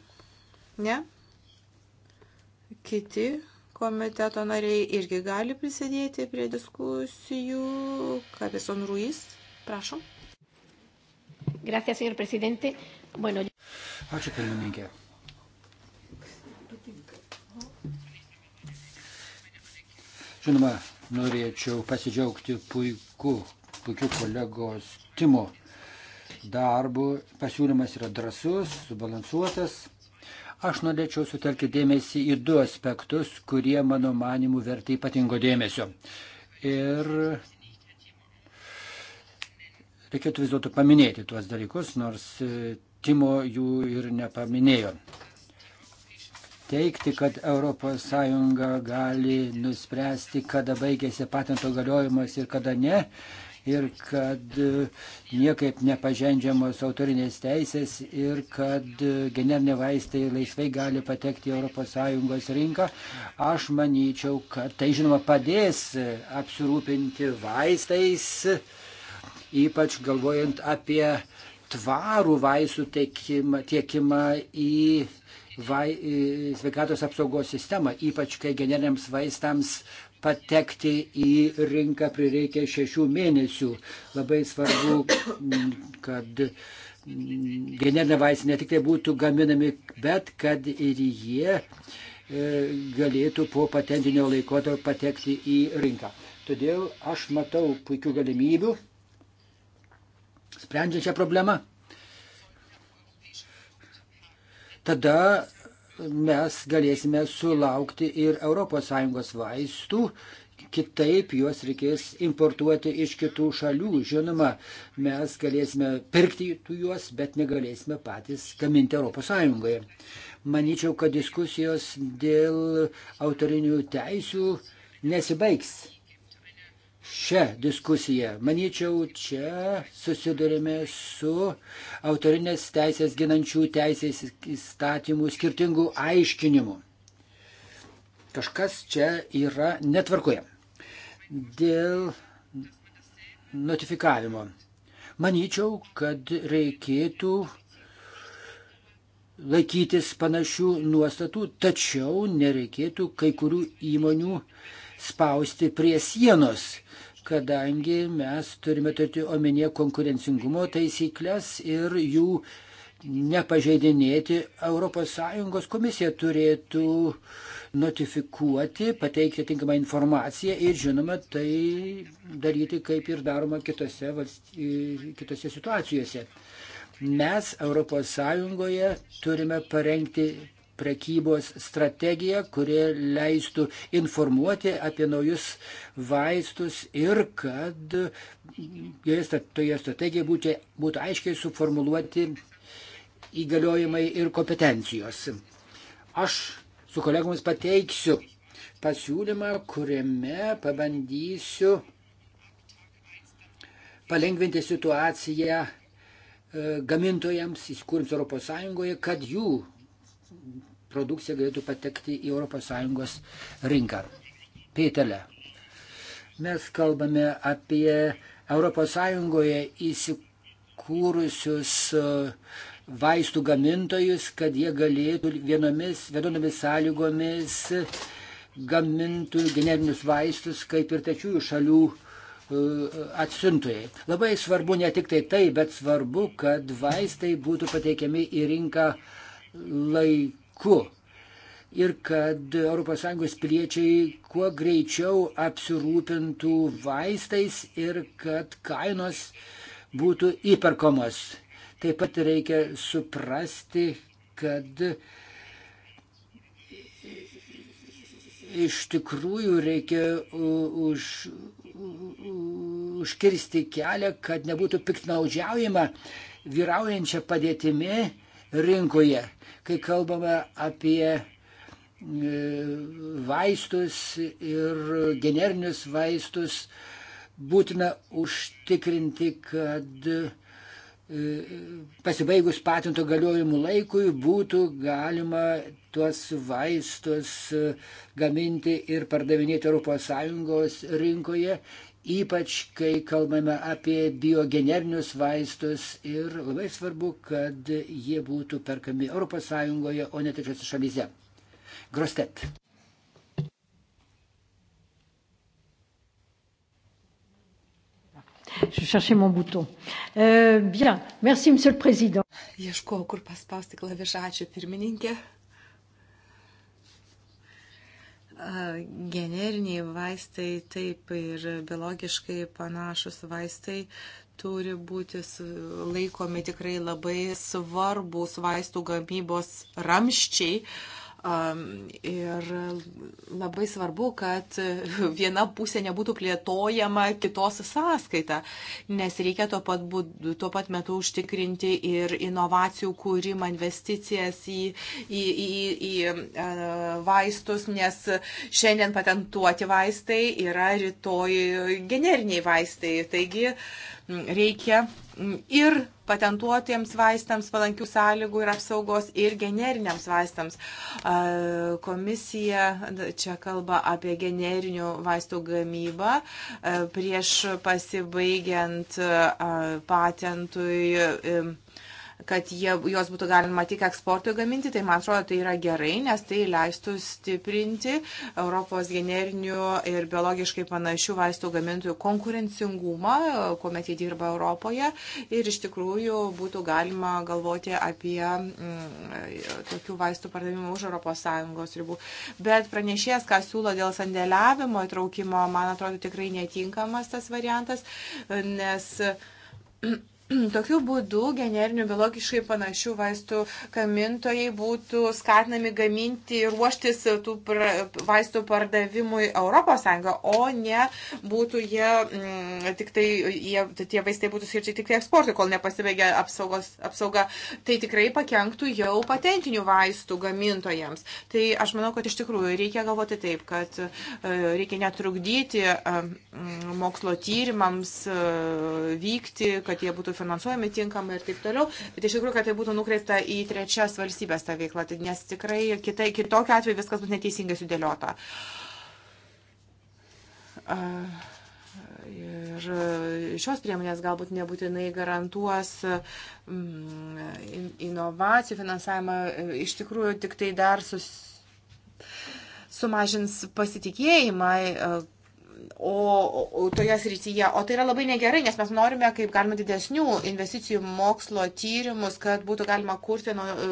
Ne? Kiti komiteto nariai irgi gali prisidėti prie diskusijų. Kapison Ruiz, prašom. Gracias, señor presidente. Bueno, Ačiū, pirmininkė. Žinoma, norėčiau pasidžiaugti puiku, puikiu kolegos Timo darbu. Pasiūlymas yra drasus, subalansuotas. Aš norėčiau sutelkti dėmesį į du aspektus, kurie mano manimų vertai ypatingo dėmesio. Ir reikėtų vis dėlto paminėti tuos dalykus, nors e, vertimo jų ir nepaminėjo. Teikti, kad ES gali nuspręsti, kada baigėsi patento galiojimas ir kada ne, ir kad e, niekaip nepažendžiamos autorinės teisės ir kad e, generiniai vaistai laisvai gali patekti į ES rinką, aš manyčiau, kad tai žinoma padės apsirūpinti vaistais, ypač galvojant apie tvarų vaistų tiekimą, tiekimą į, vai, į sveikatos apsaugos sistemą, ypač kai generiniams vaistams patekti į rinką prireikia šešių mėnesių. Labai svarbu, mm, kad mm, generiniai vaistai ne tik tai būtų gaminami, bet kad ir jie e, galėtų po patentinio laikotarpio patekti į rinką. Todėl aš matau puikių galimybių sprendžia šią problemą. Tada mes galėsime sulaukti ir ES vaistų, kitaip juos reikės importuoti iš kitų šalių. Žinoma, mes galėsime pirkti juos, bet negalėsime patys gaminti ES. Manyčiau, kad diskusijos dėl autorinių teisių nesibaigs šią diskusiją. Manyčiau, čia susidurime su autorinės teisės ginančių teisės įstatymų skirtingų aiškinimų. Kažkas čia yra netvarkoje. Dėl notifikavimo. Manyčiau, kad reikėtų laikytis panašių nuostatų, tačiau nereikėtų kai kurių įmonių uh, spausti prie sienos, kadangi mes turime turėti omenyje konkurencingumo taisyklės ir jų nepažeidinėti. ES komisija turėtų notifikuoti, pateikti tinkamą informaciją ir žinoma tai daryti, kaip ir daroma kitose, kitose situacijose. Mes ES turime parengti prekybos strategiją, kurie leistų informuoti apie naujus vaistus ir kad toje strategijoje būtų, būtų aiškiai suformuluoti įgaliojimai ir kompetencijos. Aš su kolegomis pateiksiu pasiūlymą, kuriame pabandysiu palengvinti situaciją e, gamintojams įsikūrėms ES, kad jų produkcija galėtų patekti į ES rinką. Pėtelė. Mes kalbame apie ES įsikūrusius e, vaistų gamintojus, kad jie galėtų vienomis, vienomis sąlygomis gamintų generinius vaistus, kaip ir tačiųjų šalių e, atsiuntojai. Labai svarbu ne tik tai tai, bet svarbu, kad vaistai būtų pateikiami į rinką uh, laiku ir kad ES piliečiai kuo greičiau apsirūpintų vaistais ir kad kainos būtų įperkomos. Taip pat reikia suprasti, kad iš tikrųjų reikia už, užkirsti kelią, kad nebūtų piknaudžiaujama vyraujančia padėtimi rinkoje. Kai kalbame apie e, vaistus ir generinius vaistus, būtina užtikrinti, kad e, pasibaigus patento galiojimų laikui būtų galima tuos vaistus e, gaminti ir pardavinėti ES rinkoje ypač kai kalbame apie biogenerinius vaistus ir labai svarbu, kad jie būtų perkami ES, o ne trečiose šalyse. Grostet. Je cherchais mon bouton. Euh, bien, merci Monsieur le Président. Ieškojau, kur paspausti klavišą. Ačiū pirmininkė generiniai vaistai, taip ir biologiškai panašus vaistai turi būti laikomi tikrai labai svarbus vaistų gamybos ramščiai. Uh, Ir labai svarbu, kad viena pusė nebūtų plėtojama kitos sąskaita, nes reikia tuo pat, būd, tuo pat metu užtikrinti ir inovacijų kūrimą, investicijas į, į, į, į vaistus, nes šiandien patentuoti vaistai yra rytoj generiniai vaistai. Taigi, uh, reikia mm, ir patentuotiems vaistams palankių sąlygų ir apsaugos, ir generiniams vaistams. Komisija čia kalba apie generinių vaistų gamybą prieš pasibaigiant patentui kad jie, juos būtų galima tik eksportui gaminti, tai man atrodo, tai yra gerai, nes tai leistų stiprinti Europos generinių ir biologiškai panašių vaistų gamintojų konkurencingumą, kuomet jie dirba Europoje ir iš tikrųjų būtų galima galvoti apie m, mm, tokių vaistų pardavimą už ES ribų. Bet pranešėjas, ką siūlo dėl sandėliavimo įtraukimo, man atrodo, tikrai netinkamas tas variantas, nes [CLEARS THROAT] Tokiu būdu generinių biologiškai panašių vaistų gamintojai būtų skatinami gaminti ir ruoštis tų pra, vaistų pardavimui ES, o ne būtų jie, m, mm, tik tai, jie, tai tie vaistai būtų skirti tik tai eksportui, kol nepasibaigia apsaugos, apsauga. Tai tikrai pakenktų jau patentinių vaistų gamintojams. Tai aš manau, kad iš tikrųjų reikia galvoti taip, kad e, reikia netrukdyti e, mokslo tyrimams e, vykti, kad jie būtų finansuojami tinkamai ir taip toliau, bet iš tikrųjų, kad tai būtų nukreipta į trečias valstybės tą veiklą, tai nes tikrai kitai, kitokiu atveju viskas bus neteisingai sudėliota. Uh. Ir šios priemonės galbūt nebūtinai garantuos mm, inovacijų finansavimą, iš tikrųjų tik tai dar sus, sumažins pasitikėjimą o, o toje srityje. O tai yra labai negerai, nes mes norime kaip galima didesnių investicijų mokslo tyrimus, kad būtų galima kurti nuo e,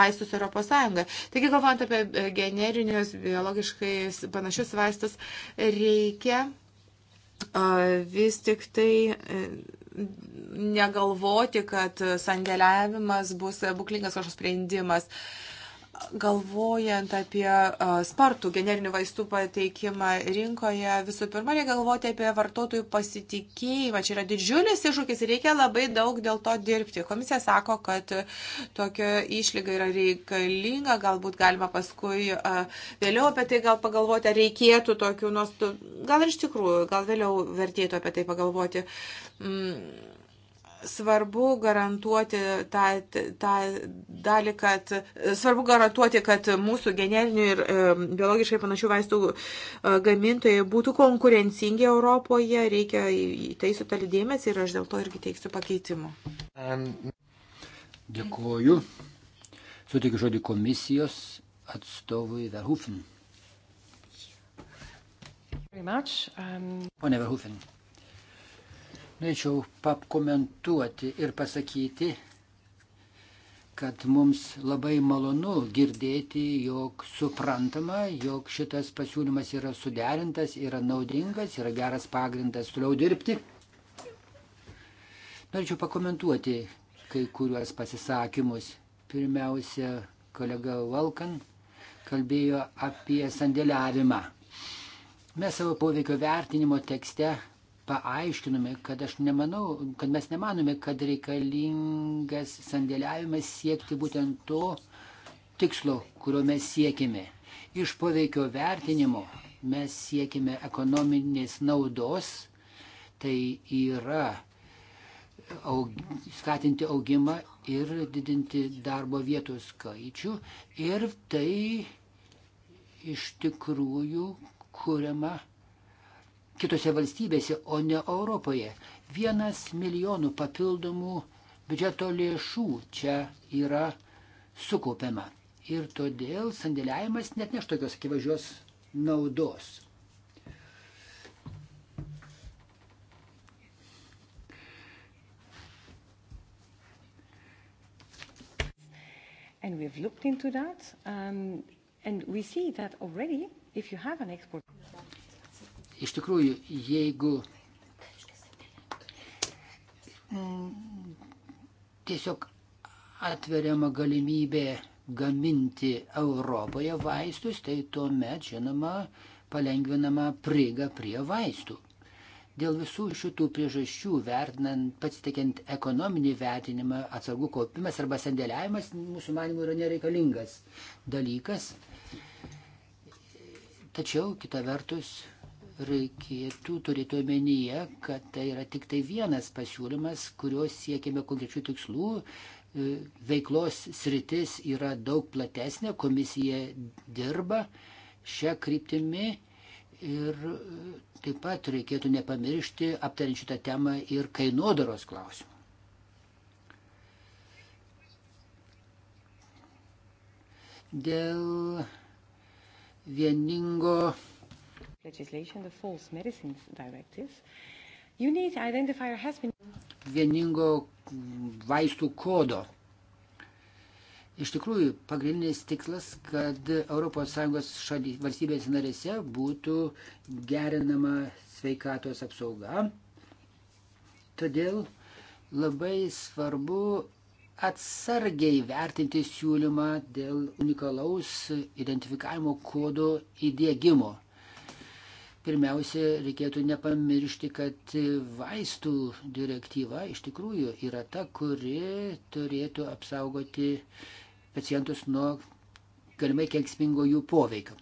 vaistus Europos Sąjungą. Taigi, galvojant apie e, generinius, biologiškai panašius vaistus, reikia vis tik tai e, negalvoti, kad sandėliavimas bus būklingas kažkoks sprendimas. Uh, Galvojant apie spartų generinių vaistų pateikimą rinkoje, visų pirma, reikia galvoti apie vartotojų pasitikėjimą. Čia yra didžiulis iššūkis ir reikia labai daug dėl to dirbti. Komisija sako, kad tokia išlyga yra reikalinga, galbūt galima paskui vėliau apie tai gal pagalvoti, ar reikėtų tokių nuostatų. Gal ir iš tikrųjų, gal vėliau vertėtų apie tai pagalvoti. Mm Svarbu garantuoti tą, tą dalį, kad svarbu garantuoti, kad mūsų generinių ir biologiškai panašių vaistų e, gamintojai būtų konkurencingi Europoje. Reikia į tai sutelkti dėmesį ir aš dėl to irgi teiksiu pakeitimų. Dėkuoju. Sutikiu žodį komisijos atstovui Verhufen. Um, Pone Verhufen. Norėčiau pakomentuoti ir pasakyti, kad mums labai malonu girdėti, jog suprantama, jog šitas pasiūlymas yra suderintas, yra naudingas, yra geras pagrindas toliau dirbti. Norėčiau pakomentuoti kai kuriuos pasisakymus. Pirmiausia, kolega Valkan kalbėjo apie sandėliavimą. Mes savo poveikio vertinimo tekste paaiškinome, kad aš nemanau, kad mes nemanome, kad reikalingas sandėliavimas siekti būtent to tikslo, kurio mes siekime. Iš poveikio vertinimo mes siekime ekonominės naudos, tai yra aug, skatinti augimą ir didinti darbo vietų skaičių ir tai iš tikrųjų kuriama kitose valstybėse, o ne Europoje. Vienas milijonų papildomų biudžeto lėšų čia yra sukaupiama. Ir todėl sandėliavimas net neš tokios akivaizdžios naudos. And we've looked into that, um, and we see that already, if you have an export Iš tikrųjų, jeigu mm, tiesiog atveriama galimybė gaminti Europoje vaistus, tai tuomet, žinoma, palengvinama prieiga prie vaistų. Dėl visų šitų priežasčių, vertinant, pasitikiant ekonominį vertinimą, atsargų kaupimas arba sandėliavimas, mūsų manimų, yra nereikalingas dalykas. Tačiau, kita vertus, reikėtų turėti omenyje, kad tai yra tik tai vienas pasiūlymas, kuriuo siekime konkrečių tikslų. E, veiklos sritis yra daug platesnė, komisija dirba šią kryptimį ir e, taip pat reikėtų nepamiršti aptariant šitą temą ir kainodaros klausimą. Dėl vieningo legislation, the False Medicines Directive, you need identifier has been... Vieningo vaistų kodo. Iš tikrųjų, pagrindinis tikslas, kad ES šaly, valstybės narėse būtų gerinama sveikatos apsauga. Todėl labai svarbu atsargiai vertinti siūlymą dėl unikalaus identifikavimo kodo įdėgymo. Pirmiausia, reikėtų nepamiršti, kad vaistų direktyva iš tikrųjų yra ta, kuri turėtų apsaugoti pacientus nuo galimai kenksmingo jų poveikio.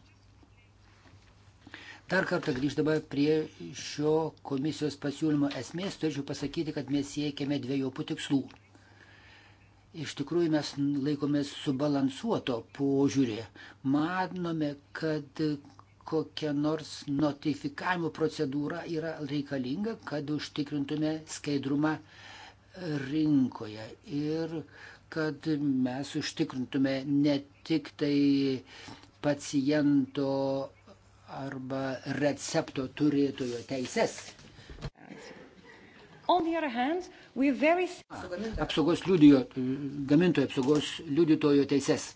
Dar kartą grįždama prie šio komisijos pasiūlymo esmės, turėčiau pasakyti, kad mes siekiame dviejopų tikslų. Iš tikrųjų mes laikomės subalansuoto požiūrį. Manome, kad kokia nors notifikavimo procedūra yra reikalinga, kad užtikrintume skaidrumą rinkoje ir kad mes užtikrintume ne tik tai paciento arba recepto turėtojo teises. Hand, very... Apsaugos liudijo, gamintojo apsaugos liudytojo teises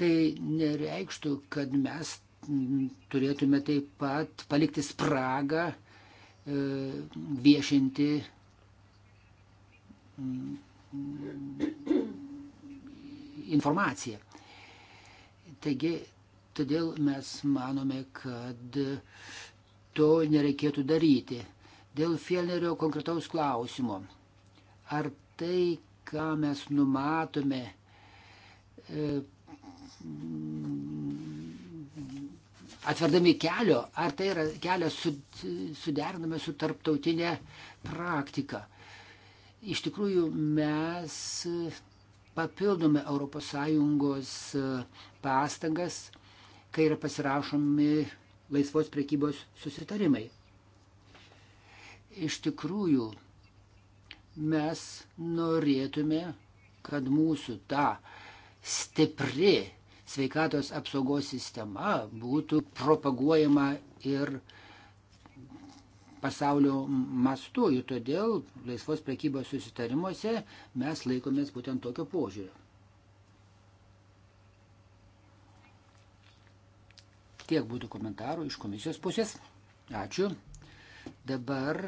tai nereikštų, kad mes turėtume taip pat palikti spragą e, viešinti informaciją. Taigi, todėl mes manome, kad to nereikėtų daryti. Dėl Fielnerio konkretaus klausimo. Ar tai, ką mes numatome, e, atverdami kelio, ar tai yra kelias su, suderiname su tarptautinė praktika. Iš tikrųjų, mes papildome ES e, pastangas, kai yra pasirašomi laisvos prekybos susitarimai. Iš tikrųjų, mes norėtume, kad mūsų ta stipri sveikatos apsaugos sistema būtų propaguojama ir pasaulio mastu. Ir todėl laisvos prekybos susitarimuose mes laikomės būtent tokio požiūrio. Tiek būtų komentarų iš komisijos pusės. Ačiū. Dabar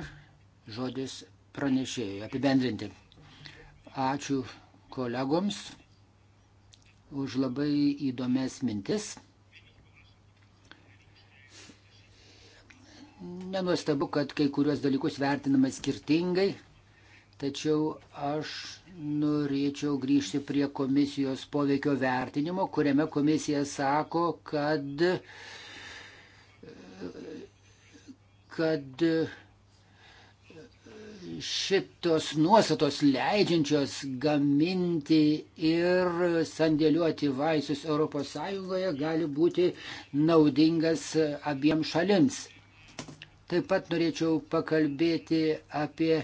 žodis pranešėjai apibendrinti. Ačiū kolegoms už labai įdomias mintis. Nenuostabu, kad kai kurios dalykus vertiname skirtingai, tačiau aš norėčiau grįžti prie komisijos poveikio vertinimo, kuriame komisija sako, kad kad šitos nuostatos leidžiančios gaminti ir sandėliuoti vaisius ES gali būti naudingas abiem šalims. Taip pat norėčiau pakalbėti apie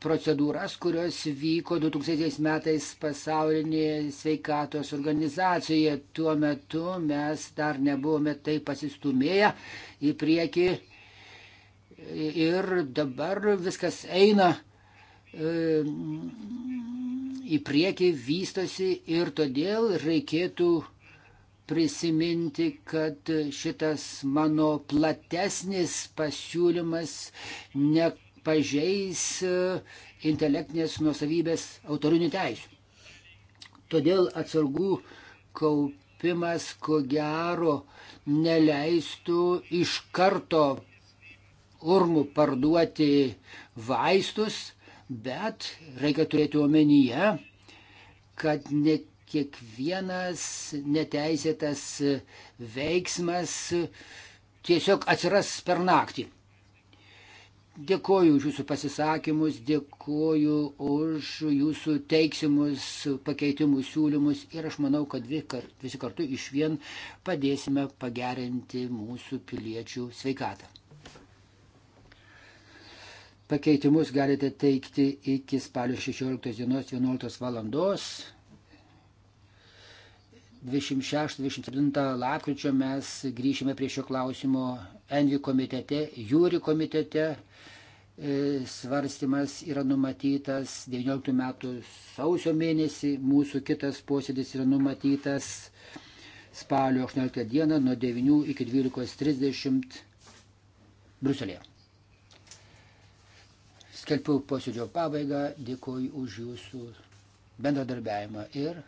procedūras, kurios vyko 2000 metais pasaulinėje sveikatos organizacijoje. Tuo metu mes dar nebuvome taip pasistumėję į priekį ir dabar viskas eina e, į priekį, vystosi ir todėl reikėtų prisiminti, kad šitas mano platesnis pasiūlymas nepažeis e, intelektinės nuosavybės autorinių teisų. Todėl atsargų kaupimas, ko gero, neleistų iš karto urmų parduoti vaistus, bet reikia turėti omenyje, kad ne kiekvienas neteisėtas veiksmas tiesiog atsiras per naktį. Dėkoju už jūsų pasisakymus, dėkoju už jūsų teiksimus, pakeitimus, siūlymus ir aš manau, kad visi kartu iš vien padėsime pagerinti mūsų piliečių sveikatą. Pakeitimus galite teikti iki spalio 16 dienos 11 valandos. 26-27 lapkričio mes grįšime prie šio klausimo Envi komitete, Jūri komitete. E, svarstymas yra numatytas 19 metų sausio mėnesį, mūsų kitas posėdis yra numatytas spalio 18 dieną nuo 9 iki 12.30 Bruselėje. Skelbiu posėdžio pabaigą, dėkoju už jūsų bendradarbiavimą ir